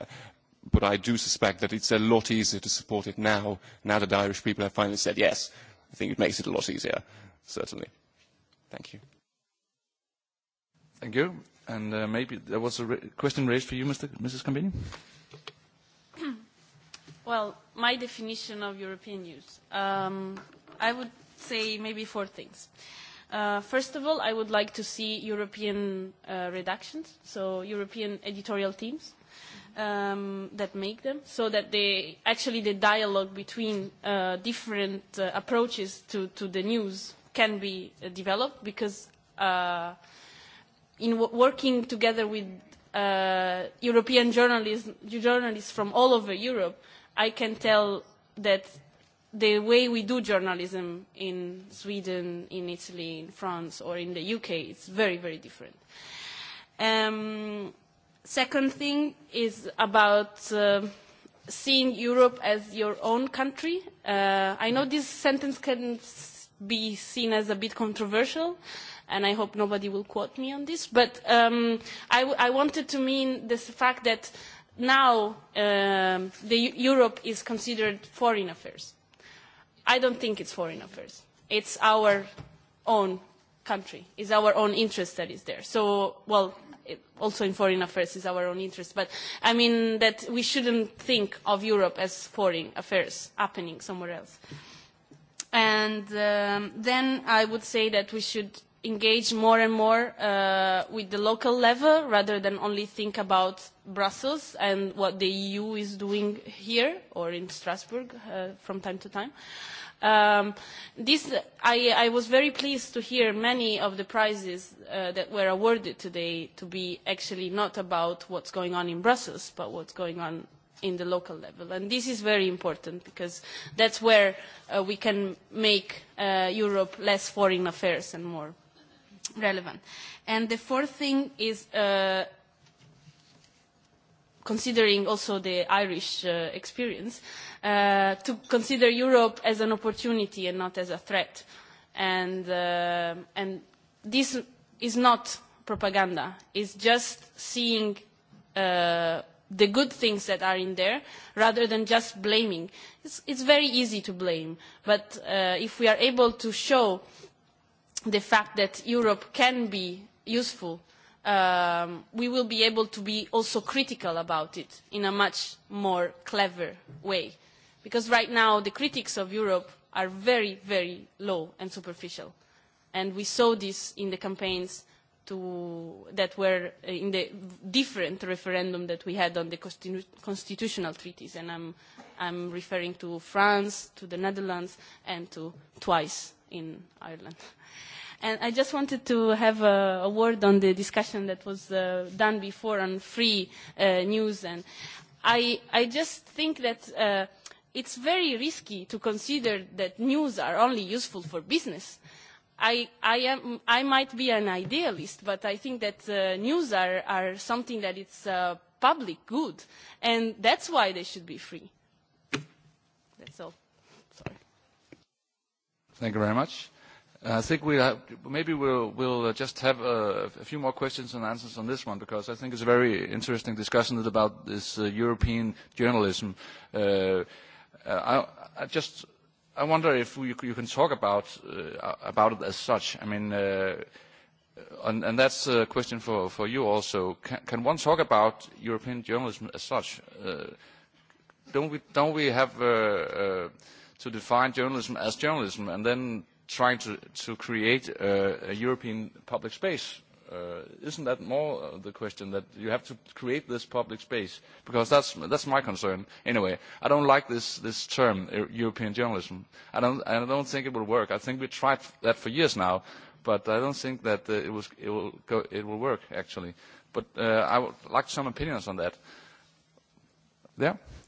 but I do suspect that it's a lot easier to support it now, now that the Irish people have finally said yes. I think it makes it a lot easier, certainly. Thank you. Thank you. And uh, maybe there was a ra question raised for you, Mr. Mrs. Cambini. Well, my definition of European youth. Um, I would say maybe four things. Uh, first of all, I would like to see European uh, redactions, so European editorial teams um, that make them, so that they actually the dialogue between uh, different uh, approaches to, to the news can be uh, developed because uh, in w- working together with uh, European journalists, journalists from all over Europe, I can tell that the way we do journalism in Sweden, in Italy, in France, or in the UK, it's very, very different. Um, second thing is about uh, seeing Europe as your own country. Uh, I know this sentence can be seen as a bit controversial, and I hope nobody will quote me on this, but um, I, w I wanted to mean the fact that now um, uh, the Europe is considered foreign affairs I don't think it's foreign affairs. It's our own country. It's our own interest that is there. So, well, it, also in foreign affairs is our own interest. But I mean that we shouldn't think of Europe as foreign affairs happening somewhere else. And um, then I would say that we should engage more and more uh, with the local level rather than only think about Brussels and what the EU is doing here or in Strasbourg uh, from time to time. Um, this, I, I was very pleased to hear many of the prizes uh, that were awarded today to be actually not about what's going on in Brussels, but what's going on in the local level. And this is very important because that's where uh, we can make uh, Europe less foreign affairs and more relevant. And the fourth thing is uh, considering also the Irish uh, experience, uh, to consider Europe as an opportunity and not as a threat. And, uh, and this is not propaganda. It's just seeing uh, the good things that are in there rather than just blaming. It's, it's very easy to blame, but uh, if we are able to show uh, the fact that Europe can be useful, um, we will be able to be also critical about it in a much more clever way. Because right now the critics of Europe are very, very low and superficial. And we saw this in the campaigns to, that were uh, in the different referendum that we had on the constitu constitutional treaties. And I'm, I'm referring to France, to the Netherlands, and to twice in Ireland. Uh, And I just wanted to have a, a word on the discussion that was uh, done before on free uh, news. And I, I just think that uh, it's very risky to consider that news are only useful for business. I, I, am, I might be an idealist, but I think that uh, news are, are something that it's uh, public good, and that's why they should be free. That's all. Sorry. Thank you very much. Uh, I think we have, maybe we'll, we'll uh, just have a, uh, a few more questions and answers on this one because I think it's a very interesting discussion about this uh, European journalism. Uh, I, I just I wonder if we, you can talk about uh, about it as such. I mean, uh, and, and that's a question for, for you also. Can, can one talk about European journalism as such? Uh, don't we don't we have uh, uh, to define journalism as journalism and then trying to, to create a, a European public space. Uh, isn't that more uh, the question that you have to create this public space? Because that's, that's my concern. Anyway, I don't like this, this term, uh, European journalism. I don't, I don't think it will work. I think we tried that for years now, but I don't think that uh, it, was, it, will go, it will work, actually. But uh, I would like some opinions on that. There? Yeah?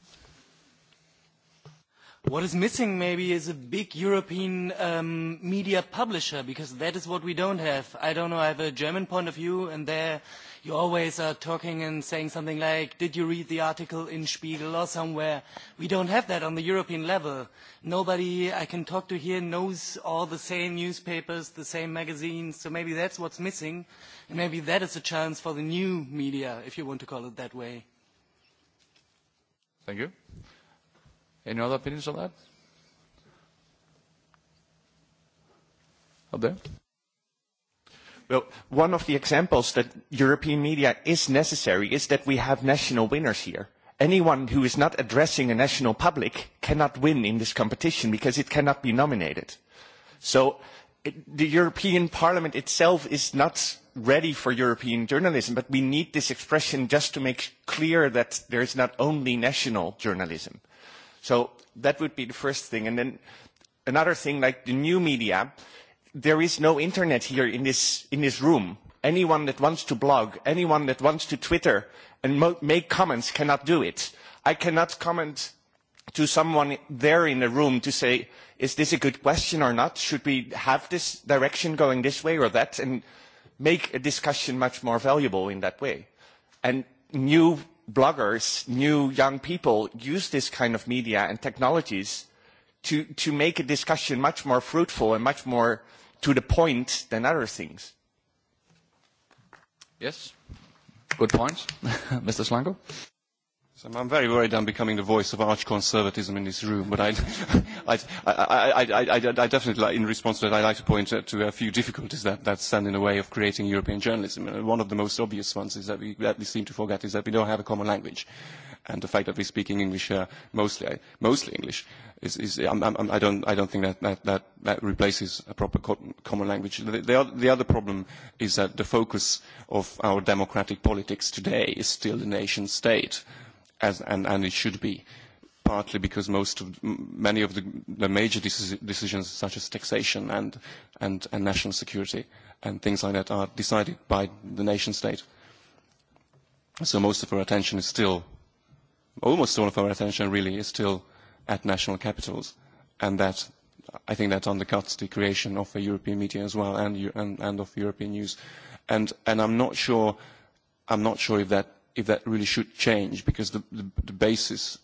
What is missing maybe is a big European um, media publisher because that is what we don't have. I don't know, I have a German point of view and there you always are talking and saying something like, did you read the article in Spiegel or somewhere? We don't have that on the European level. Nobody I can talk to here knows all the same newspapers, the same magazines, so maybe that's what's missing. And maybe that is a chance for the new media, if you want to call it that way. Thank you. Any other opinions on that? Up there? Well, one of the examples that European media is necessary is that we have national winners here. Anyone who is not addressing a national public cannot win in this competition because it cannot be nominated. So it, the European Parliament itself is not ready for European journalism, but we need this expression just to make clear that there is not only national journalism. So that would be the first thing. And then another thing, like the new media, there is no internet here in this, in this room. Anyone that wants to blog, anyone that wants to Twitter and mo- make comments cannot do it. I cannot comment to someone there in the room to say, is this a good question or not? Should we have this direction going this way or that? And make a discussion much more valuable in that way. And new bloggers, new young people use this kind of media and technologies to, to make a discussion much more fruitful and much more to the point than other things. Yes, good points, Mr. Slango. So I'm very worried I'm becoming the voice of arch conservatism in this room, but I, I, I, I, I, I definitely, like, in response to that, I'd like to point out to a few difficulties that, that stand in the way of creating European journalism. And one of the most obvious ones is that we, that we seem to forget is that we don't have a common language. And the fact that we're speaking English, uh, mostly, mostly English, is, is I'm, I'm, I, don't, I don't think that, that, that, that replaces a proper co- common language. The, the, the other problem is that the focus of our democratic politics today is still the nation state as, and, and it should be, partly because most of, many of the, the major deci decisions such as taxation and, and, and national security and things like that are decided by the nation state. So most of our attention is still, almost all of our attention really is still at national capitals. And that, I think that undercuts the creation of a European media as well and, and, and of European news. And, and I'm not sure, I'm not sure if that if that really should change, because the, the, the basis,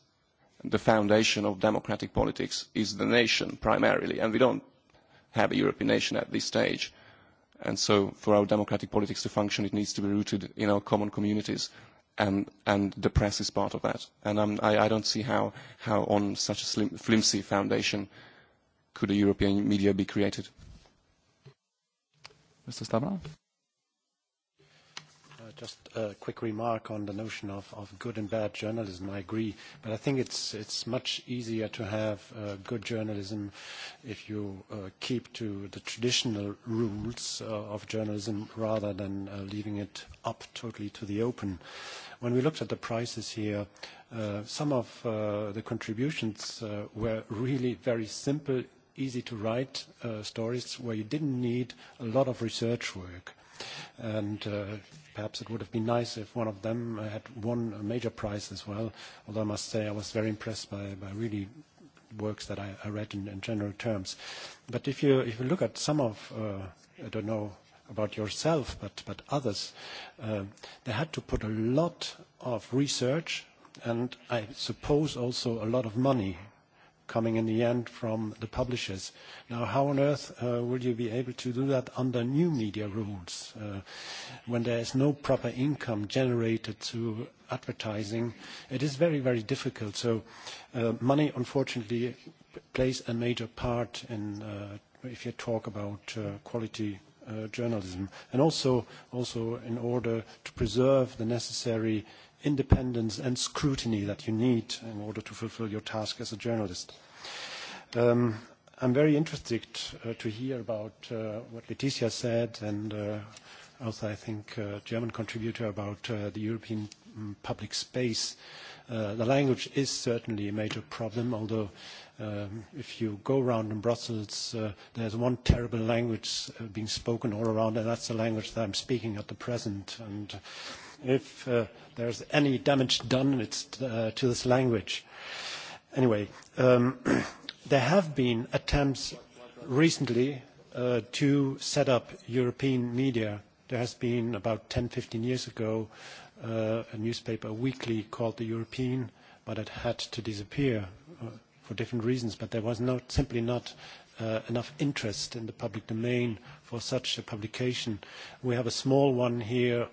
the foundation of democratic politics is the nation primarily, and we don't have a European nation at this stage. And so for our democratic politics to function, it needs to be rooted in our common communities, and, and the press is part of that. And um, I, I don't see how, how on such a slim, flimsy foundation could a European media be created. Mr. Stavra? just a quick remark on the notion of, of good and bad journalism. I agree, but I think it's it's much easier to have uh, good journalism if you uh, keep to the traditional rules uh, of journalism rather than uh, leaving it up totally to the open. When we looked at the prices here, uh, some of uh, the contributions uh, were really very simple, easy to write uh, stories where you didn't need a lot of research work. Uh, And uh, perhaps it would have been nice if one of them had won a major prize as well, although I must say I was very impressed by, by really works that I, I read in, in general terms. But if you, if you look at some of, uh, I don't know about yourself, but, but others, uh, they had to put a lot of research and I suppose also a lot of money coming in the end from the publishers. Now, how on earth uh, will you be able to do that under new media rules uh, when there is no proper income generated to advertising? It is very, very difficult. So uh, money, unfortunately, plays a major part in uh, if you talk about uh, quality uh, journalism. And also, also in order to preserve the necessary uh, independence and scrutiny that you need in order to fulfill your task as a journalist. Um, I'm very interested uh, to hear about uh, what Leticia said and uh, also I think uh, German contributor about uh, the European um, public space. Uh, Uh, the language is certainly a major problem, although um, if you go around in Brussels, uh, there's one terrible language uh, being spoken all around, and that's the language that I'm speaking at the present. And if uh, there's any damage done, it's uh, to this language. Anyway, um, there have been attempts recently uh, to set up European media. There has been about 10, 15 years ago uh, uh, a newspaper a weekly called The European, but it had to disappear uh, for different reasons. But there was not, simply not uh, enough interest in the public domain for such a publication. We have a small one here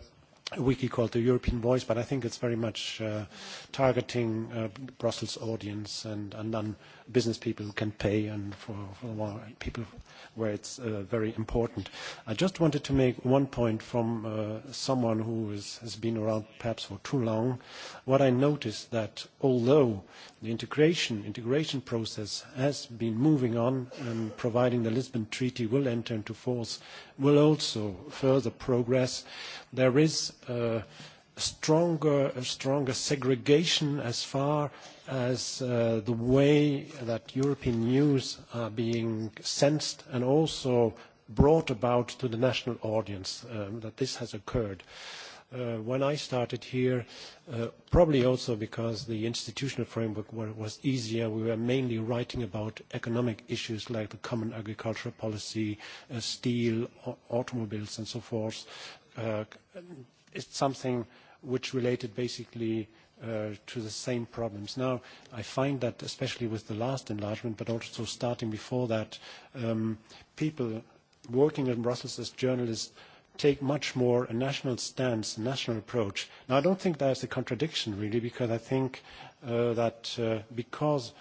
wiki called the European Voice, but I think it's very much uh, targeting uh, Brussels audience and, and then business people who can pay and for, for people where it's uh, very important. I just wanted to make one point from uh, someone who is, has been around perhaps for too long. What I noticed that although the integration, integration process has been moving on and providing the Lisbon Treaty will enter into force will also further progress. There is a stronger, a stronger segregation as far as uh, the way that European news are being sensed and also brought about to the national audience, um, that this has occurred. Uh, uh, when I started here, uh, probably also because the institutional framework was easier. We were mainly writing about economic issues like the common agricultural policy, uh, steel, automobiles, and so forth. Uh, it's something which related basically uh, to the same problems. Now, I find that especially with the last enlargement, but also starting before that, um, people working in Brussels as journalists take much more a national stance, a national approach. Now, I don't think there's a contradiction, really, because I think uh, that uh, because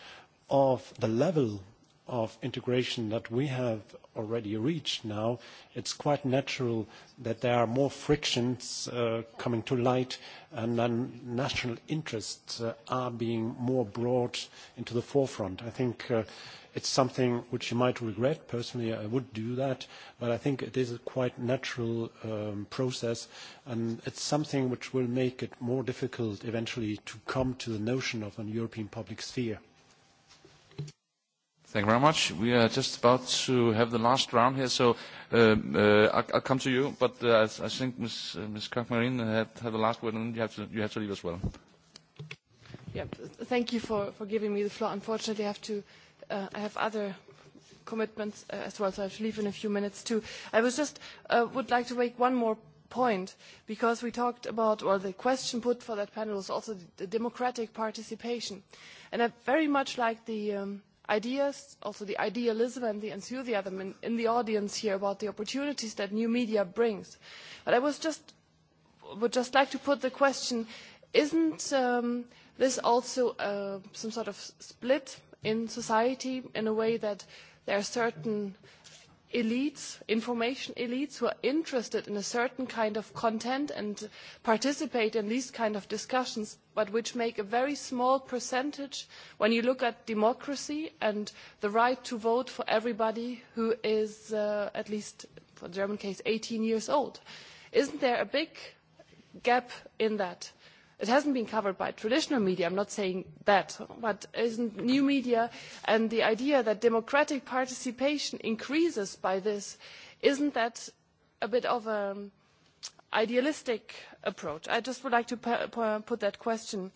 of the level of integration that we have already reached now, it's quite natural that there are more frictions uh, coming to light, and then national interests uh, are being more brought into the forefront. I think uh, it's something which you might regret. Personally, I would do that, but I think it is a quite natural um, process, and it's something which will make it more difficult eventually to come to the notion of a European public sphere. Thank you very much. We are just about to have the last round here, so um, uh, I'll, I'll come to you, but uh, I, I think Ms. Uh, Ms. Koch-Marin had, had the last word, and you have to, you have to leave as well. Yeah, thank you for, for giving me the floor. Unfortunately, I have, to, uh, I have other commitments uh, as well, so I have to leave in a few minutes too. I was just uh, would like to make one more point because we talked about, or the question put for that panel was also the democratic participation, and I very much like the. Um, ideas, also the idealism and the enthusiasm in, in the audience here about the opportunities that new media brings. But I was just, would just like to put the question, isn't um, this also uh, some sort of split in society in a way that there are certain uh, elites, information elites who are interested in a certain kind of content and participate in these kind of discussions, but which make a very small percentage when you look at democracy and the right to vote for everybody who is uh, at least, for the German case, 18 years old. Isn't there a big gap in that? it hasn't been covered by traditional media i'm not saying that but isn't new media and the idea that democratic participation increases by this isn't that a bit of an um, idealistic approach i just would like to put that question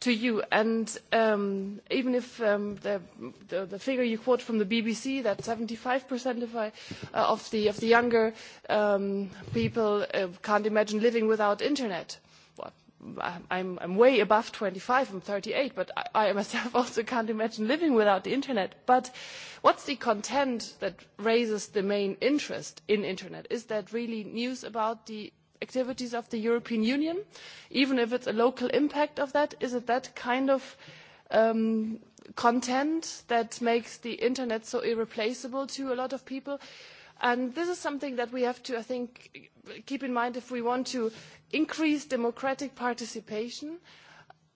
to you and um, even if um, the, the, the figure you quote from the BBC that 75% of, I, uh, of, the, of the younger um, people uh, can't imagine living without internet I'm, I'm way above 25, I'm 38, but I, I myself also can't imagine living without the internet. But what's the content that raises the main interest in internet? Is that really news about the activities of the European Union? Even if it's a local impact of that, is it that kind of um, content that makes the internet so irreplaceable to a lot of people? Uh, And this is something that we have to, I think, keep in mind if we want to increase democratic participation,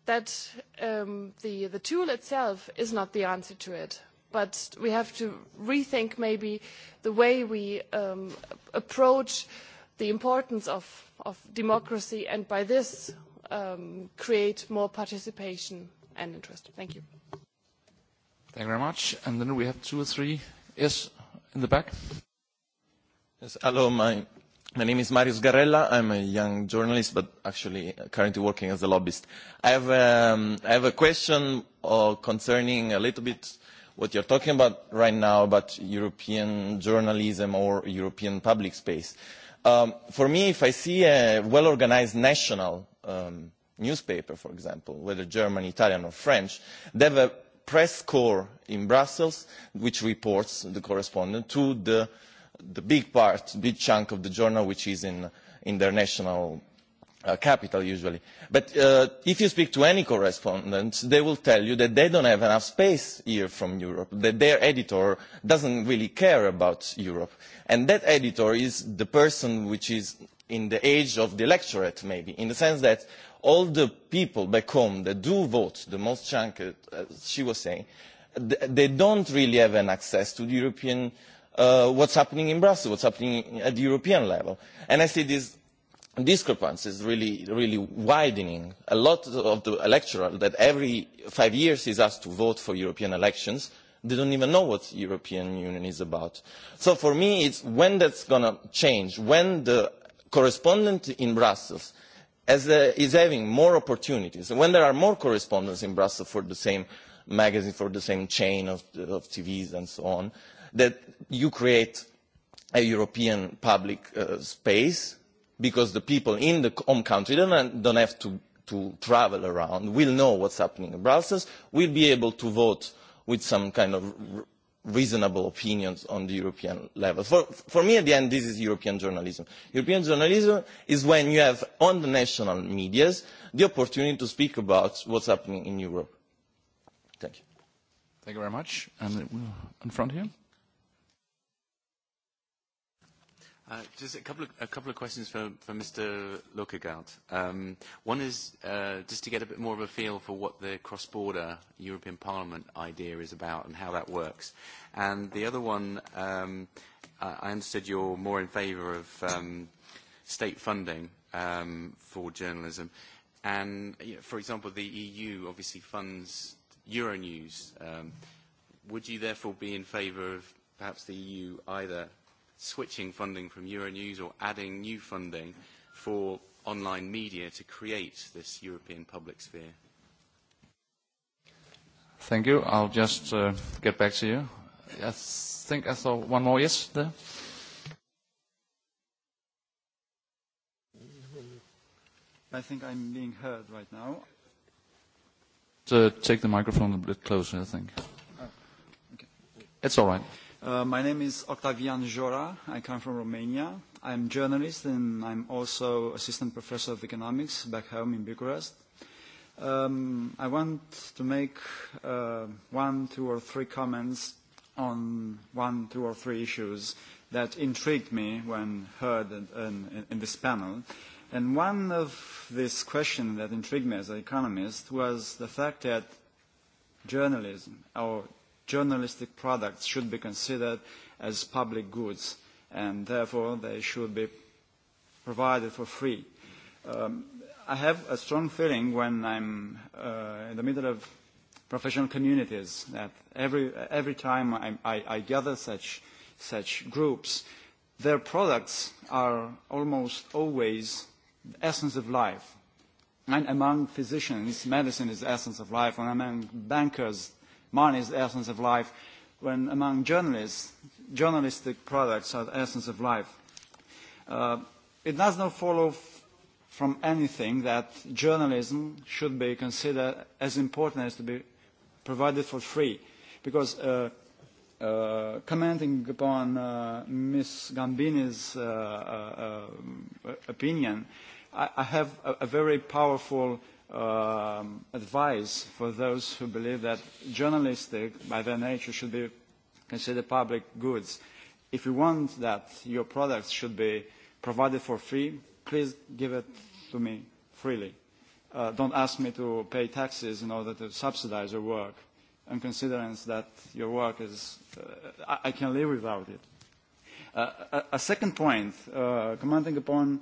that um, the, the tool itself is not the answer to it. But we have to rethink maybe the way we um, approach the importance of, of democracy and by this um, create more participation and interest. Thank you. Thank you very much. And then we have two or three. Yes, in the back. Yes, hello, my, my name is Marius Garella. I'm a young journalist, but actually uh, currently working as a lobbyist. I have, um, I have a question uh, concerning a little bit what you're talking about right now about European journalism or European public space. Um, for me, if I see a well-organized national um, newspaper, for example, whether German, Italian or French, they have a press corps in Brussels which reports the correspondent to the uh, the big part, big chunk of the journal, which is in, in their national uh, capital usually. But uh, if you speak to any correspondents, they will tell you that they don't have enough space here from Europe, that their editor doesn't really care about Europe. And that editor is the person which is in the age of the electorate, maybe, in the sense that all the people back home that do vote, the most chunk, uh, as she was saying, they don't really have an access to the European uh, uh, what's happening in Brussels, what's happening at the European level. And I see this discrepancy is really, really widening. A lot of the electorate that every five years is asked to vote for European elections, they don't even know what the European Union is about. So for me, it's when that's going to change, when the correspondent in Brussels as, uh, is having more opportunities, when there are more correspondents in Brussels for the same magazine, for the same chain of, of TVs and so on, that you create a European public uh, space because the people in the home country don't, uh, don't have to, to travel around, will know what's happening in Brussels, will be able to vote with some kind of reasonable opinions on the European level. For, for me, at the end, this is European journalism. European journalism is when you have on the national medias the opportunity to speak about what's happening in Europe. Thank you. Thank you very much. And uh, in front here. Uh, just a couple of, a couple of questions for, for Mr. Løkkegaard. Um, one is uh, just to get a bit more of a feel for what the cross-border European Parliament idea is about and how that works. And the other one, um, I understood you're more in favor of um, state funding um, for journalism. And, you know, for example, the EU obviously funds Euronews. Um, would you therefore be in favor of perhaps the EU either switching funding from Euronews or adding new funding for online media to create this European public sphere? Thank you. I'll just uh, get back to you. I think I saw one more yes there. I think I'm being heard right now. Uh, take the microphone a bit closer, I think. Oh, okay. It's all right. Uh, my name is Octavian Jora. I come from Romania. I'm journalist and I'm also assistant professor of economics back home in Bucharest. Um, I want to make uh, one, two, or three comments on one, two, or three issues that intrigued me when heard in, in, in this panel. And one of these questions that intrigued me as an economist was the fact that journalism or journalistic products should be considered as public goods and therefore they should be provided for free. Um, I have a strong feeling when I'm uh, in the middle of professional communities that every, every time I, I, I gather such, such groups, their products are almost always the essence of life. And among physicians, medicine is the essence of life, and among bankers, Money is the essence of life. When among journalists, journalistic products are the essence of life. Uh, it does not follow from anything that journalism should be considered as important as to be provided for free, because uh, uh, commenting upon uh, Ms. Gambini's uh, uh, uh, opinion, I, I have a, a very powerful uh, um, advice for those who believe that journalistic, by their nature, should be considered public goods. If you want that your products should be provided for free, please give it to me freely. Uh, don't ask me to pay taxes in order to subsidize your work, and considering that your work is, uh, I, I can live without it. Uh, a, a second point, uh, commenting upon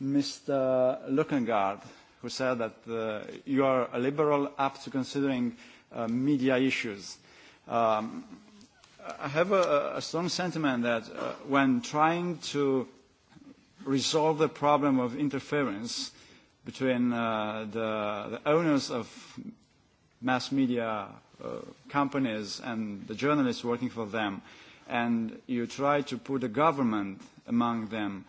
Mr. Luckengard, who said that uh, you are a liberal up to considering uh, media issues. Um, I have a, a strong sentiment that uh, when trying to resolve the problem of interference between uh, the, the owners of mass media uh, companies and the journalists working for them, and you try to put the government among them,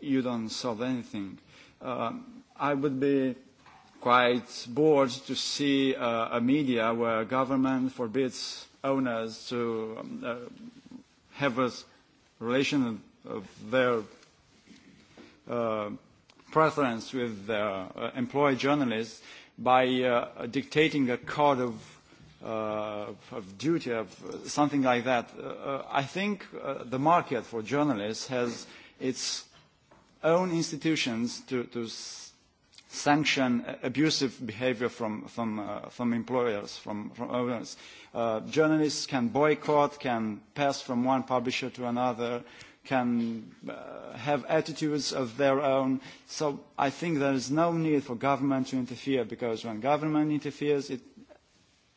you don't solve anything. Um, I would be quite bored to see uh, a media where government forbids owners to um, uh, have a relation of their uh, preference with their uh, employed journalists by uh, dictating a code of, uh, of duty, of something like that. Uh, uh I think uh, the market for journalists has its own institutions to, to sanction abusive behavior from, from, uh, from employers, from, from owners. Uh, journalists can boycott, can pass from one publisher to another, can uh, have attitudes of their own. So I think there is no need for government to interfere because when government interferes, it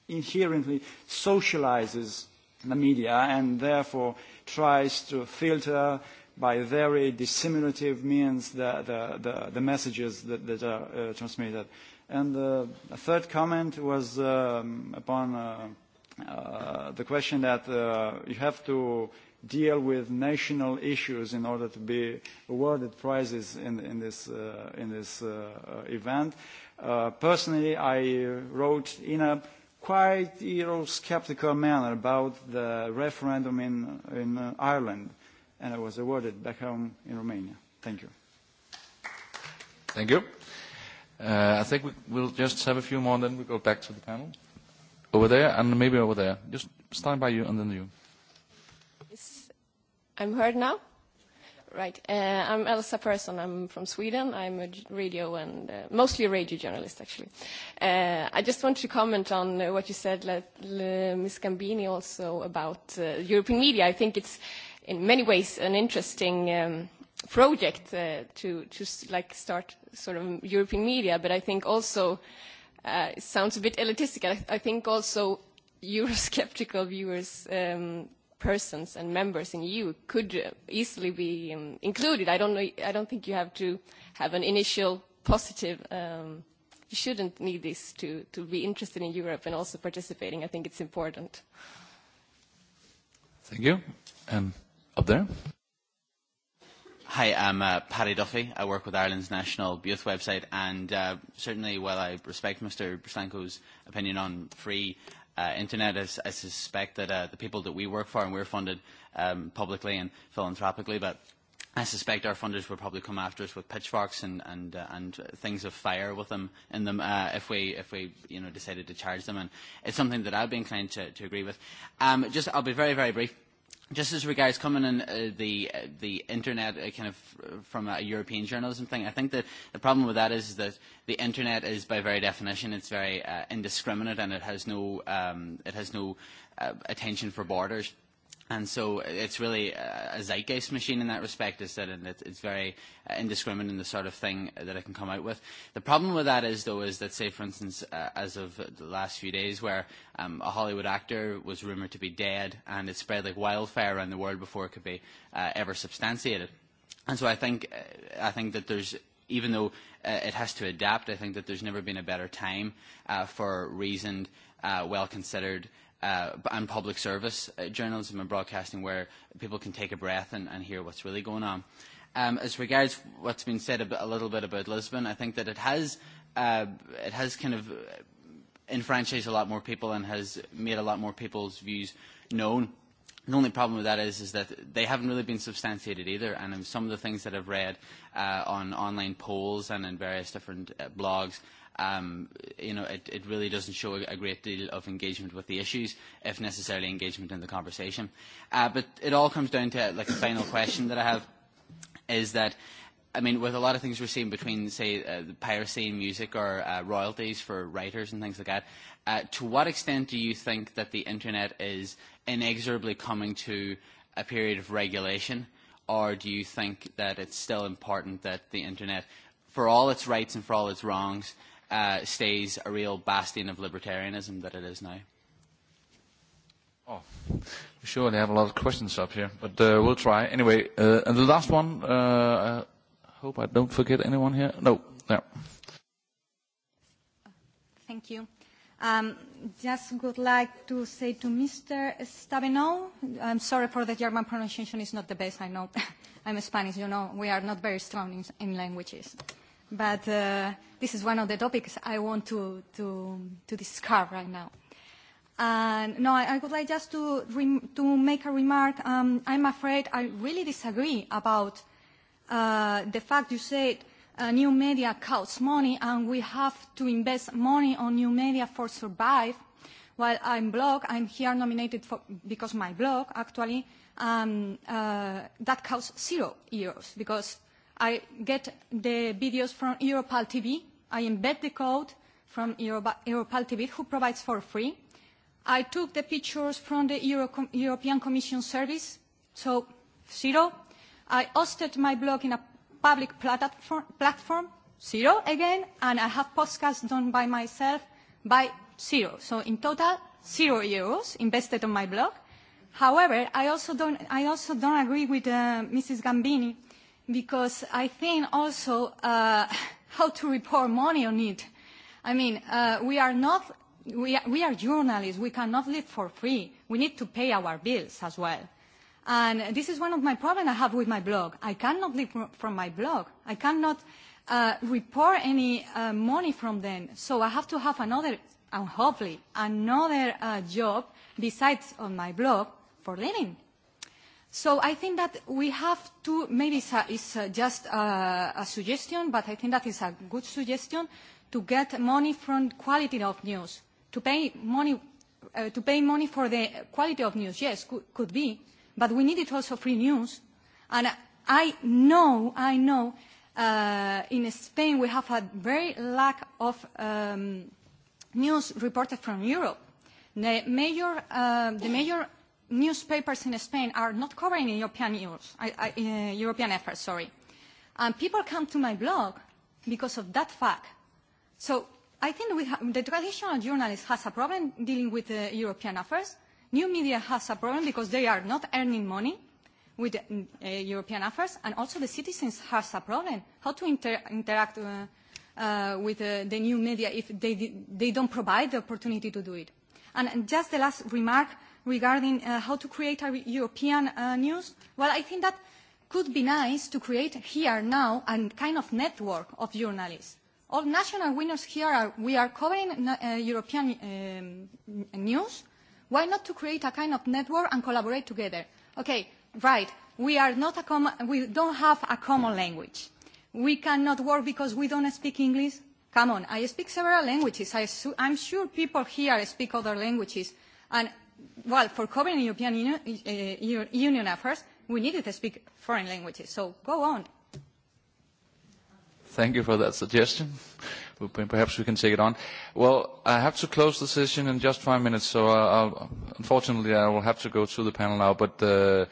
inherently socializes the media and therefore tries to filter by very disseminative means the, the, the, the messages that, that are uh, transmitted. And uh, a third comment was um, upon uh, uh, the question that uh, you have to deal with national issues in order to be awarded prizes in, in this, uh, in this uh, event. Uh, personally, I wrote in a quite Euro-skeptical manner about the referendum in, in Ireland and I was awarded back home in Romania. Thank you. Thank you. Uh, I think we, we'll just have a few more, and then we go back to the panel. Over there, and maybe over there. Just start by you, and then you. Yes, I'm heard now? Right. Uh, I'm Elsa Persson. I'm from Sweden. I'm a radio and uh, mostly a radio journalist, actually. Uh, I just want to comment on uh, what you said, let, le, Ms. Gambini, also about uh, European media. I think it's uh, in many ways an interesting um, project uh, to to like start sort of European media, but I think also uh, it sounds a bit elitistic. I, I think also Eurosceptical viewers, um, persons, and members in EU could uh, easily be um, included. I don't know. I don't think you have to have an initial positive. Um, you shouldn't need this to, to be interested in Europe and also participating. I think it's important. Thank you. Um, Up there. Hi, I'm uh, Paddy Duffy. I work with Ireland's National Youth website, and uh, certainly while I respect Mr. Stanko's opinion on free uh, internet, I, I suspect that uh, the people that we work for, and we're funded um, publicly and philanthropically, but I suspect our funders would probably come after us with pitchforks and and uh, and things of fire with them in them uh, if we if we you know decided to charge them. And it's something that I'd be inclined to, to agree with. Um, just I'll be very very brief just as regards coming in uh, the uh, the internet uh, kind of uh, from a European journalism thing, I think that the problem with that is that the internet is by very definition it's very uh, indiscriminate and it has no um, it has no uh, attention for borders And so uh, it's really a zeitgeist machine in that respect, is that it's very uh, indiscriminate in the sort of thing that it can come out with. The problem with that is, though, is that, say, for instance, uh, as of the last few days, where um, a Hollywood actor was rumoured to be dead and it spread like wildfire around the world before it could be uh, ever substantiated. And so I think, uh, I think that there's even though uh, it has to adapt, I think that there's never been a better time uh, for reasoned, uh, well-considered uh, and public service uh, journalism and broadcasting where people can take a breath and, and hear what's really going on. Um, as regards what's been said a, bit, a little bit about Lisbon, I think that it has, uh, it has kind of enfranchised a lot more people and has made a lot more people's views known. The only problem with that is, is that they haven't really been substantiated either. And some of the things that I've read uh, on online polls and in various different uh, blogs um, you know, it, it really doesn't show a, a great deal of engagement with the issues, if necessarily engagement in the conversation. Uh, but it all comes down to like the final question that I have is that I mean, with a lot of things we're seeing between, say, uh, the piracy in music or uh, royalties for writers and things like that, uh, to what extent do you think that the internet is inexorably coming to a period of regulation, or do you think that it's still important that the internet, for all its rights and for all its wrongs, uh, stays a real bastion of libertarianism that it is now. Oh, we surely have a lot of questions up here, but uh, we'll try. Anyway, uh, and the last one, uh, I hope I don't forget anyone here. No, there. Yeah. Thank you. Um, just would like to say to Mr. Stabenow, I'm sorry for the German pronunciation, it's not the best, I know. I'm Spanish, you know, we are not very strong in, in languages. Uh, but uh, this is one of the topics I want to, to, to discuss right now. And no, I, I would like just to, rem- to make a remark. Um, I'm afraid I really disagree about uh, the fact you said uh, new media costs money and we have to invest money on new media for survive. While I'm blog, I'm here nominated for, because my blog actually, um, uh, that costs zero euros because I get the videos from Europal TV. I embed the code from Europal TV, who provides for free. I took the pictures from the Euro European Commission service, so zero. I hosted my blog in a public platform, platform, zero again, and I have podcasts done by myself by zero. So in total, zero euros invested on my blog. However, I also don't, I also don't agree with uh, Mrs. Gambini uh, because I think also uh, how to report money on it. I mean, uh, we are not, we are, we are journalists. We cannot live for free. We need to pay our bills as well. And this is one of my problems I have with my blog. I cannot live from my blog. I cannot uh, report any uh, money from them. So I have to have another, and hopefully another uh, job besides on my blog for living. So I think that we have to, maybe it's, a, it's a just a, a suggestion, but I think that is a good suggestion to get money from quality of news, to pay money, uh, to pay money for the quality of news. Yes, could, could be, but we need it also free news. And I know, I know, uh, in Spain we have a very lack of um, news reported from Europe. The major, uh, the major newspapers in Spain are not covering European, news, I, I, uh, European efforts. Sorry. And people come to my blog because of that fact. So I think we ha- the traditional journalist has a problem dealing with uh, European affairs. New media has a problem because they are not earning money with uh, European affairs, and also the citizens has a problem how to inter- interact uh, uh, with uh, the new media if they, they don't provide the opportunity to do it. And just the last remark, uh, regarding uh, how to create a European uh, news, well, I think that could be nice to create here now a kind of network of journalists. All national winners here are, we are covering uh, European um, news. Why not to create a kind of network and collaborate together? Okay, right, we, are not a com we don't have a common language. We cannot work because we don't speak English. Come on, I speak several languages. I su I'm sure people here speak other languages. And well, for covering European Union, uh, Union affairs, we needed to speak foreign languages. So go on. Thank you for that suggestion. Perhaps we can take it on. Well, I have to close the session in just five minutes, so I'll, unfortunately I will have to go to the panel now. But uh,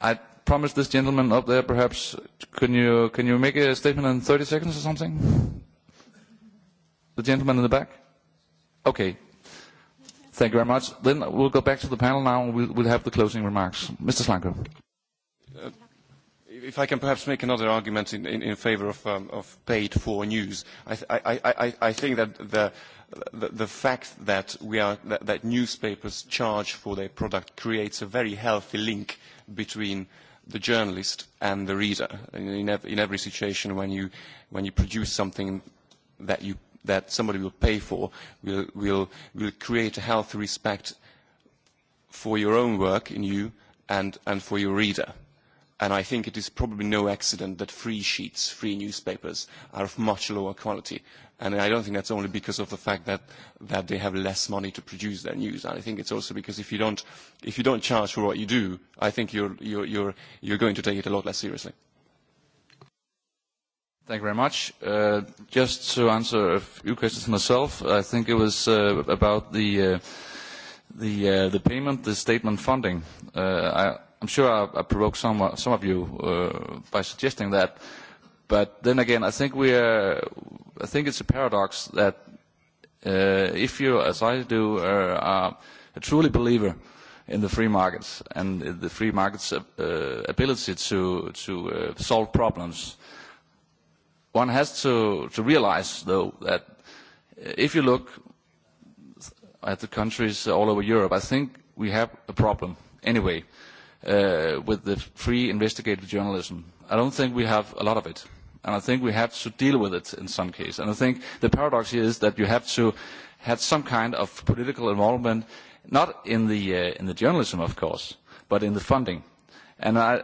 I promised this gentleman up there, perhaps can you can you make a statement in 30 seconds or something? The gentleman in the back. Okay, Thank you very much. Then we'll go back to the panel now, and we'll, we'll have the closing remarks. Mr. Slanker. Uh, if I can perhaps make another argument in, in, in favor of, um, of paid-for news, I, th- I, I, I think that the, the, the fact that, we are, that, that newspapers charge for their product creates a very healthy link between the journalist and the reader. In, in, ev- in every situation, when you, when you produce something that you that somebody will pay for will, will, will create a healthy respect for your own work in you and, and for your reader. And I think it is probably no accident that free sheets, free newspapers, are of much lower quality. And I don't think that's only because of the fact that, that they have less money to produce their news. And I think it's also because if you don't, if you don't charge for what you do, I think you're, you're, you're, you're going to take it a lot less seriously. Thank you very much. Uh, just to answer a few questions myself, I think it was uh, about the uh, the uh, the payment, the statement funding. Uh, I, I'm sure I, I provoked some some of you uh, by suggesting that, but then again, I think we are. I think it's a paradox that uh, if you, as I do, are, uh, are a truly believer in the free markets and the free markets' uh, ability to to uh, solve problems. Uh, One has to, to realize, though, that if you look at the countries all over Europe, I think we have a problem anyway uh, with the free investigative journalism. I don't think we have a lot of it. And I think we have to deal with it in some case. And I think the paradox here is that you have to have some kind of political involvement, not in the, uh, in the journalism, of course, but in the funding. Uh, And I,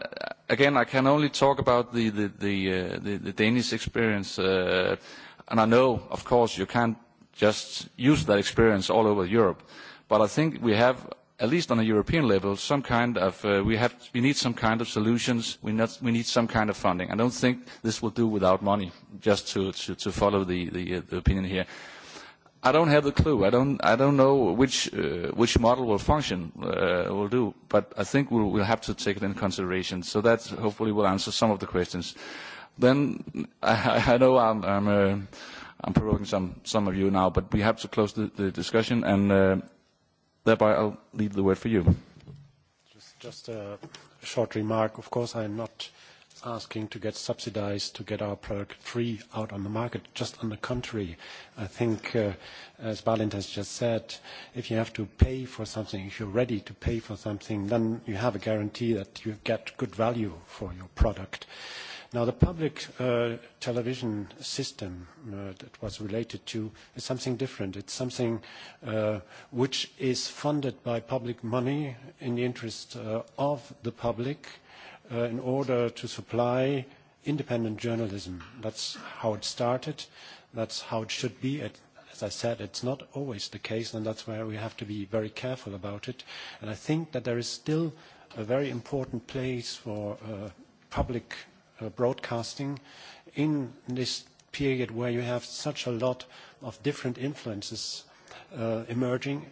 again, I can only talk about the, the, the, uh, the, the Danish experience. Uh, and I know, of course, you can't just use that experience all over Europe. But I think we have, at least on a European level, some kind of, uh, we, have, we need some kind of solutions. We, not, we need some kind of funding. I don't think this will do without money, just to, to, to follow the, the, uh, the opinion here. Uh, I don't have a clue. I don't. I don't know which uh, which model will function uh, will do. But I think we'll, we'll have to take it in consideration. So that hopefully will answer some of the questions. Then I, I know I'm I'm, uh, I'm provoking some some of you now, but we have to close the, the discussion, and uh, thereby I'll leave the word for you. Just, just a short remark. Of course, I'm not. Uh, asking to get subsidized to get our product free out on the market. Just on the contrary, I think, uh, as Balint has just said, if you have to pay for something, if you're ready to pay for something, then you have a guarantee that you get good value for your product. Now, the public uh, television system uh, that was related to is something different. It's something uh, which is funded by public money in the interest uh, of the public, uh, in order to supply independent journalism. That's how it started. That's how it should be. It, as I said, it's not always the case, and that's where we have to be very careful about it. And I think that there is still a very important place for uh, public uh, broadcasting in this period where you have such a lot of different influences uh, emerging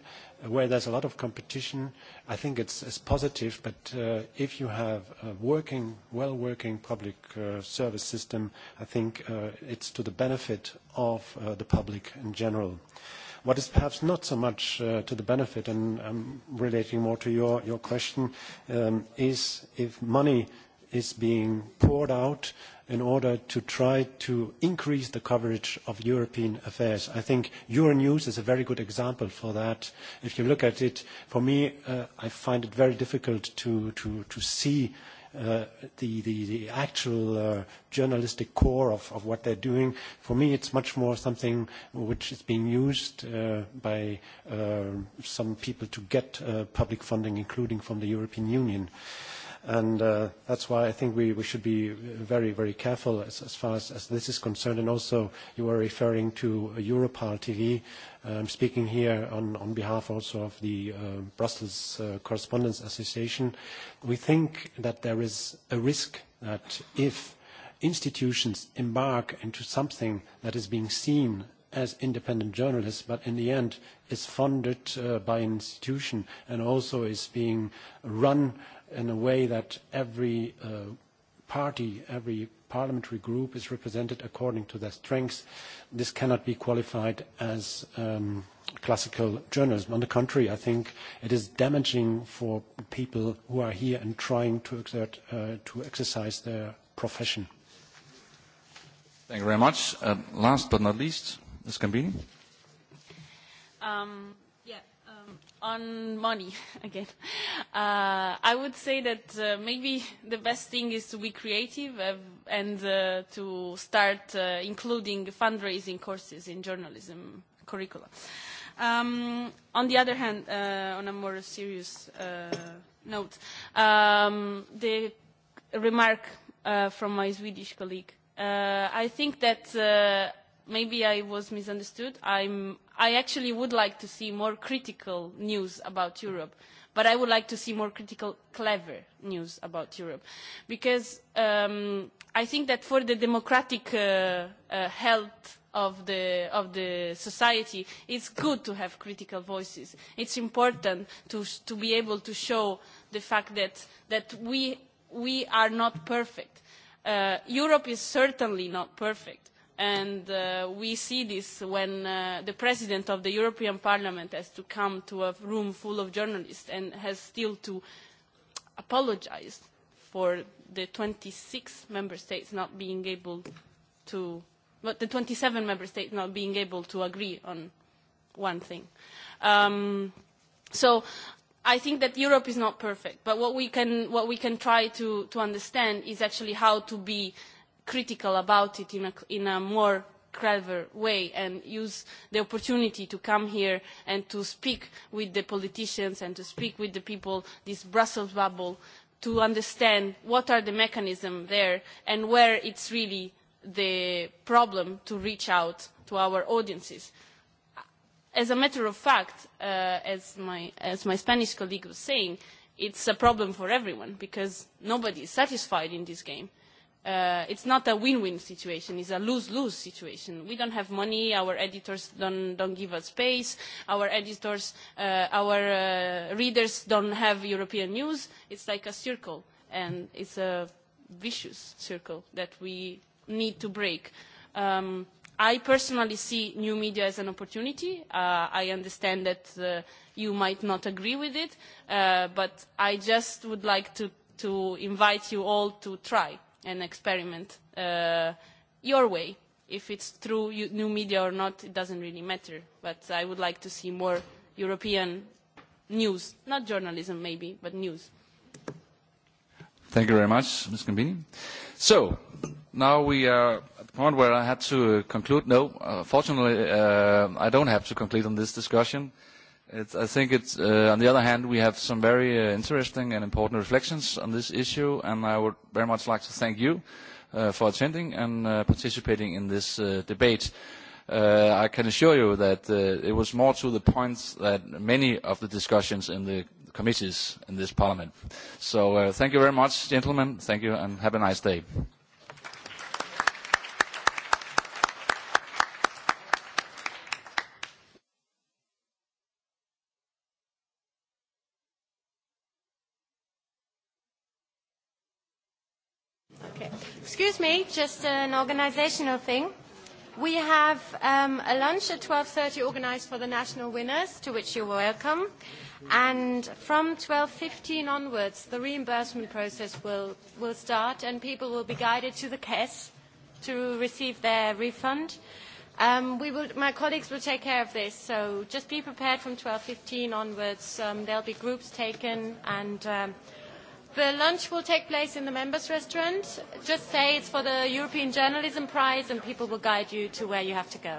where there's a lot of competition, I think it's, it's positive, but uh, if you have a working, well-working public uh, service system, I think uh, it's to the benefit of uh, the public in general. What is perhaps not so much uh, to the benefit, and I'm relating more to your, your question, um, is if money is being poured out in order to try to increase the coverage of European affairs. I think Euronews is a very good example for that. If you look at it, for me, uh, I find it very difficult to, to, to see uh, the, the, the actual uh, journalistic core of, of what they're doing. For me, it's much more something which is being used uh, by uh, some people to get uh, public funding, including from the European Union. Uh, And uh, that's why I think we, we should be very, very careful as, as far as, as this is concerned. And also, you were referring to Europol TV. I'm speaking here on, on behalf also of the uh, Brussels uh, Correspondents Association. We think that there is a risk that if institutions embark into something that is being seen as independent journalists, but in the end is funded uh, by an institution and also is being run uh, in a way that every uh, party, every parliamentary group is represented according to their strengths. This cannot be qualified as um, classical journalism. On the contrary, I think it is damaging for people who are here and trying to exert, uh, to exercise their profession. Thank you very much. Uh, last but not least, Ms. Gambini. Um, on money again. Uh, I would say that uh, maybe the best thing is to be creative uh, and uh, to start uh, including fundraising courses in journalism curricula. Um, on the other hand, uh, on a more serious uh, note, um, the remark uh, from my Swedish colleague, uh, I think that uh, maybe I was misunderstood. I'm I actually would like to see more critical news about Europe, but I would like to see more critical, clever news about Europe, because um, I think that for the democratic uh, uh, health of the, of the society, it's good to have critical voices. It's important to, to be able to show the fact that, that we, we are not perfect. Uh, Europe is certainly not perfect and uh, we see this when uh, the president of the European Parliament has to come to a room full of journalists and has still to apologize for the 26 member states not being able to, but the 27 member states not being able to agree on one thing. Um, so I think that Europe is not perfect, but what we can, what we can try to, to understand is actually how to be uh, critical about it in a, in a more clever way and use the opportunity to come here and to speak with the politicians and to speak with the people, this Brussels bubble, to understand what are the mechanisms there and where it's really the problem to reach out to our audiences. As a matter of fact, uh, as, my, as my Spanish colleague was saying, it's a problem for everyone because nobody is satisfied in this game. Uh, uh, it's not a win-win situation. It's a lose-lose situation. We don't have money. Our editors don't, don't give us space. Our editors, uh, our uh, readers don't have European news. It's like a circle, and it's a vicious circle that we need to break. Um, I personally see new media as an opportunity. Uh, I understand that uh, you might not agree with it, uh, but I just would like to, to invite you all to try and experiment uh, your way. If it's through new media or not, it doesn't really matter. But I would like to see more European news, not journalism maybe, but news. Thank you very much, Ms. Gambini. So now we are at the point where I had to uh, conclude. No, uh, fortunately, uh, I don't have to conclude on this discussion. Uh, It's, I think it's, uh, on the other hand, we have some very uh, interesting and important reflections on this issue, and I would very much like to thank you uh, for attending and uh, participating in this uh, debate. Uh, I can assure you that uh, it was more to the point that many of the discussions in the committees in this parliament. So uh, thank you very much, gentlemen. Thank you, and have a nice day. me, just an organizational thing. We have um, a lunch at 12.30 organized for the national winners, to which you're welcome. And from 12.15 onwards, the reimbursement process will, will start and people will be guided to the CAS to receive their refund. Um, we will, my colleagues will take care of this, so just be prepared from 12.15 onwards. Um, there'll be groups taken and... Um, The lunch will take place in the members' restaurant. Just say it's for the European Journalism Prize and people will guide you to where you have to go.